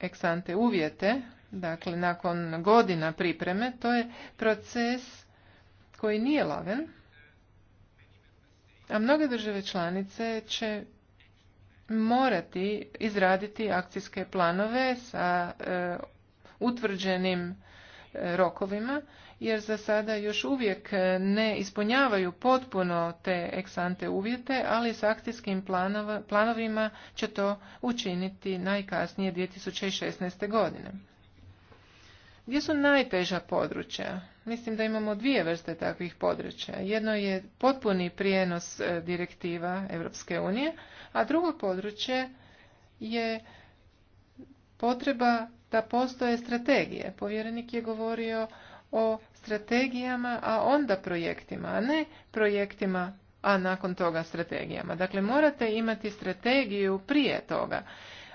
eksante uvjete, dakle nakon godina pripreme, to je proces koji nije laven, a mnoge države članice će morati izraditi akcijske planove sa e, utvrđenim e, rokovima jer za sada još uvijek ne ispunjavaju potpuno te eksante uvjete, ali s akcijskim planovima će to učiniti najkasnije 2016. godine. Gdje su najteža područja? Mislim da imamo dvije vrste takvih područja. Jedno je potpuni prijenos e, direktiva Europske unije, a drugo područje je potreba da postoje strategije. Povjerenik je govorio o strategijama, a onda projektima, a ne projektima, a nakon toga strategijama. Dakle, morate imati strategiju prije toga.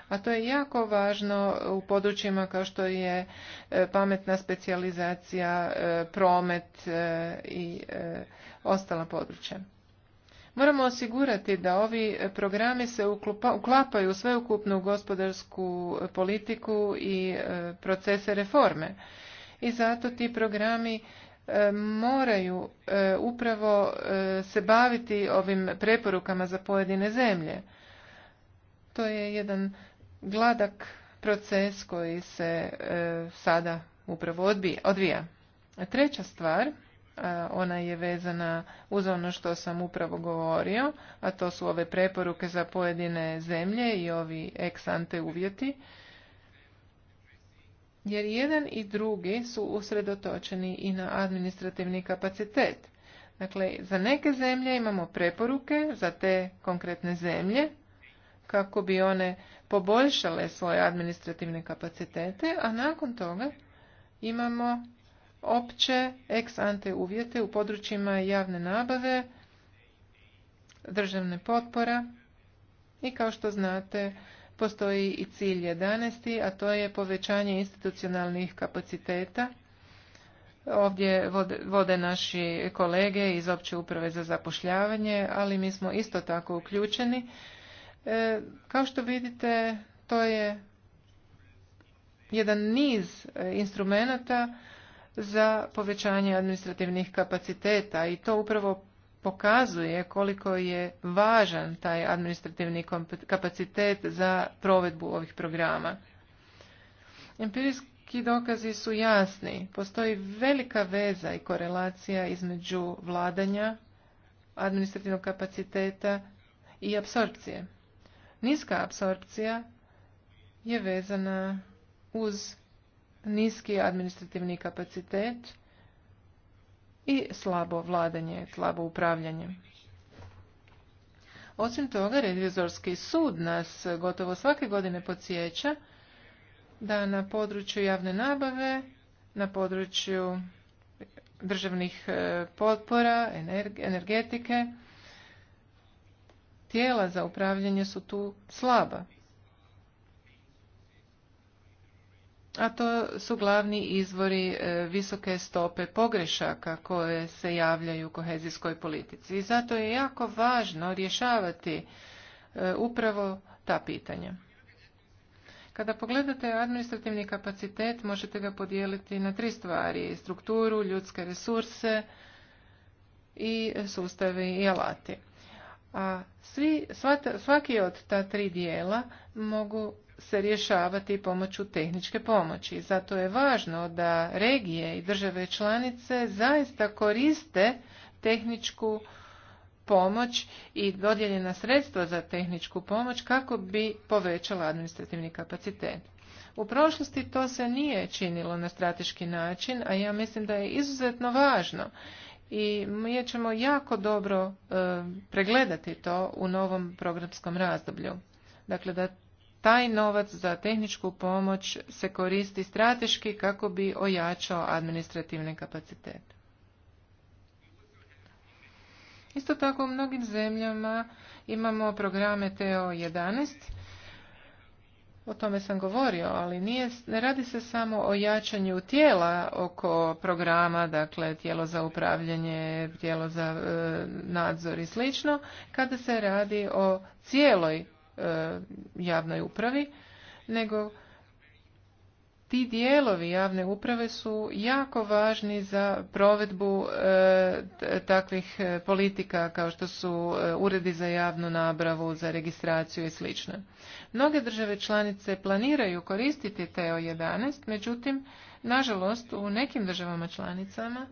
A to je jako važno u područjima kao što je e, pametna specijalizacija, e, promet e, i ostala područja. Moramo osigurati da ovi programi se uklapaju u sveukupnu gospodarsku politiku i e, procese reforme. I zato ti programi e, moraju e, upravo se baviti ovim preporukama za pojedine zemlje. To je jedan gladak proces koji se sada upravo odvija. Treća stvar ona je vezana uz ono što sam upravo govorio, a to su ove preporuke za pojedine zemlje i ovi ex ante uvjeti. Jer jedan i drugi su usredotočeni i na administrativni kapacitet. Dakle, za neke zemlje imamo preporuke za te konkretne zemlje kako bi one poboljšale svoje administrativne kapacitete, a nakon toga imamo opće ex ante uvjete u područjima javne nabave, državne potpora i kao što znate postoji i cilj 11. a to je povećanje institucionalnih kapaciteta. Ovdje vode naši kolege iz opće uprave za zapošljavanje, ali mi smo isto tako uključeni. E, kao što vidite, to je jedan niz instrumenata za povećanje administrativnih kapaciteta i to upravo pokazuje koliko je važan taj administrativni kapacitet za provedbu ovih programa. Empirijski dokazi su jasni. Postoji velika veza i korelacija između vladanja, administrativnog kapaciteta i apsorpcije. Niska apsorpcija je vezana uz niski administrativni kapacitet i slabo vladanje, slabo upravljanje. Osim toga, revizorski sud nas gotovo svake godine podsjeća da na području javne nabave, na području državnih e, potpora, energetike, tijela za upravljanje su tu slaba. a to su glavni izvori e, visoke stope pogrešaka koje se javljaju u kohezijskoj politici. I zato je jako važno rješavati e, upravo ta pitanja. Kada pogledate administrativni kapacitet, možete ga podijeliti na tri stvari. Strukturu, ljudske resurse i sustave i alati. A svi, svaki od ta tri dijela mogu se rješavati pomoću tehničke pomoći. Zato je važno da regije i države članice zaista koriste tehničku pomoć i dodijeljena sredstva za tehničku pomoć kako bi povećala administrativni kapacitet. U prošlosti to se nije činilo na strateški način, a ja mislim da je izuzetno važno i mi ćemo jako dobro e, pregledati to u novom programskom razdoblju. Dakle, da taj novac za tehničku pomoć se koristi strateški kako bi ojačao administrativne kapacitete. Isto tako u mnogim zemljama imamo programe TO11, o tome sam govorio, ali nije, ne radi se samo o jačanju tijela oko programa, dakle tijelo za upravljanje, tijelo za e, nadzor i slično, kada se radi o cijeloj E, javnoj upravi, nego ti dijelovi javne uprave su jako važni za provedbu e, takvih e, politika kao što su uredi za javnu nabravu, za registraciju i sl. Mnoge države članice planiraju koristiti TO11, međutim, nažalost, u nekim državama članicama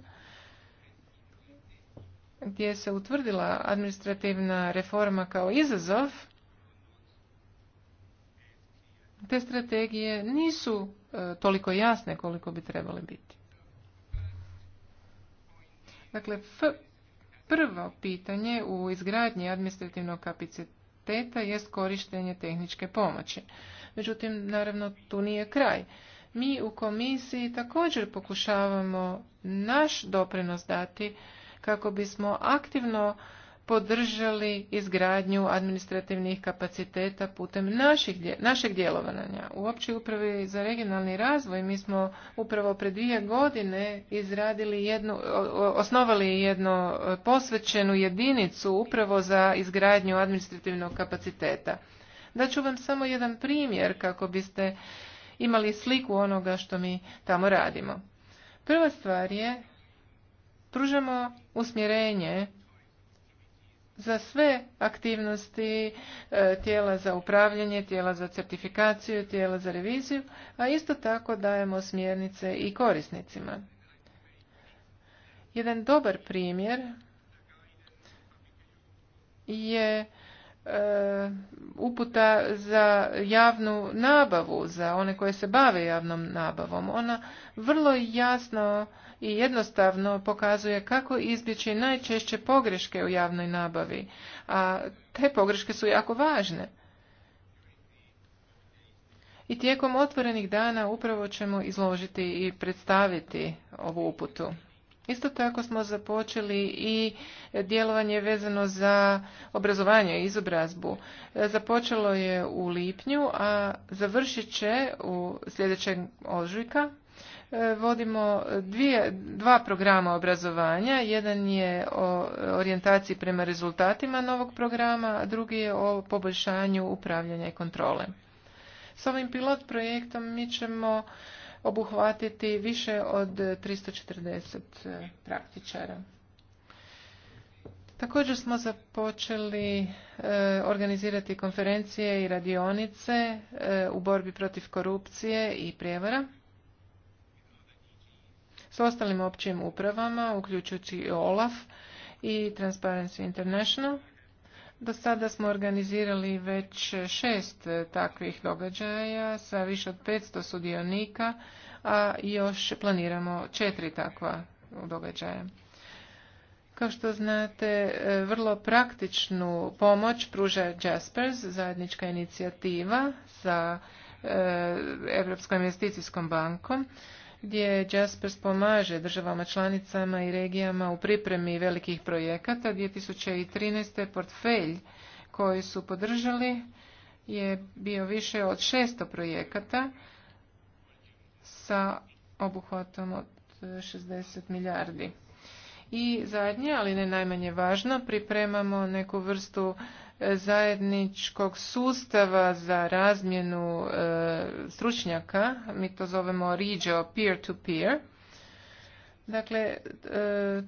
gdje se utvrdila administrativna reforma kao izazov, te strategije nisu e, toliko jasne koliko bi trebale biti. Dakle, prvo pitanje u izgradnji administrativnog kapaciteta jest korištenje tehničke pomoći. Međutim, naravno, tu nije kraj. Mi u komisiji također pokušavamo naš doprinos dati kako bismo aktivno podržali izgradnju administrativnih kapaciteta putem naših, našeg djelovanja. U općoj upravi za regionalni razvoj mi smo upravo pred dvije godine izradili jednu, osnovali jednu e, posvećenu jedinicu upravo za izgradnju administrativnog kapaciteta. Daću vam samo jedan primjer kako biste imali sliku onoga što mi tamo radimo. Prva stvar je pružamo usmjerenje za sve aktivnosti e, tijela za upravljanje, tijela za certifikaciju, tijela za reviziju, a isto tako dajemo smjernice i korisnicima. Jedan dobar primjer je e, uputa za javnu nabavu, za one koje se bave javnom nabavom. Ona vrlo jasno i jednostavno pokazuje kako izbjeći najčešće pogreške u javnoj nabavi, a te pogreške su jako važne. I tijekom otvorenih dana upravo ćemo izložiti i predstaviti ovu uputu. Isto tako smo započeli i djelovanje vezano za obrazovanje i izobrazbu. Započelo je u lipnju, a završit će u sljedećeg ožujka E, vodimo dvije, dva programa obrazovanja. Jedan je o orijentaciji prema rezultatima novog programa, a drugi je o poboljšanju upravljanja i kontrole. S ovim pilot projektom mi ćemo obuhvatiti više od 340 e, praktičara. Također smo započeli e, organizirati konferencije i radionice u borbi protiv korupcije i prijevara ostalim općim upravama, uključujući i OLAF i Transparency International. Do sada smo organizirali već šest takvih događaja sa više od 500 sudionika, a još planiramo četiri takva događaja. Kao što znate, vrlo praktičnu pomoć pruža Jaspers, zajednička inicijativa sa e, Europskom investicijskom bankom gdje Jaspers pomaže državama članicama i regijama u pripremi velikih projekata. 2013. portfelj koji su podržali je bio više od 600 projekata sa obuhvatom od 60 milijardi. I zadnje, ali ne najmanje važno, pripremamo neku vrstu e, zajedničkog sustava za razmjenu e, stručnjaka, mi to zovemo regio peer-to-peer. Dakle, e,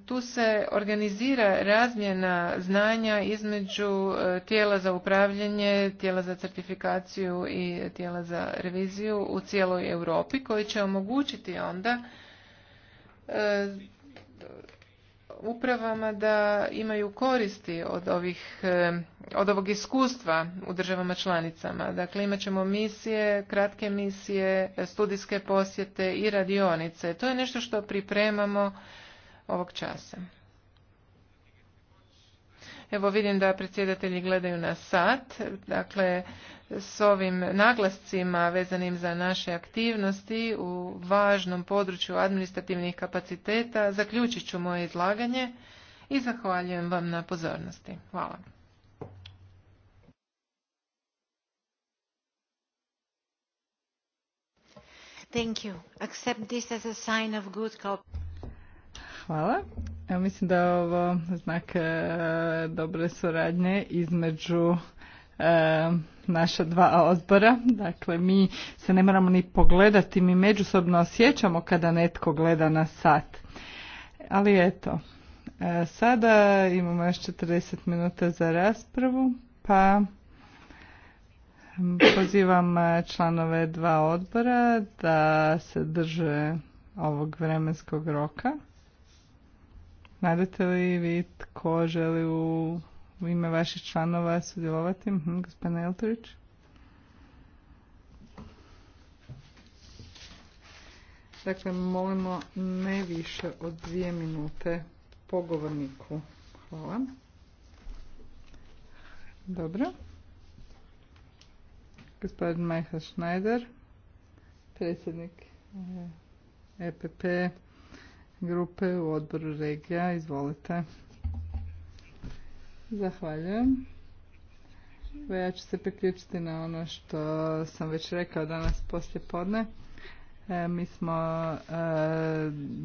tu se organizira razmjena znanja između tijela za upravljanje, tijela za certifikaciju i tijela za reviziju u cijeloj Europi koji će omogućiti onda upravama da imaju koristi od, ovih, e, od ovog iskustva u državama članicama. Dakle, imat ćemo misije, kratke misije, studijske posjete i radionice. To je nešto što pripremamo ovog časa. Evo vidim da predsjedatelji gledaju na sat, dakle s ovim naglascima vezanim za naše aktivnosti u važnom području administrativnih kapaciteta zaključit ću moje izlaganje i zahvaljujem vam na pozornosti. Hvala. Hvala. Ja mislim da je ovo znak e, dobre suradnje između e, naša dva odbora. Dakle, mi se ne moramo ni pogledati, mi međusobno osjećamo kada netko gleda na sat. Ali eto, e, sada imamo još 40 minuta za raspravu, pa pozivam e, članove dva odbora da se drže ovog vremenskog roka. Nadate li vi tko želi u u ime vaših članova sudjelovati? Mhm, gospodine Dakle, molimo ne više od dvije minute govorniku. Hvala. Dobro. Gospodin Majha Schneider, predsjednik EPP eh, e grupe u odboru regija. Izvolite. Zahvaljujem. Ja ću se priključiti na ono što sam već rekao danas poslje podne. E, mi smo e,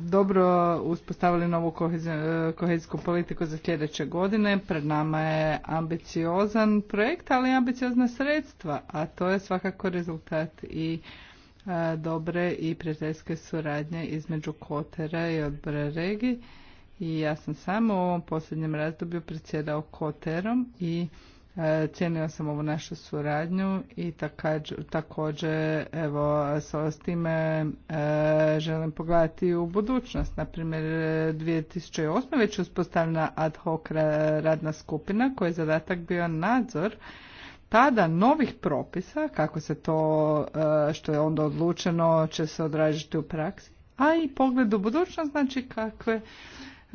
dobro uspostavili novu e, kohezijsku politiku za sljedeće godine. Pred nama je ambiciozan projekt, ali i ambiciozna sredstva, a to je svakako rezultat i dobre i prijateljske suradnje između Kotera i odbora regije i ja sam samo u ovom posljednjem razdoblju predsjedao Koterom i e, cijenio sam ovu našu suradnju i također evo s time e, želim pogledati u budućnost. Naprimjer 2008. već je uspostavljena ad hoc radna skupina koja je zadatak bio nadzor tada novih propisa, kako se to e, što je onda odlučeno će se odražiti u praksi, a i pogled u budućnost, znači kakve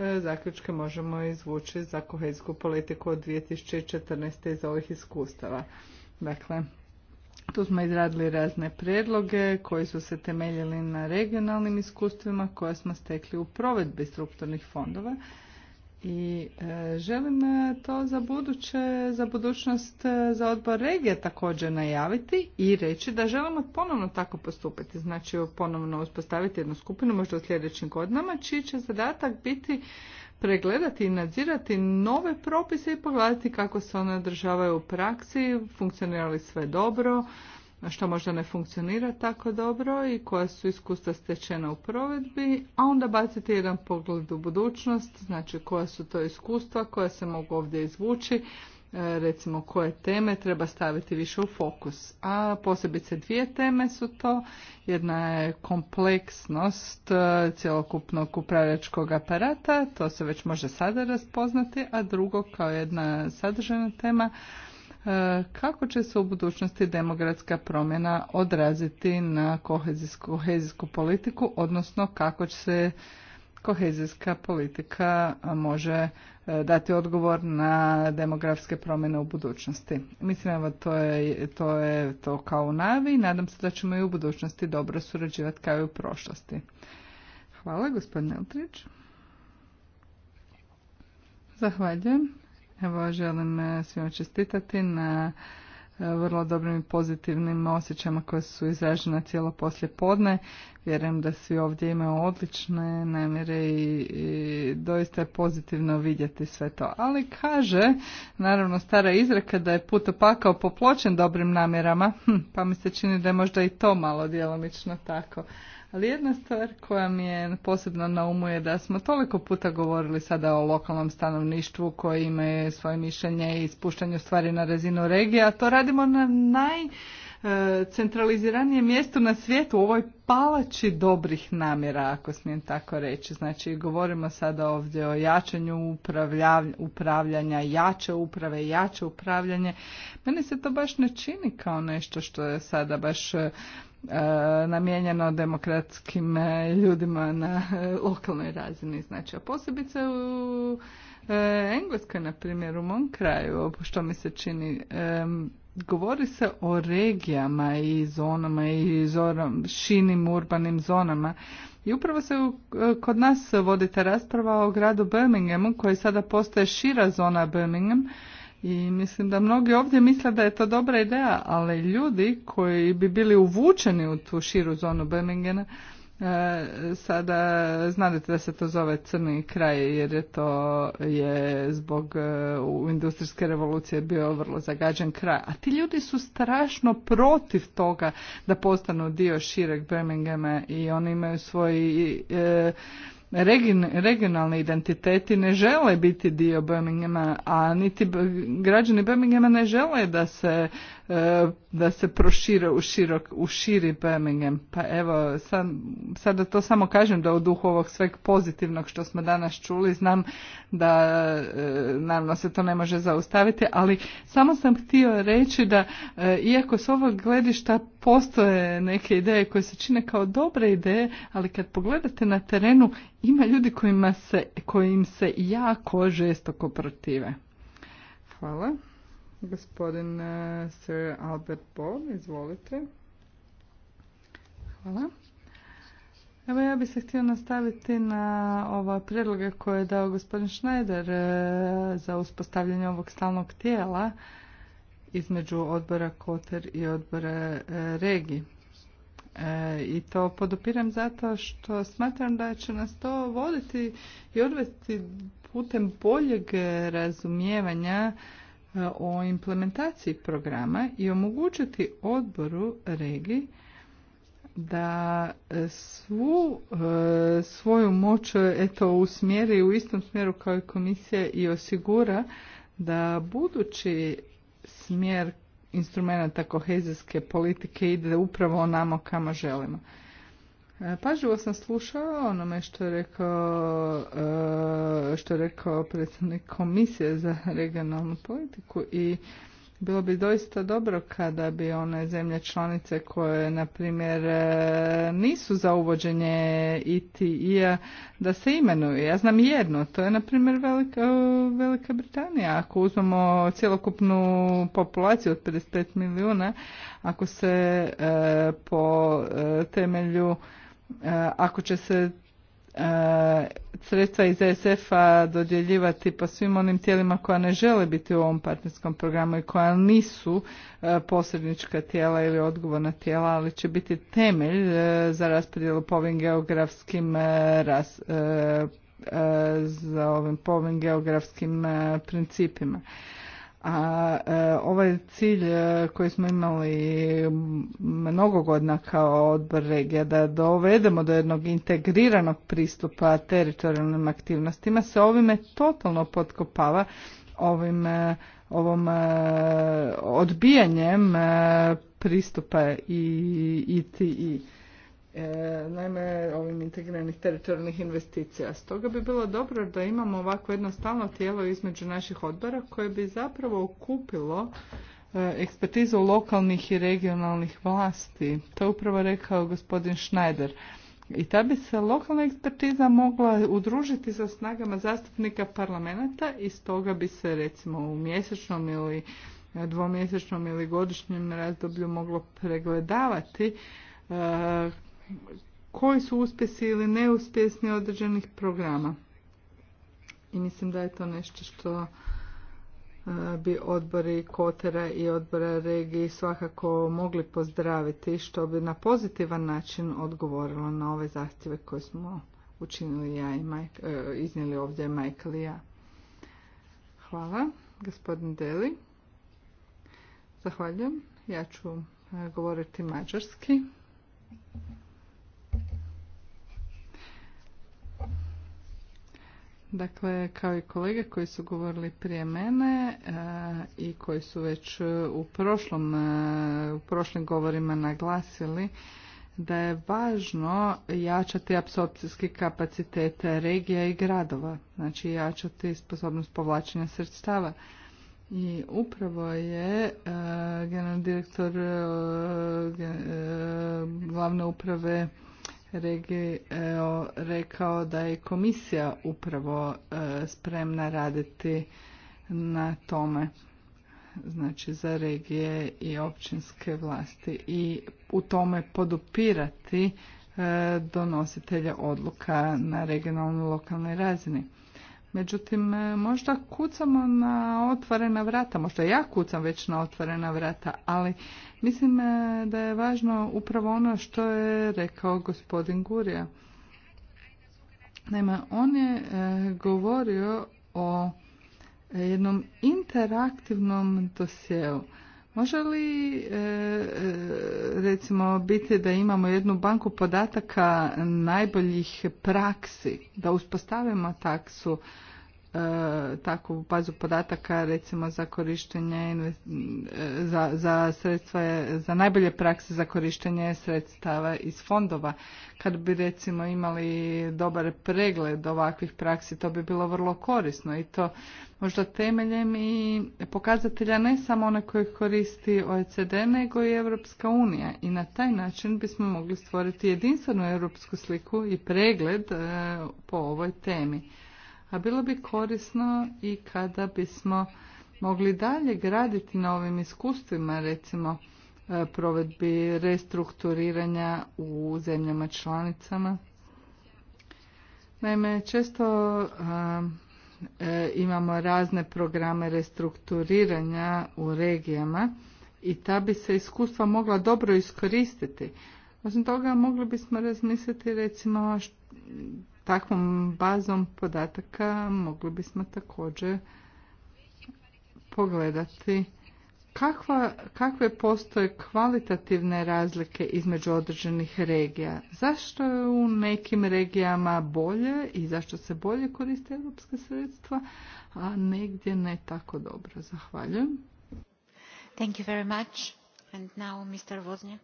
E, zaključke možemo izvući za kohezijsku politiku od 2014. iz ovih iskustava. Dakle, tu smo izradili razne predloge koji su se temeljili na regionalnim iskustvima koja smo stekli u provedbi strukturnih fondova i e, želim e, to za buduće, za budućnost e, za odbor regije također najaviti i reći da želimo ponovno tako postupiti. znači ponovno uspostaviti jednu skupinu možda u sljedećim godinama čiji će zadatak biti pregledati i nadzirati nove propise i pogledati kako se one održavaju u praksi, funkcionira li sve dobro, što možda ne funkcionira tako dobro i koja su iskustva stečena u provedbi, a onda baciti jedan pogled u budućnost, znači koja su to iskustva koja se mogu ovdje izvući, e, recimo koje teme treba staviti više u fokus. A posebice dvije teme su to. Jedna je kompleksnost e, cjelokupnog upravljačkog aparata, to se već može sada raspoznati, a drugo kao jedna sadržajna tema E, kako će se u budućnosti demografska promjena odraziti na kohezijsku, kohezijsku politiku, odnosno kako će se kohezijska politika može e, dati odgovor na demografske promjene u budućnosti. Mislim evo to je to, je to kao u navi i nadam se da ćemo i u budućnosti dobro surađivati kao i u prošlosti. Hvala gospodine Eltrić. Zahvaljujem. Evo, želim e, svima čestitati na e, vrlo dobrim i pozitivnim osjećama koje su izražene cijelo poslje podne. Vjerujem da svi ovdje imaju odlične namjere i, doista je pozitivno vidjeti sve to. Ali kaže, naravno stara izreka da je put opakao popločen dobrim namjerama, hm, pa mi se čini da je možda i to malo djelomično tako. Ali jedna stvar koja mi je posebno na umu je da smo toliko puta govorili sada o lokalnom stanovništvu koji ima svoje mišljenje i ispuštanje stvari na razinu regije, a to radimo na najcentraliziranijem mjestu na svijetu, u ovoj palači dobrih namjera, ako smijem tako reći. Znači, govorimo sada ovdje o jačanju upravljanja, jače uprave, jače upravljanje. Meni se to baš ne čini kao nešto što je sada baš E, namijenjeno demokratskim e, ljudima na e, lokalnoj razini. Znači, a posebice u Engleskoj, na primjer, u mom kraju, što mi se čini, govori se o regijama i zonama i šinim urbanim zonama. I upravo se kod nas vodi ta rasprava o gradu Birminghamu, koji sada postaje šira zona Birmingham, i mislim da mnogi ovdje misle da je to dobra ideja, ali ljudi koji bi bili uvučeni u tu širu zonu e, sada znate da se to zove crni kraj jer je to je zbog e, u industrijske revolucije bio vrlo zagađen kraj a ti ljudi su strašno protiv toga da postanu dio šireg Birminghama i oni imaju svoj e, regionalni identiteti ne žele biti dio Birminghama, a niti građani Birminghama ne žele da se e, da se prošire u, širok, u širi Birmingham. Pa evo, sad, sada to samo kažem da u duhu ovog sveg pozitivnog što smo danas čuli, znam da e, naravno se to ne može zaustaviti, ali samo sam htio reći da e, iako s ovog gledišta postoje neke ideje koje se čine kao dobre ideje, ali kad pogledate na terenu ima ljudi kojima se, kojim se jako žestoko protive. Hvala. Gospodin e, Sir Albert Bob, izvolite. Hvala. Evo ja bih se htio nastaviti na ova predloga koje je dao gospodin Schneider e, za uspostavljanje ovog stalnog tijela između odbora Koter i odbora e, Regi. I to podupiram zato što smatram da će nas to voditi i odvesti putem boljeg razumijevanja E, o implementaciji programa i omogućiti odboru regiji da e, svu e, svoju moć eto usmjeri u istom smjeru kao i komisija i osigura da budući smjer instrumenta kohezijske politike ide upravo onamo kamo želimo. E, pažljivo sam slušao onome što je rekao, e, što je rekao predsjednik Komisije za regionalnu politiku i bilo bi doista dobro kada bi one zemlje članice koje, na primjer, e, nisu za uvođenje ITI-a da se imenuju. Ja znam jedno, to je, na primjer, Velika, Velika Britanija. Ako uzmemo cjelokupnu populaciju od 55 milijuna, ako se po temelju E, ako će se e, sredstva iz ESF-a dodjeljivati po svim onim tijelima koja ne žele biti u ovom partnerskom programu i koja nisu e, posrednička tijela ili odgovorna tijela, ali će biti temelj za raspodjelu po geografskim za ovim po geografskim principima a e, ovaj cilj e, koji smo imali mnogo godina kao odbor regija da dovedemo do jednog integriranog pristupa teritorijalnim aktivnostima se ovime totalno potkopava ovim e, ovom e, odbijanjem pristupa i ITI. E, naime ovim integriranih teritorijalnih investicija. Stoga bi bilo dobro da imamo ovako jedno stalno tijelo između naših odbora koje bi zapravo okupilo e, ekspertizu lokalnih i regionalnih vlasti. To je upravo rekao gospodin Schneider. I ta bi se lokalna ekspertiza mogla udružiti sa snagama zastupnika parlamenta i stoga bi se recimo u mjesečnom ili dvomjesečnom ili godišnjem razdoblju moglo pregledavati e, koji su uspjesi ili neuspjesni određenih programa. I mislim da je to nešto što e, bi odbori Kotera i odbora regiji svakako mogli pozdraviti što bi na pozitivan način odgovorilo na ove zahtjeve koje smo učinili ja i Mike, e, iznijeli ovdje Michael i ja. Hvala, gospodin Deli. Zahvaljujem. Ja ću e, govoriti mađarski. Dakle, kao i kolege koji su govorili prije mene e, i koji su već e, u prošlom, e, u prošlim govorima naglasili da je važno jačati apsorpcijski kapacitete regija i gradova, znači jačati sposobnost povlačenja sredstava. I upravo je e, generalni direktor glavne uprave regije rekao da je komisija upravo e, spremna raditi na tome znači za regije i općinske vlasti i u tome podupirati e, donositelje odluka na regionalnoj lokalnoj razini. Međutim, e, možda kucamo na otvorena vrata, možda ja kucam već na otvorena vrata, ali Mislim e, da je važno upravo ono što je rekao gospodin Gurija. Naime, on je e, govorio o jednom interaktivnom dosjeu. Može li e, recimo biti da imamo jednu banku podataka najboljih praksi, da uspostavimo taksu takvu bazu podataka recimo za korištenje za, za sredstva za najbolje prakse za korištenje sredstava iz fondova kad bi recimo imali dobar pregled ovakvih praksi to bi bilo vrlo korisno i to možda temeljem i pokazatelja ne samo one koje koristi OECD nego i Europska unija i na taj način bismo mogli stvoriti jedinstvenu europsku sliku i pregled e, po ovoj temi a bilo bi korisno i kada bismo mogli dalje graditi na ovim iskustvima, recimo e, provedbi restrukturiranja u zemljama članicama. Naime, često e, e, imamo razne programe restrukturiranja u regijama i ta bi se iskustva mogla dobro iskoristiti. Osim toga, mogli bismo razmisliti recimo takvom bazom podataka mogli bismo također pogledati kakva, kakve postoje kvalitativne razlike između određenih regija. Zašto je u nekim regijama bolje i zašto se bolje koriste europske sredstva, a negdje ne tako dobro. Zahvaljujem. Thank you very much. And now Mr.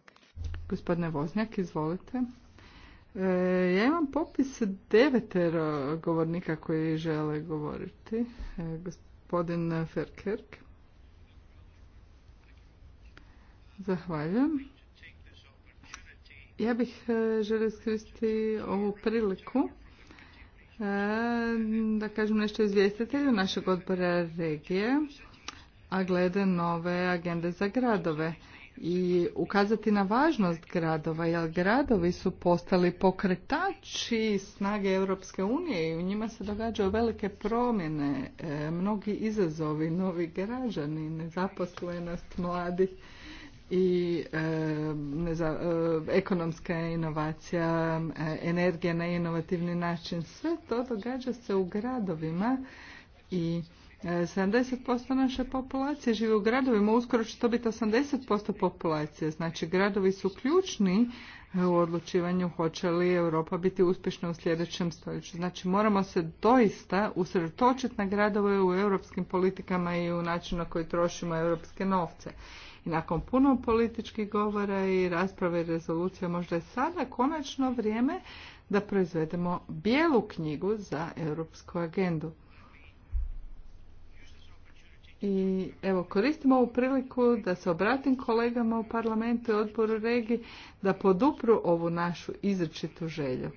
Gospodine Voznjak, izvolite. E, ja imam popis devetero govornika koji žele govoriti. E, gospodin Ferkerk. Zahvaljujem. Ja bih e, želio iskoristiti ovu priliku da kažem nešto izvjestitelju našeg odbora regije, a glede nove agende za gradove i ukazati na važnost gradova, jer gradovi su postali pokretači snage Europske unije i u njima se događaju velike promjene, e, mnogi izazovi, novi građani, nezaposlenost mladih i e, e, ekonomska inovacija, energija na inovativni način, sve to događa se u gradovima i 70% e, naše populacije živi u gradovima, uskoro će to biti 80% populacije. Znači, gradovi su ključni e, u odlučivanju hoće li Europa biti uspješna u sljedećem stoljeću. Znači, moramo se doista usredotočiti na gradove u europskim politikama i u načinu na koji trošimo europske novce. I nakon puno političkih govora i rasprave i rezolucija, možda je sada konačno vrijeme da proizvedemo bijelu knjigu za europsku agendu. I evo koristim ovu priliku da se obratim kolegama u parlamentu i odboru regi da podupru ovu našu izričitu želju.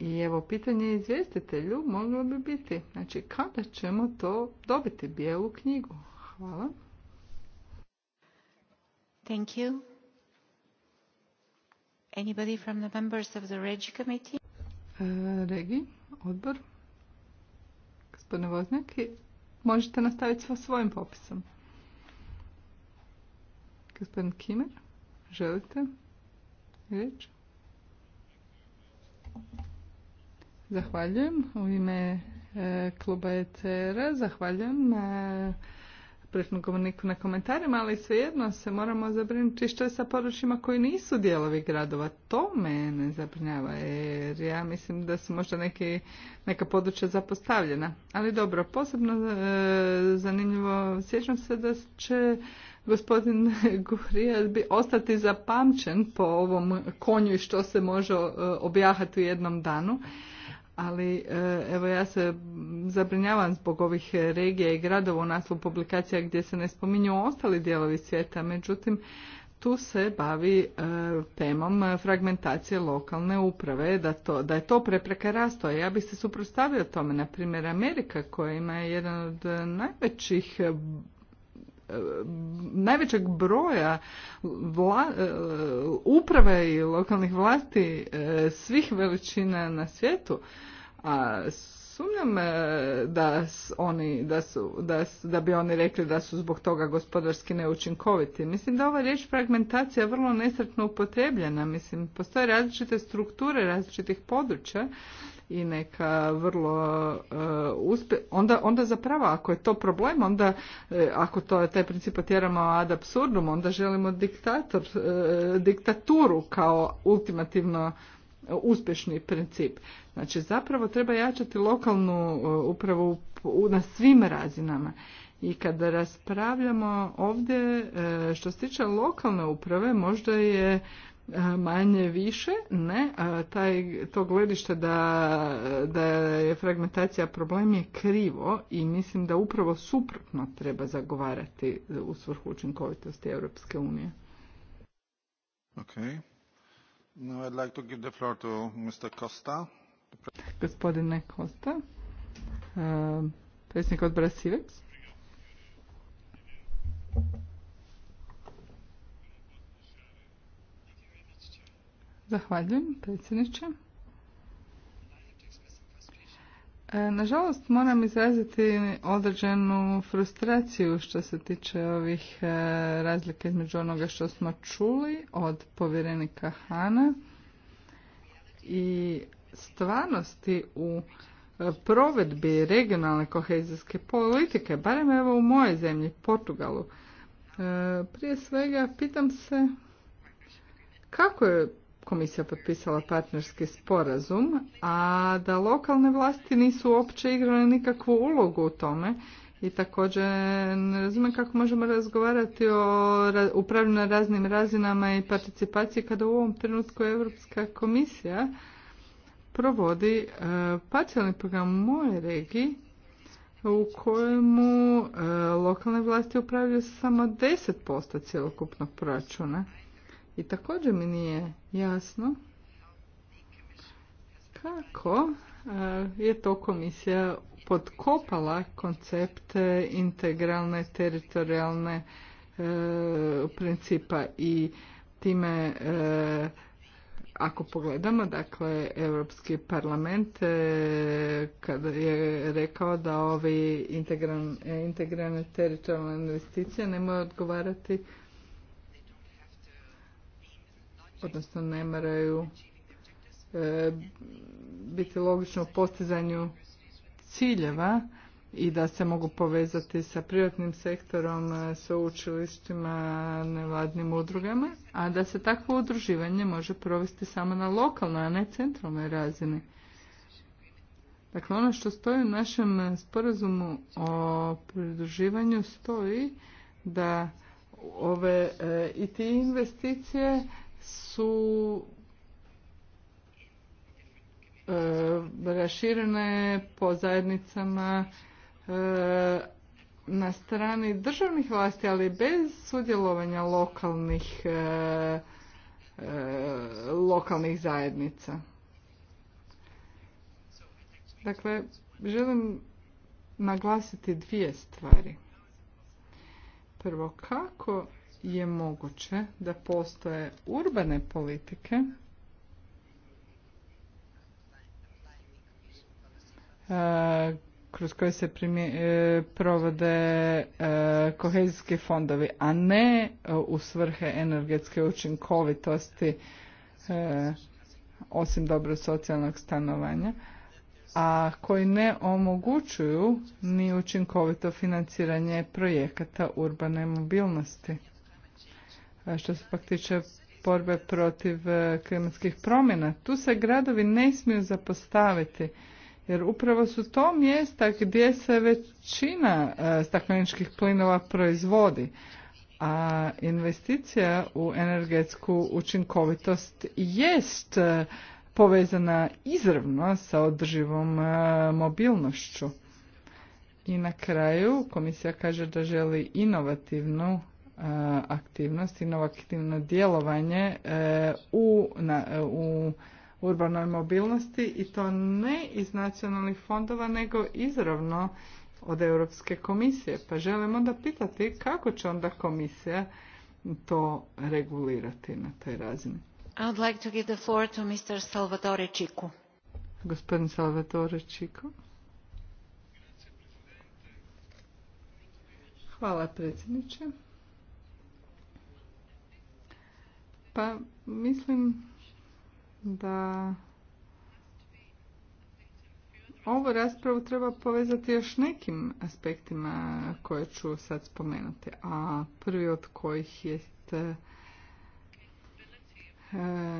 I evo pitanje izvjestitelju moglo bi biti, znači kada ćemo to dobiti bijelu knjigu? Hvala. Thank you. Anybody from the members of the Regi committee? E, regi, odbor. Gospodine Možete nastaviti sa svojim popisom. Gospodin Kimer, želite reći Zahvaljujem. U ime e, kluba ECR-a zahvaljujem e, prethodnom na komentarima, ali svejedno se moramo zabrinuti što je sa područjima koji nisu dijelovi gradova. To mene zabrinjava jer ja mislim da su možda neki, neka područja zapostavljena. Ali dobro, posebno e, zanimljivo, sjećam se da će gospodin Gurija bi ostati zapamćen po ovom konju i što se može e, objahati u jednom danu ali e, evo ja se zabrinjavam zbog ovih regija i gradova u naslovu publikacija gdje se ne spominju ostali dijelovi svijeta, međutim tu se bavi e, temom fragmentacije lokalne uprave, da, to, da je to prepreka rastoja. Ja bih se suprostavio tome, na primjer Amerika koja ima jedan od najvećih najvećeg broja vla, e, uprave i lokalnih vlasti e, svih veličina na svijetu, a sumnjam e, da oni da su da, da bi oni rekli da su zbog toga gospodarski neučinkoviti mislim da ova riječ fragmentacija je vrlo nesretno upotrebljena mislim postoje različite strukture različitih područja i neka vrlo uh, e, uspje onda, onda zapravo ako je to problem onda e, ako to taj princip otjeramo ad absurdum onda želimo diktator diktaturu kao ultimativno uspješni princip Znači zapravo treba jačati lokalnu e, upravu na svim razinama. I kada raspravljamo ovdje e, što se tiče lokalne uprave možda je e, manje više, ne, taj, to gledište da, da je fragmentacija problem je krivo i mislim da upravo suprotno treba zagovarati u svrhu učinkovitosti Europske unije. Okay. Now I'd like to give the floor to Mr. Costa. Gospodine Kosta, e, predsjednik odbora Siveks. Zahvaljujem, predsjedniče. E, nažalost, moram izraziti određenu frustraciju što se tiče ovih e, razlike između onoga što smo čuli od povjerenika Hana i stvarnosti u e, provedbi regionalne kohezijske politike, barem evo u mojoj zemlji, Portugalu, e, prije svega pitam se kako je komisija potpisala partnerski sporazum, a da lokalne vlasti nisu uopće igrale nikakvu ulogu u tome i također ne razumijem kako možemo razgovarati o upravljanju na raznim razinama i participaciji kada u ovom trenutku Europska komisija provodi e, parcijalni program u moje regiji u kojemu e, lokalne vlasti upravljaju samo 10% cjelokupnog proračuna. I također mi nije jasno kako e, je to komisija podkopala koncepte integralne, teritorijalne principa i time ako pogledamo, dakle, Europski parlament e, kada je rekao da ovi integran, e, integrane teritorijalne investicije ne moraju odgovarati, odnosno ne moraju e, biti logično u postizanju ciljeva i da se mogu povezati sa privatnim sektorom, e, sa učilištima, nevladnim udrugama, a da se takvo udruživanje može provesti samo na lokalnoj, a ne centralnoj razini. Dakle, ono što stoji u našem sporazumu o pridruživanju stoji da ove e, i ti investicije su e, raširene po zajednicama E, na strani državnih vlasti, ali bez sudjelovanja lokalnih, e, e, lokalnih zajednica. Dakle, želim naglasiti dvije stvari. Prvo, kako je moguće da postoje urbane politike kroz koje se primje, e, provode e, kohezijski fondovi, a ne e, u svrhe energetske učinkovitosti osim dobro socijalnog stanovanja, a koji ne omogućuju ni učinkovito financiranje projekata urbane mobilnosti. Što se pak tiče borbe protiv klimatskih promjena, tu se gradovi ne smiju zapostaviti jer upravo su to mjesta gdje se većina e, stakleničkih plinova proizvodi, a investicija u energetsku učinkovitost jest e, povezana izravno sa održivom e, mobilnošću. I na kraju komisija kaže da želi inovativnu aktivnost, inovativno djelovanje u, u urbanoj mobilnosti i to ne iz nacionalnih fondova nego izravno od Europske komisije. Pa želim onda pitati kako će onda komisija to regulirati na toj razini. I would like to give the floor to Mr. Salvatore Gospodin Salvatore Hvala predsjedniče. Pa mislim da ovu raspravu treba povezati još nekim aspektima koje ću sad spomenuti, a prvi od kojih jest e,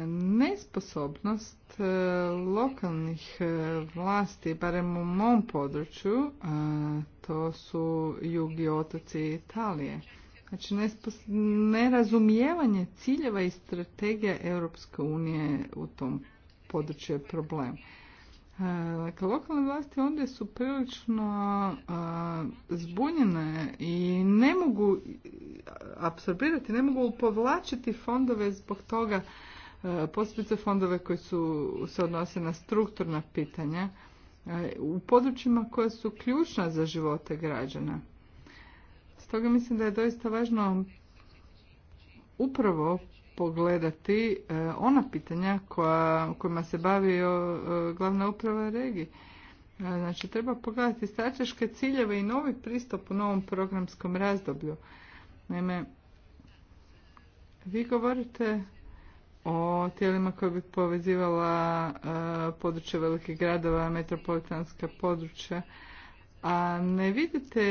nesposobnost e, lokalnih e, vlasti, barem u mom području, to su jugi otoci Italije. Znači, nerazumijevanje ciljeva i strategija Europske unije u tom području je problem. E, dakle, lokalne vlasti onda su prilično zbunjene i ne mogu apsorbirati, ne mogu povlačiti fondove zbog toga, e, posebice fondove koji su, se odnose na strukturna pitanja e, u područjima koja su ključna za živote građana. Stoga mislim da je doista važno upravo pogledati e, ona pitanja koja, kojima se bavi e, glavna uprava regije. E, znači, treba pogledati strateške ciljeve i novi pristup u novom programskom razdoblju. Naime, vi govorite o tijelima koje bi povezivala područje velikih gradova, metropolitanska područja, a ne vidite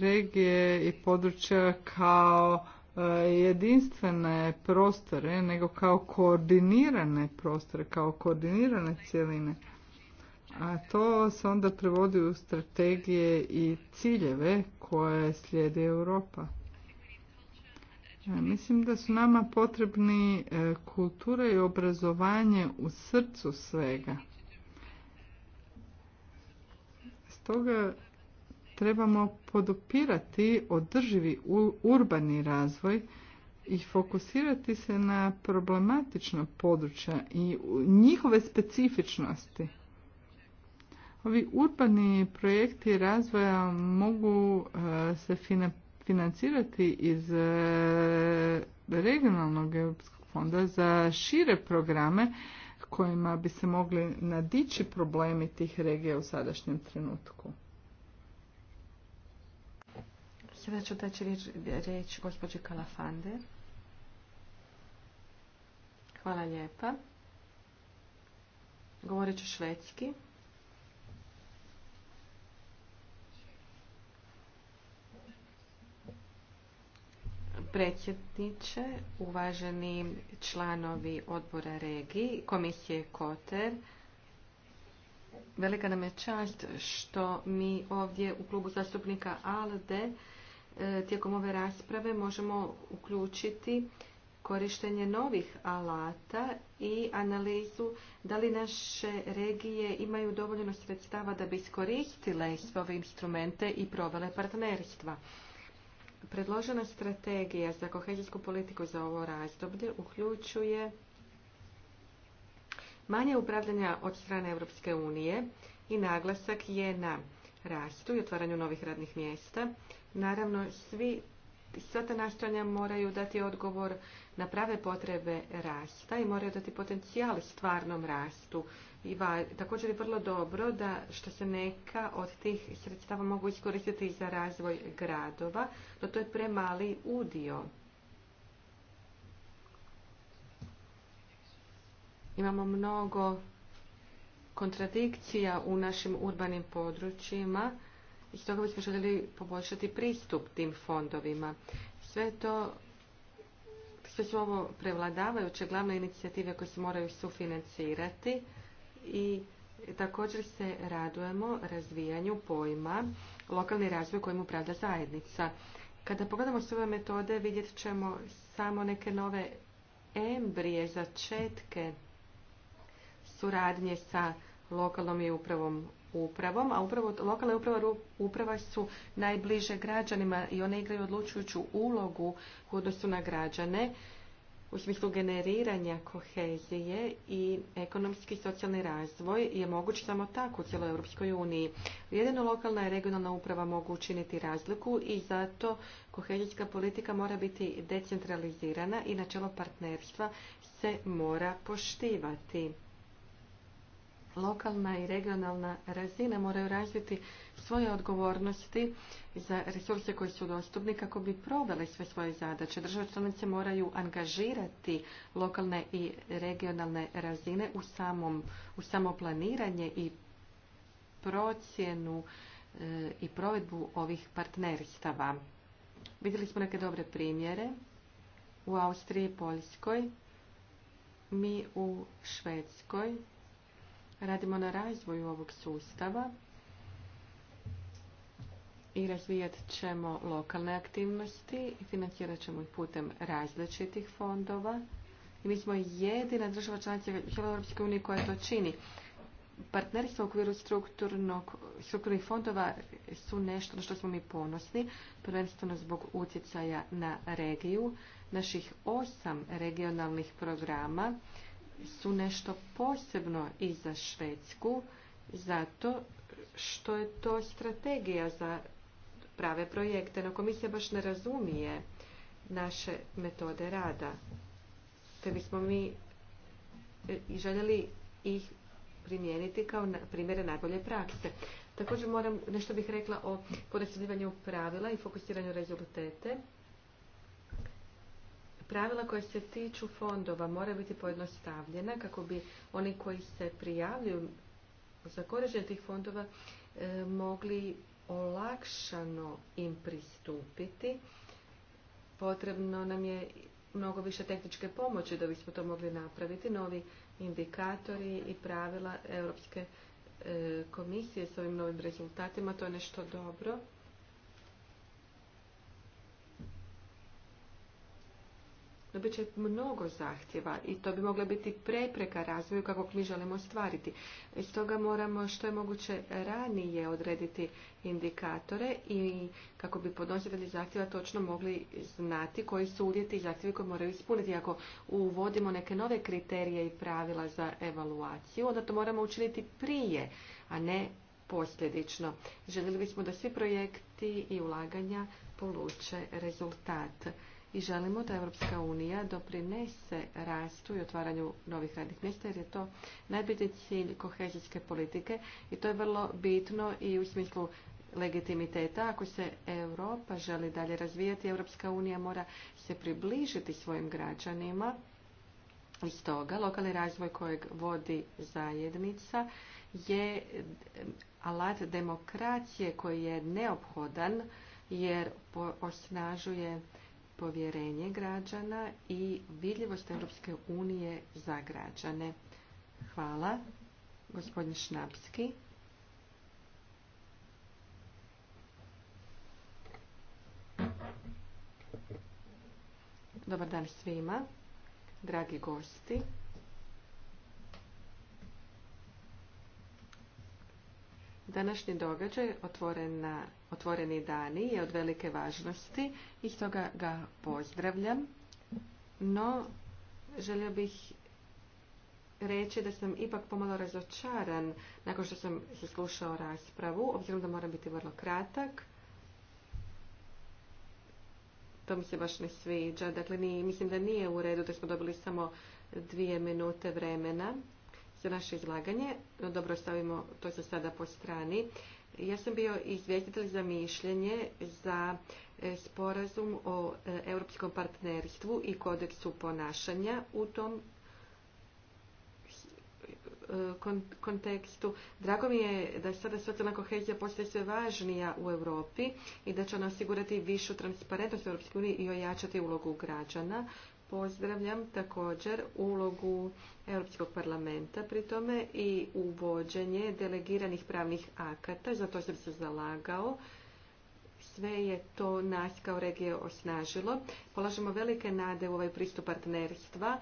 regije i područja kao e, jedinstvene prostore, nego kao koordinirane prostore, kao koordinirane cjeline. A to se onda prevodi u strategije i ciljeve koje slijedi Europa. E, mislim da su nama potrebni e, kultura i obrazovanje u srcu svega. Stoga trebamo podupirati održivi urbani razvoj i fokusirati se na problematična područja i njihove specifičnosti. Ovi urbani projekti razvoja mogu e, se financirati iz e, regionalnog europskog fonda za šire programe kojima bi se mogli nadići problemi tih regija u sadašnjem trenutku. Sada ću daći riječ, riječ gospođi Kalafande. Hvala lijepa. Govorit ću švedski. predsjedniče, uvaženi članovi odbora regiji, komisije Koter. Velika nam je čast što mi ovdje u klubu zastupnika ALDE E, tijekom ove rasprave možemo uključiti korištenje novih alata i analizu da li naše regije imaju dovoljno sredstava da bi iskoristile sve instrumente i provele partnerstva. Predložena strategija za kohezijsku politiku za ovo razdoblje uključuje manje upravljanja od strane Europske unije i naglasak je na rastu i otvaranju novih radnih mjesta, Naravno, svi, sva ta nastojanja moraju dati odgovor na prave potrebe rasta i moraju dati potencijal stvarnom rastu. I va, također je vrlo dobro da što se neka od tih sredstava mogu iskoristiti za razvoj gradova, no to je premali udio. Imamo mnogo kontradikcija u našim urbanim područjima i stoga bismo željeli poboljšati pristup tim fondovima. Sve to sve su ovo prevladavajuće glavne inicijative koje se moraju sufinancirati i također se radujemo razvijanju pojma lokalni razvoj kojim upravlja zajednica. Kada pogledamo sve ove metode vidjet ćemo samo neke nove embrije, začetke suradnje sa lokalnom i upravom upravom, a upravo lokalna uprava, uprava su najbliže građanima i one igraju odlučujuću ulogu u odnosu na građane u smislu generiranja kohezije i ekonomski i socijalni razvoj je moguć samo tako u cijeloj Europskoj uniji. Jedino lokalna i regionalna uprava mogu učiniti razliku i zato kohezijska politika mora biti decentralizirana i načelo partnerstva se mora poštivati lokalna i regionalna razina moraju razviti svoje odgovornosti za resurse koji su dostupni kako bi proveli sve svoje zadaće. Države članice moraju angažirati lokalne i regionalne razine u, samom, u samoplaniranje i procjenu eh, i provedbu ovih partnerstava. Vidjeli smo neke dobre primjere u Austriji i Poljskoj. Mi u Švedskoj radimo na razvoju ovog sustava i razvijat ćemo lokalne aktivnosti i financirat ćemo ih putem različitih fondova. I mi smo jedina država članica Europske unije koja to čini. Partnerstvo u okviru strukturnih fondova su nešto na što smo mi ponosni, prvenstveno zbog utjecaja na regiju, naših osam regionalnih programa su nešto posebno i za Švedsku, zato što je to strategija za prave projekte. No komisija baš ne razumije naše metode rada. Te bismo mi e, i željeli ih primijeniti kao primjere najbolje prakse. Također moram, nešto bih rekla o podesljivanju pravila i fokusiranju rezultate pravila koja se tiču fondova mora biti pojednostavljena kako bi oni koji se prijavljuju za korištenje tih fondova e, mogli olakšano im pristupiti. Potrebno nam je mnogo više tehničke pomoći da bismo to mogli napraviti. Novi indikatori i pravila Europske e, komisije s ovim novim rezultatima, to je nešto dobro. dobit će mnogo zahtjeva i to bi mogla biti prepreka razvoju kakvog mi želimo ostvariti. Stoga moramo što je moguće ranije odrediti indikatore i kako bi podnositelji zahtjeva točno mogli znati koji su uvjeti i zahtjevi koje moraju ispuniti. Ako uvodimo neke nove kriterije i pravila za evaluaciju, onda to moramo učiniti prije, a ne posljedično. Željeli bismo da svi projekti i ulaganja poluče rezultat i želimo da Evropska unija doprinese rastu i otvaranju novih radnih mjesta jer je to najbitniji cilj kohezijske politike i to je vrlo bitno i u smislu legitimiteta. Ako se Europa želi dalje razvijati, Evropska unija mora se približiti svojim građanima. iz toga. lokalni razvoj kojeg vodi zajednica je alat demokracije koji je neophodan jer osnažuje povjerenje građana i vidljivost Europske unije za građane. Hvala. Gospodin Šnapski. Dobar dan svima, dragi gosti. Današnji događaj otvoren na otvoreni dani je od velike važnosti i stoga ga pozdravljam. No, želio bih reći da sam ipak pomalo razočaran nakon što sam slušao raspravu, obzirom da moram biti vrlo kratak. To mi se baš ne sviđa. Dakle, ni, mislim da nije u redu da smo dobili samo dvije minute vremena za naše izlaganje. No, dobro, stavimo to za sada po strani. Ja sam bio izvjestitelj za mišljenje za e, sporazum o e, europskom partnerstvu i kodeksu ponašanja u tom e, kontekstu. Drago mi je da sada socijalna kohezija postaje sve važnija u Europi i da će ona osigurati višu transparentnost u Europskoj i ojačati ulogu građana. Pozdravljam također ulogu Europskog parlamenta pri tome i uvođenje delegiranih pravnih akata, za to sam se zalagao. Sve je to nas kao regije osnažilo. Polažemo velike nade u ovaj pristup partnerstva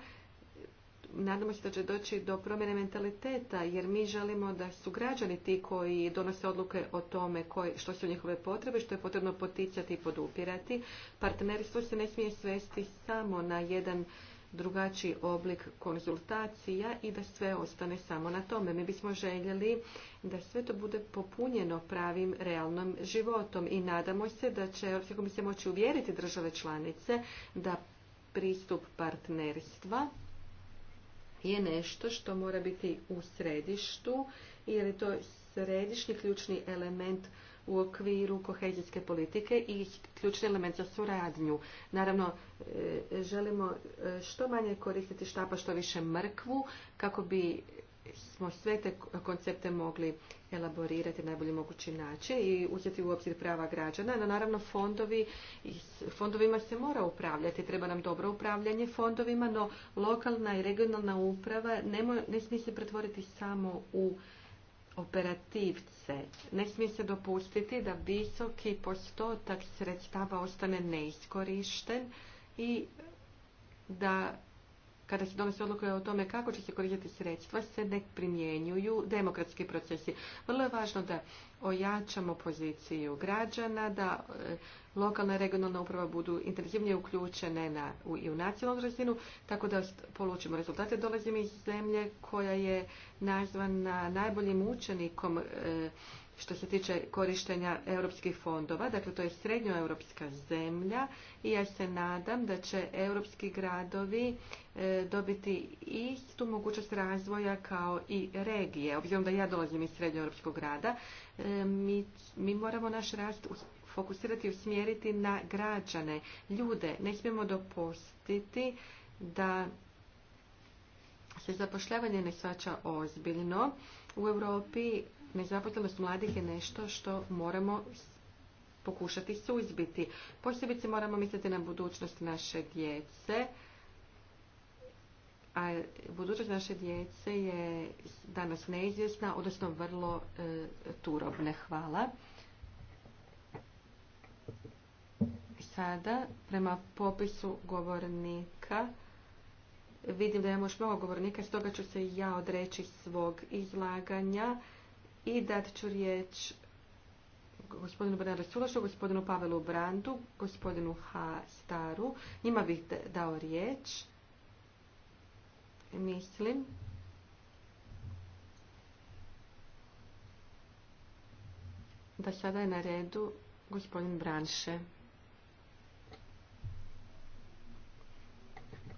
nadamo se da će doći do promjene mentaliteta jer mi želimo da su građani ti koji donose odluke o tome koje, što su njihove potrebe, što je potrebno poticati i podupirati. Partnerstvo se ne smije svesti samo na jedan drugačiji oblik konzultacija i da sve ostane samo na tome. Mi bismo željeli da sve to bude popunjeno pravim realnom životom i nadamo se da će Europska moći uvjeriti države članice da pristup partnerstva je nešto što mora biti u središtu jer je to središnji ključni element u okviru kohezijske politike i ključni element za suradnju. Naravno, e, želimo e, što manje koristiti štapa, što više mrkvu, kako bi smo sve te koncepte mogli elaborirati na najbolji mogući način i uzeti u obzir prava građana. No, naravno, fondovi, fondovima se mora upravljati. Treba nam dobro upravljanje fondovima, no lokalna i regionalna uprava ne, ne smije se pretvoriti samo u operativce. Ne smije se dopustiti da visoki postotak sredstava ostane neiskorišten i da kada se donose odluke o tome kako će se koristiti sredstva, se ne primjenjuju demokratski procesi. Vrlo je važno da ojačamo poziciju građana, da e, lokalna i regionalna uprava budu intenzivnije uključene na, i u nacionalnu razinu, tako da polučimo rezultate. Dolazim iz zemlje koja je nazvana najboljim učenikom e, što se tiče korištenja europskih fondova. Dakle, to je srednjoeuropska zemlja i ja se nadam da će europski gradovi e, dobiti istu mogućnost razvoja kao i regije. Obzirom da ja dolazim iz srednjoeuropskog grada, e, mi, moramo naš rast fokusirati i usmjeriti na građane, ljude. Ne smijemo dopustiti da se zapošljavanje ne svača ozbiljno. U Europi Nezaposlenost mladih je nešto što moramo pokušati suzbiti. Posebice moramo misliti na budućnost naše djece. A budućnost naše djece je danas neizvjesna, odnosno vrlo e, turobne. Hvala. Sada, prema popisu govornika, vidim da imamo još mnogo govornika, stoga ću se i ja odreći svog izlaganja i dat ću riječ gospodinu Branu Sulašu, gospodinu Pavelu Brandu, gospodinu H. Staru. Njima bih dao riječ. Mislim. Da sada je na redu gospodin Branše.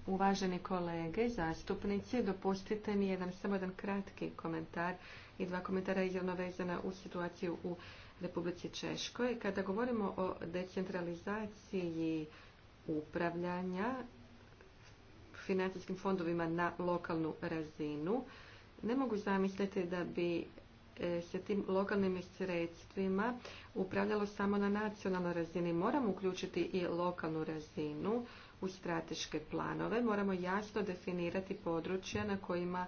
Uvaženi kolege, zastupnici, dopustite mi jedan, samo jedan kratki komentar i dva komentara izravno vezana uz situaciju u Republici Češkoj. Kada govorimo o decentralizaciji upravljanja financijskim fondovima na lokalnu razinu, ne mogu zamisliti da bi e, se tim lokalnim sredstvima upravljalo samo na nacionalnoj razini. Moramo uključiti i lokalnu razinu u strateške planove. Moramo jasno definirati područja na kojima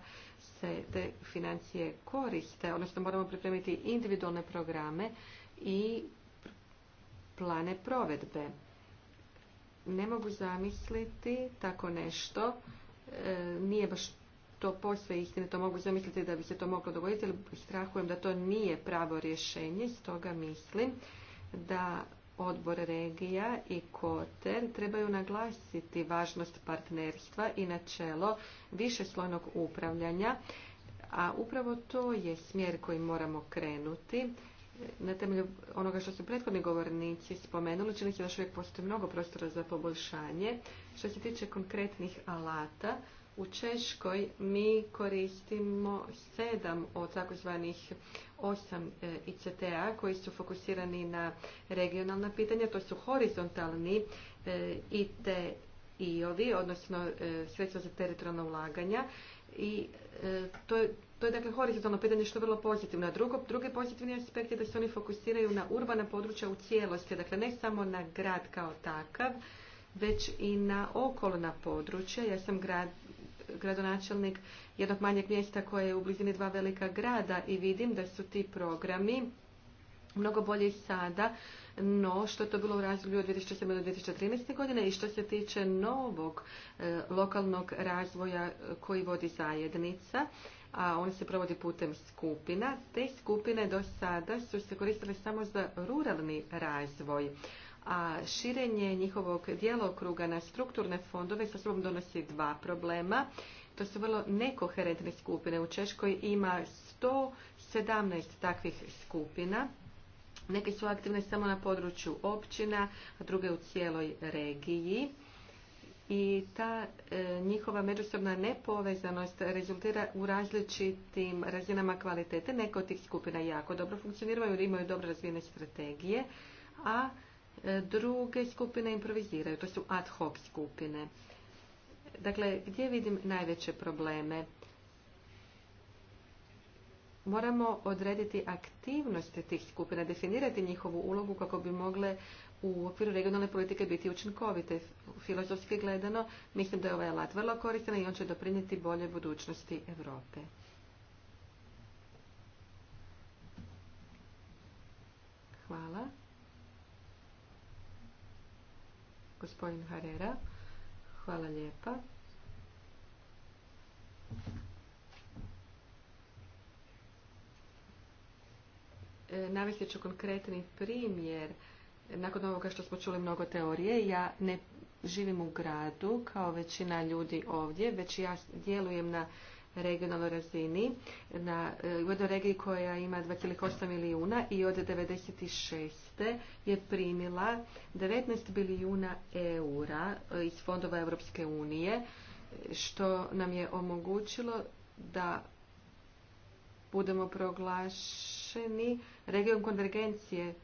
se te financije koriste, odnosno moramo pripremiti individualne programe i plane provedbe. Ne mogu zamisliti tako nešto, e, nije baš to posve istine, to mogu zamisliti da bi se to moglo dogoditi, ali strahujem da to nije pravo rješenje, stoga mislim da odbor regija i Koter trebaju naglasiti važnost partnerstva i načelo višeslojnog upravljanja, a upravo to je smjer kojim moramo krenuti. Na temelju onoga što su prethodni govornici spomenuli, čini se da još uvijek postoji mnogo prostora za poboljšanje. Što se tiče konkretnih alata, u Češkoj mi koristimo sedam od takozvanih osam e, ICT-a koji su fokusirani na regionalna pitanja. To su horizontalni e, IT i-ovi, odnosno e, sredstva za teritorijalna ulaganja. I to je, to je dakle horizontalno pitanje što je vrlo pozitivno. A drugo, drugi pozitivni aspekt je da se oni fokusiraju na urbana područja u cijelosti, dakle ne samo na grad kao takav, već i na okolna područja. Ja sam gradonačelnik jednog manjeg mjesta koje je u blizini dva velika grada i vidim da su ti programi mnogo bolji sada no što je to bilo u razdoblju od 2007. do 2013. godine i što se tiče novog e, lokalnog razvoja e, koji vodi zajednica, a on se provodi putem skupina. Te skupine do sada su se koristile samo za ruralni razvoj, a širenje njihovog djelokruga na strukturne fondove sa sobom donosi dva problema. To su vrlo nekoherentne skupine. U Češkoj ima 117 takvih skupina. Neke su aktivne samo na području općina, a druge u cijeloj regiji. I ta e, njihova međusobna nepovezanost rezultira u različitim razinama kvalitete. Neke od tih skupina jako dobro funkcioniraju jer imaju dobro razvijene strategije, a e, druge skupine improviziraju. To su ad hoc skupine. Dakle, gdje vidim najveće probleme? Moramo odrediti aktivnosti tih skupina, definirati njihovu ulogu kako bi mogle u okviru regionalne politike biti učinkovite. Filozofski gledano, mislim da je ovaj alat vrlo koristan i on će doprinijeti bolje budućnosti Europe. Hvala. Gospodin Harera. Hvala lijepa. E, navesti ću konkretni primjer. Nakon ovoga što smo čuli mnogo teorije, ja ne živim u gradu kao većina ljudi ovdje, već ja djelujem na regionalnoj razini na, eh, u jednoj regiji koja ima 2,8 milijuna i od 1996. je primila 19 milijuna eura eh, iz fondova Europske unije što nam je omogućilo da budemo proglašeni region konvergencije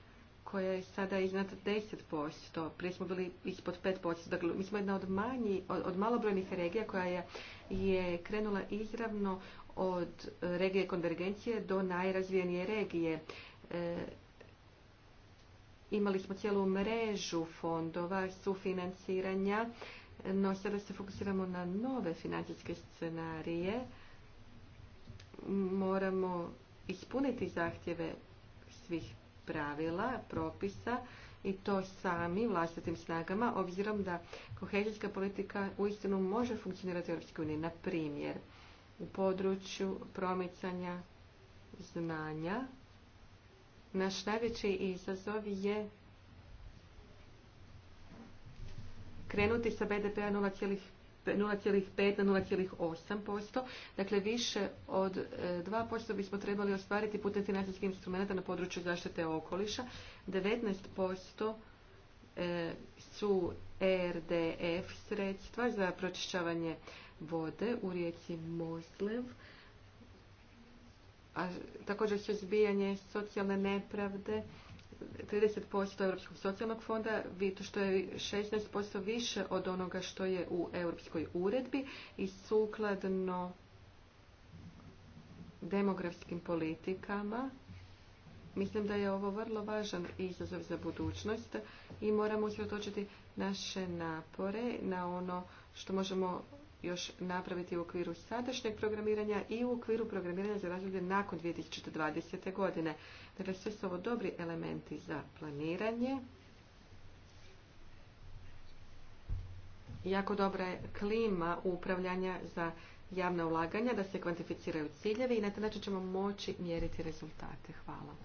koja je sada iznad 10%. Prije smo bili ispod 5%. Dakle, mi smo jedna od, od, malobrojnih regija koja je, je krenula izravno od e, regije konvergencije do najrazvijenije regije. E, imali smo cijelu mrežu fondova, sufinanciranja, no sada se fokusiramo na nove financijske scenarije. Moramo ispuniti zahtjeve svih pravila, propisa i to sami vlastitim snagama, obzirom da kohezijska politika uistinu može funkcionirati u Europskoj uniji. Na primjer, u području promicanja znanja, naš najveći izazov je krenuti sa BDP-a 0,5 na 0,8%. Dakle, više od 2% e, bismo trebali ostvariti putem financijskih instrumenta na području zaštite okoliša. 19% e, su ERDF sredstva za pročišćavanje vode u rijeci Moslev. A također suzbijanje socijalne nepravde 30% Europskog socijalnog fonda, to što je 16% više od onoga što je u Europskoj uredbi i sukladno demografskim politikama. Mislim da je ovo vrlo važan izazov za budućnost i moramo usvjetočiti naše napore na ono što možemo još napraviti u okviru sadašnjeg programiranja i u okviru programiranja za razdoblje nakon 2020. godine. Dakle, sve su ovo dobri elementi za planiranje. Jako dobra je klima upravljanja za javna ulaganja, da se kvantificiraju ciljevi i na taj način ćemo moći mjeriti rezultate. Hvala.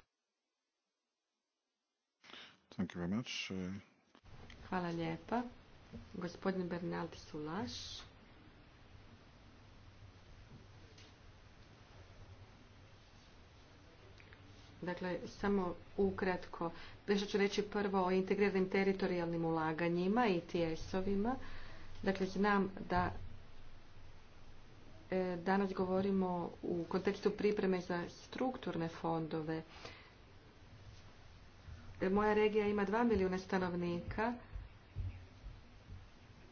Hvala lijepa. Gospodin Bernard Sulaš. Dakle, samo ukratko. Nešto ću reći prvo o integriranim teritorijalnim ulaganjima i TS-ovima. Dakle, znam da e, danas govorimo u kontekstu pripreme za strukturne fondove. E, moja regija ima 2 milijuna stanovnika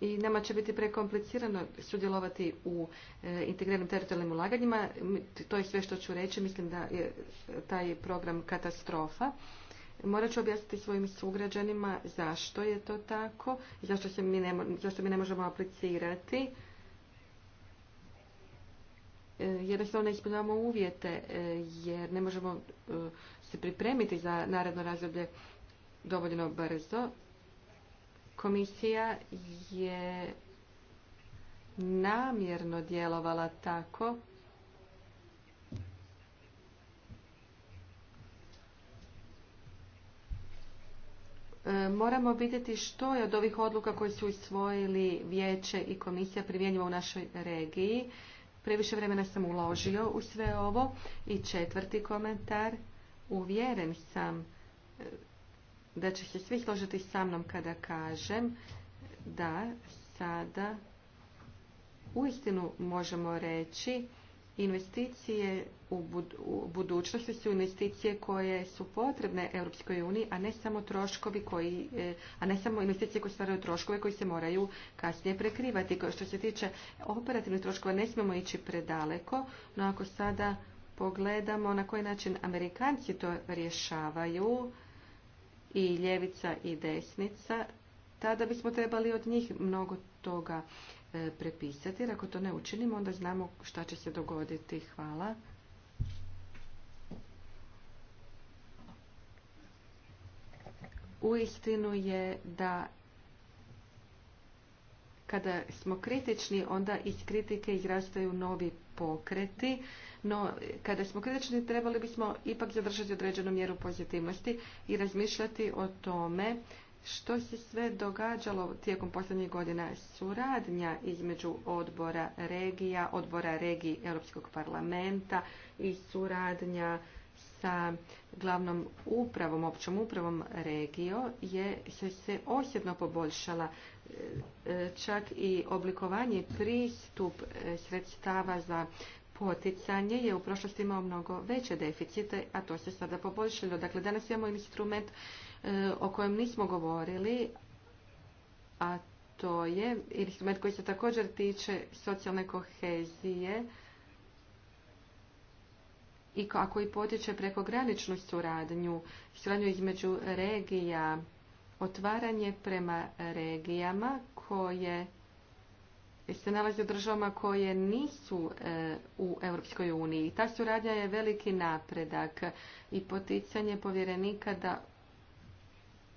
i nama će biti prekomplicirano sudjelovati u e, integriranim teritorijalnim ulaganjima. To je sve što ću reći. Mislim da je e, taj program katastrofa. Morat ću objasniti svojim sugrađanima zašto je to tako, zašto, se mi, ne, zašto mi ne možemo aplicirati. E, jednostavno ne ispunjavamo uvjete jer ne možemo se pripremiti za naredno razdoblje dovoljno brzo Komisija je namjerno djelovala tako e, moramo vidjeti što je od ovih odluka koje su usvojili vijeće i komisija primjenjiva u našoj regiji. Previše vremena sam uložio u sve ovo. I četvrti komentar. Uvjeren sam e, da će se svi složiti sa mnom kada kažem da sada uistinu možemo reći investicije u budućnosti su investicije koje su potrebne Europskoj uniji, a ne samo troškovi koji, e, a ne samo investicije koje stvaraju troškove koji se moraju kasnije prekrivati. Što se tiče operativnih troškova ne smijemo ići predaleko, no ako sada pogledamo na koji način Amerikanci to rješavaju, i ljevica i desnica, tada bismo trebali od njih mnogo toga e, prepisati, ako to ne učinimo, onda znamo šta će se dogoditi. Hvala. Uistinu je da kada smo kritični, onda iz kritike izrastaju novi pokreti, no kada smo kritični trebali bismo ipak zadržati određenu mjeru pozitivnosti i razmišljati o tome što se sve događalo tijekom posljednjih godina suradnja između odbora regija, odbora regiji Europskog parlamenta i suradnja sa glavnom upravom, općom upravom regijo, je se, se osjetno poboljšala. E, čak i oblikovanje pristup e, sredstava za poticanje je u prošlosti imao mnogo veće deficite, a to se sada poboljšalo. Dakle, danas imamo instrument e, o kojem nismo govorili, a to je instrument koji se također tiče socijalne kohezije i koji i potiče prekograničnu suradnju, suradnju između regija, otvaranje prema regijama koje se nalaze u državama koje nisu e, u Europskoj uniji. Ta suradnja je veliki napredak i poticanje povjerenika da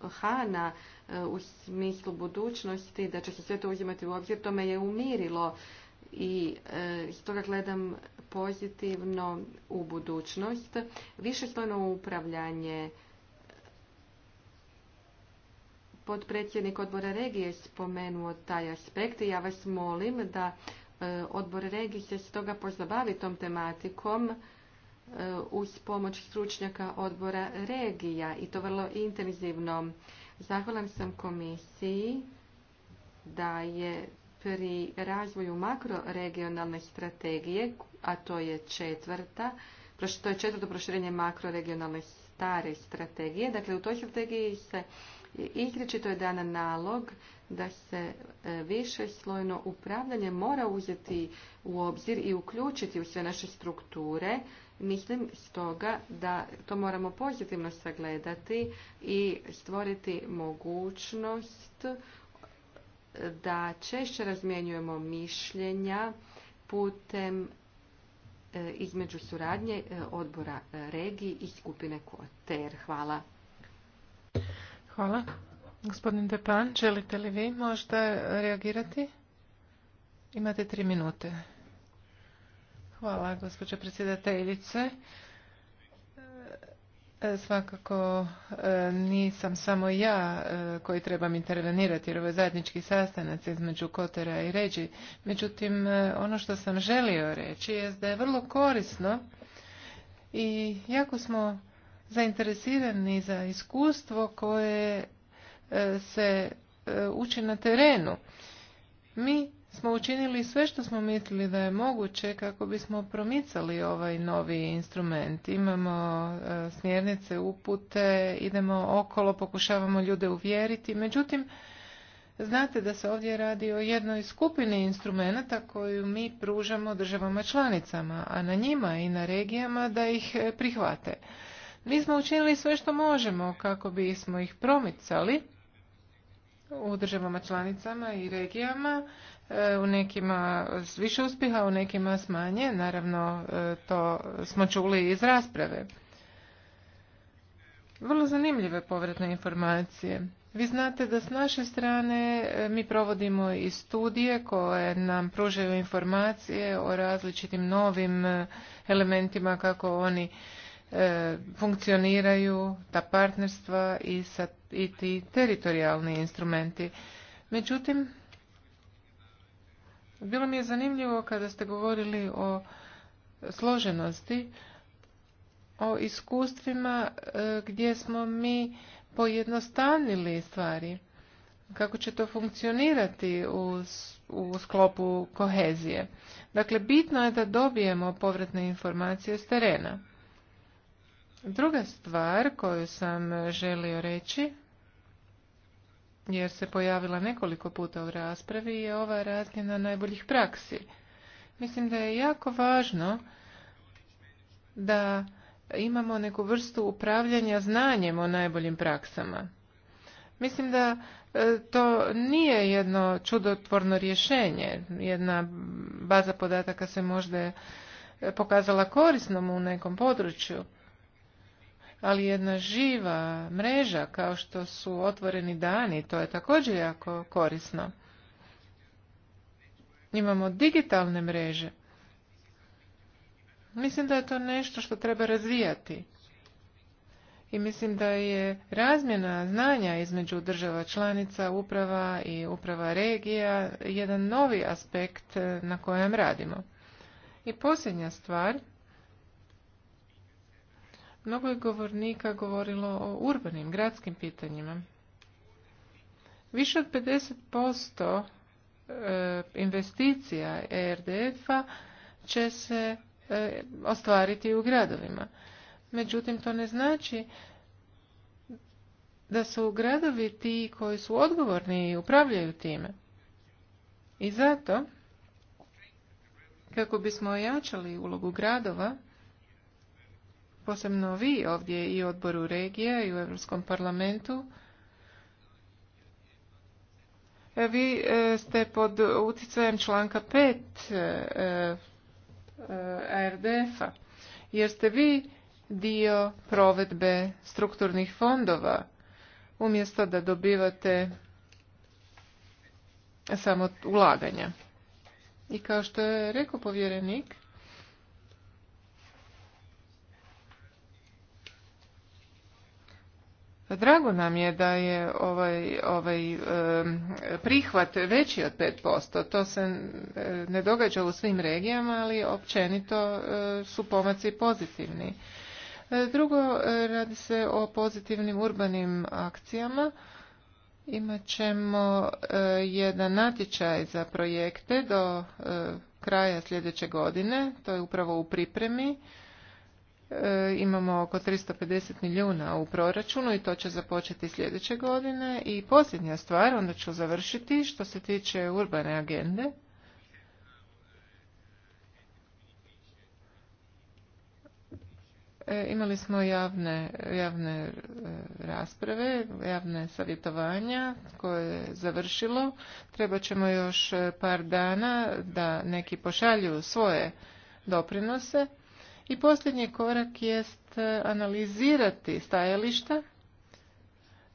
Hana e, u smislu budućnosti, da će se sve to uzimati u obzir, to me je umirilo i e, stoga gledam pozitivno u budućnost. Više slojno upravljanje podpredsjednik odbora regije spomenuo taj aspekt i ja vas molim da e, odbor regije se stoga pozabavi tom tematikom e, uz pomoć stručnjaka odbora regija i to vrlo intenzivno. Zahvalan sam komisiji da je pri razvoju makroregionalne strategije, a to je četvrta, to je četvrto proširenje makroregionalne stare strategije. Dakle, u toj strategiji se Izričito je dan nalog da se e, više slojno upravljanje mora uzeti u obzir i uključiti u sve naše strukture. Mislim stoga da to moramo pozitivno sagledati i stvoriti mogućnost da češće razmjenjujemo mišljenja putem e, između suradnje e, odbora regiji i skupine KOTER. Hvala. Hvala. Gospodin Depan, želite li vi možda reagirati? Imate tri minute. Hvala, gospođo predsjedateljice. E, svakako e, nisam samo ja e, koji trebam intervenirati jer ovo je zajednički sastanac između Kotera i Ređi. Međutim, ono što sam želio reći je da je vrlo korisno i jako smo zainteresirani za iskustvo koje e, se e, uči na terenu. Mi smo učinili sve što smo mislili da je moguće kako bismo promicali ovaj novi instrument. Imamo e, smjernice, upute, idemo okolo, pokušavamo ljude uvjeriti. Međutim, znate da se ovdje radi o jednoj skupini instrumenata koju mi pružamo državama članicama, a na njima i na regijama da ih prihvate. Mi smo učinili sve što možemo kako bismo ih promicali u državama članicama i regijama. E, u nekima više uspjeha, u nekima manje. Naravno, e, to smo čuli iz rasprave. Vrlo zanimljive povratne informacije. Vi znate da s naše strane e, mi provodimo i studije koje nam pružaju informacije o različitim novim elementima kako oni E, funkcioniraju ta partnerstva i, sa, i ti teritorijalni instrumenti. Međutim, bilo mi je zanimljivo kada ste govorili o složenosti, o iskustvima e, gdje smo mi pojednostavnili stvari. Kako će to funkcionirati u, u sklopu kohezije. Dakle, bitno je da dobijemo povratne informacije s terena. Druga stvar koju sam želio reći, jer se pojavila nekoliko puta u raspravi, je ova razmjena najboljih praksi. Mislim da je jako važno da imamo neku vrstu upravljanja znanjem o najboljim praksama. Mislim da e, to nije jedno čudotvorno rješenje. Jedna baza podataka se možda e, pokazala korisnom u nekom području, ali jedna živa mreža kao što su otvoreni dani, to je također jako korisno. Imamo digitalne mreže. Mislim da je to nešto što treba razvijati. I mislim da je razmjena znanja između država članica, uprava i uprava regija jedan novi aspekt na kojem radimo. I posljednja stvar, Mnogo je govornika govorilo o urbanim, gradskim pitanjima. Više od 50% e, investicija ERDF-a će se e, ostvariti u gradovima. Međutim, to ne znači da su gradovi ti koji su odgovorni i upravljaju time. I zato, kako bismo ojačali ulogu gradova, posebno vi ovdje i u odboru regije i u Europskom parlamentu, e, vi e, ste pod utjecajem članka 5 e, ARDF-a, jer ste vi dio provedbe strukturnih fondova, umjesto da dobivate samo ulaganja. I kao što je rekao povjerenik, Drago nam je da je ovaj, ovaj prihvat veći od 5%. To se ne događa u svim regijama, ali općenito su pomaci pozitivni. E, drugo, e, radi se o pozitivnim urbanim akcijama. Imat ćemo e, jedan natječaj za projekte do kraja sljedeće godine. To je upravo u pripremi. E, imamo oko 350 milijuna u proračunu i to će započeti sljedeće godine. I posljednja stvar, onda ću završiti, što se tiče urbane agende. E, imali smo javne, javne e, rasprave, javne savjetovanja koje je završilo. Treba ćemo još par dana da neki pošalju svoje doprinose i posljednji korak jest e, analizirati stajališta,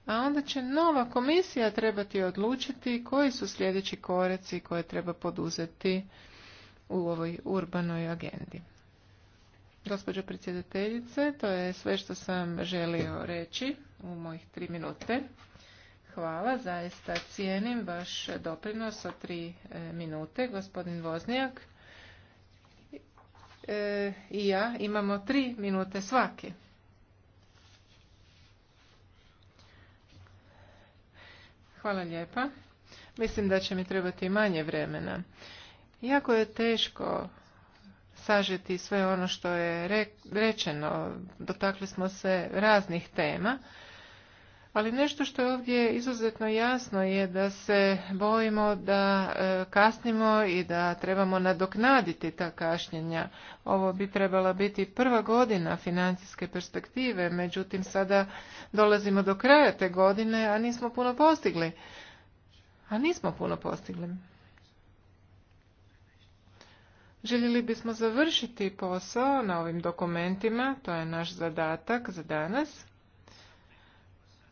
a onda će nova komisija trebati odlučiti koji su sljedeći koraci koje treba poduzeti u ovoj urbanoj agendi. Gospođo predsjedateljice, to je sve što sam želio reći u mojih tri minute. Hvala, zaista cijenim vaš doprinos od tri e, minute, gospodin Voznijak. E, i ja imamo tri minute svake. Hvala lijepa. Mislim da će mi trebati manje vremena. Jako je teško sažeti sve ono što je rečeno. Dotakli smo se raznih tema. Ali nešto što je ovdje izuzetno jasno je da se bojimo da e, kasnimo i da trebamo nadoknaditi ta kašnjenja. Ovo bi trebala biti prva godina financijske perspektive, međutim sada dolazimo do kraja te godine, a nismo puno postigli. A nismo puno postigli. Željeli bismo završiti posao na ovim dokumentima, to je naš zadatak za danas.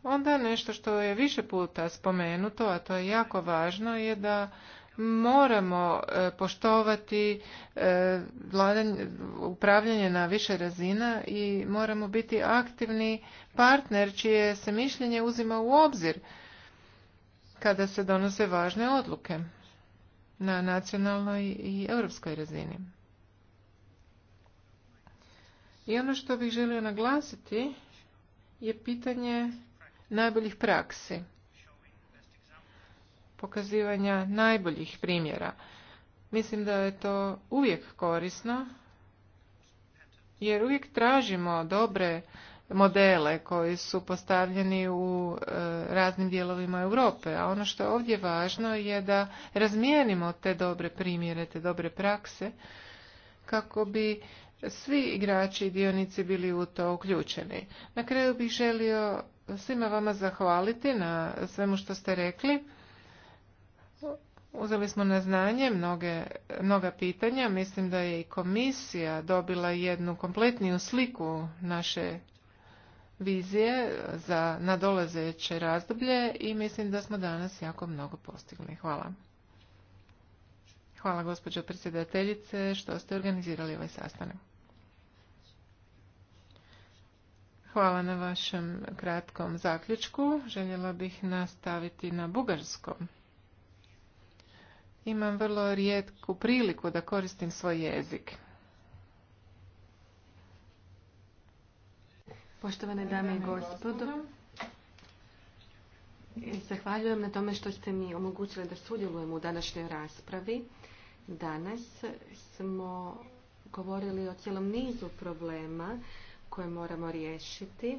Onda nešto što je više puta spomenuto, a to je jako važno, je da moramo e, poštovati e, upravljanje na više razina i moramo biti aktivni partner čije se mišljenje uzima u obzir kada se donose važne odluke na nacionalnoj i europskoj razini. I ono što bih želio naglasiti je pitanje najboljih praksi, pokazivanja najboljih primjera. Mislim da je to uvijek korisno, jer uvijek tražimo dobre modele koji su postavljeni u e, raznim dijelovima Europe. A ono što je ovdje važno je da razmijenimo te dobre primjere, te dobre prakse, kako bi svi igrači i dionici bili u to uključeni. Na kraju bih želio svima vama zahvaliti na svemu što ste rekli. Uzeli smo na znanje mnoge, mnoga pitanja. Mislim da je i komisija dobila jednu kompletniju sliku naše vizije za nadolazeće razdoblje i mislim da smo danas jako mnogo postigli. Hvala. Hvala gospođo predsjedateljice što ste organizirali ovaj sastanak. Hvala na vašem kratkom zaključku. Željela bih nastaviti na bugarskom. Imam vrlo rijetku priliku da koristim svoj jezik. Poštovane dame i gospodo, zahvaljujem na tome što ste mi omogućili da sudjelujemo u današnjoj raspravi. Danas smo govorili o cijelom nizu problema koje moramo riješiti.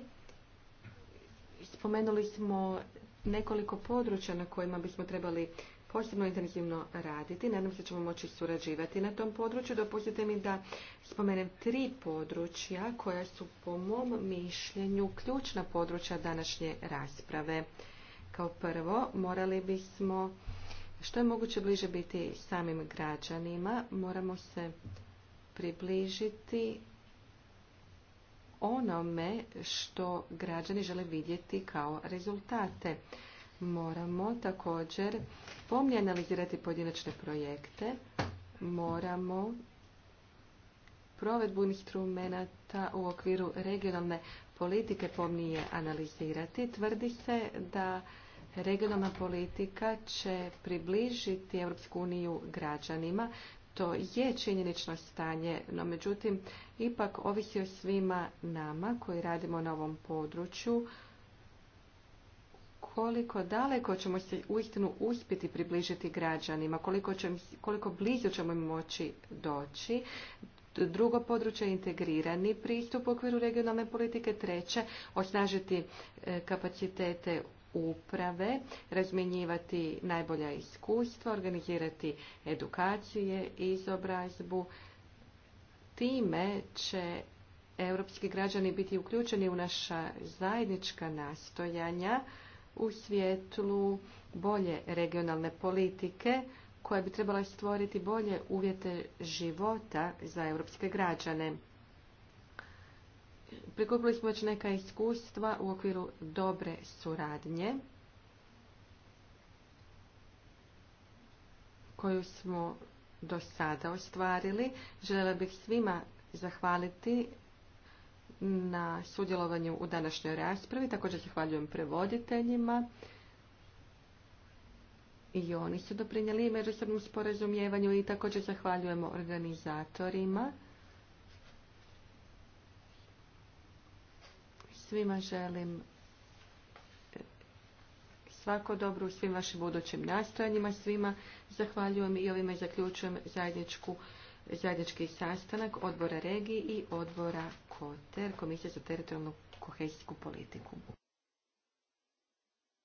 Spomenuli smo nekoliko područja na kojima bismo trebali posebno intenzivno raditi. Nadam se ćemo moći surađivati na tom području. Dopustite mi da spomenem tri područja koja su po mom mišljenju ključna područja današnje rasprave. Kao prvo, morali bismo što je moguće bliže biti samim građanima. Moramo se približiti onome što građani žele vidjeti kao rezultate. Moramo također pomnije analizirati pojedinačne projekte, moramo provedbu instrumenata u okviru regionalne politike pomnije analizirati. Tvrdi se da regionalna politika će približiti Europsku uniju građanima to je činjenično stanje, no međutim, ipak ovisi o svima nama koji radimo na ovom području, koliko daleko ćemo se uistinu uspjeti približiti građanima, koliko, koliko blizu ćemo im moći doći. Drugo područje je integrirani pristup u okviru regionalne politike. Treće, osnažiti e, kapacitete uprave, razmjenjivati najbolja iskustva, organizirati edukacije, izobrazbu. Time će europski građani biti uključeni u naša zajednička nastojanja u svijetlu bolje regionalne politike koja bi trebala stvoriti bolje uvjete života za europske građane prikupili smo već neka iskustva u okviru dobre suradnje koju smo do sada ostvarili. Želela bih svima zahvaliti na sudjelovanju u današnjoj raspravi. Također zahvaljujem prevoditeljima. I oni su doprinijeli međusobnom sporazumijevanju i također zahvaljujemo organizatorima. Svima želim e, svako dobro u svim vašim budućim nastojanjima. Svima zahvaljujem i ovime zaključujem zajedničku zajednički sastanak odbora regiji i odbora KOTER, Komisije za teritorijalnu kohezijsku politiku.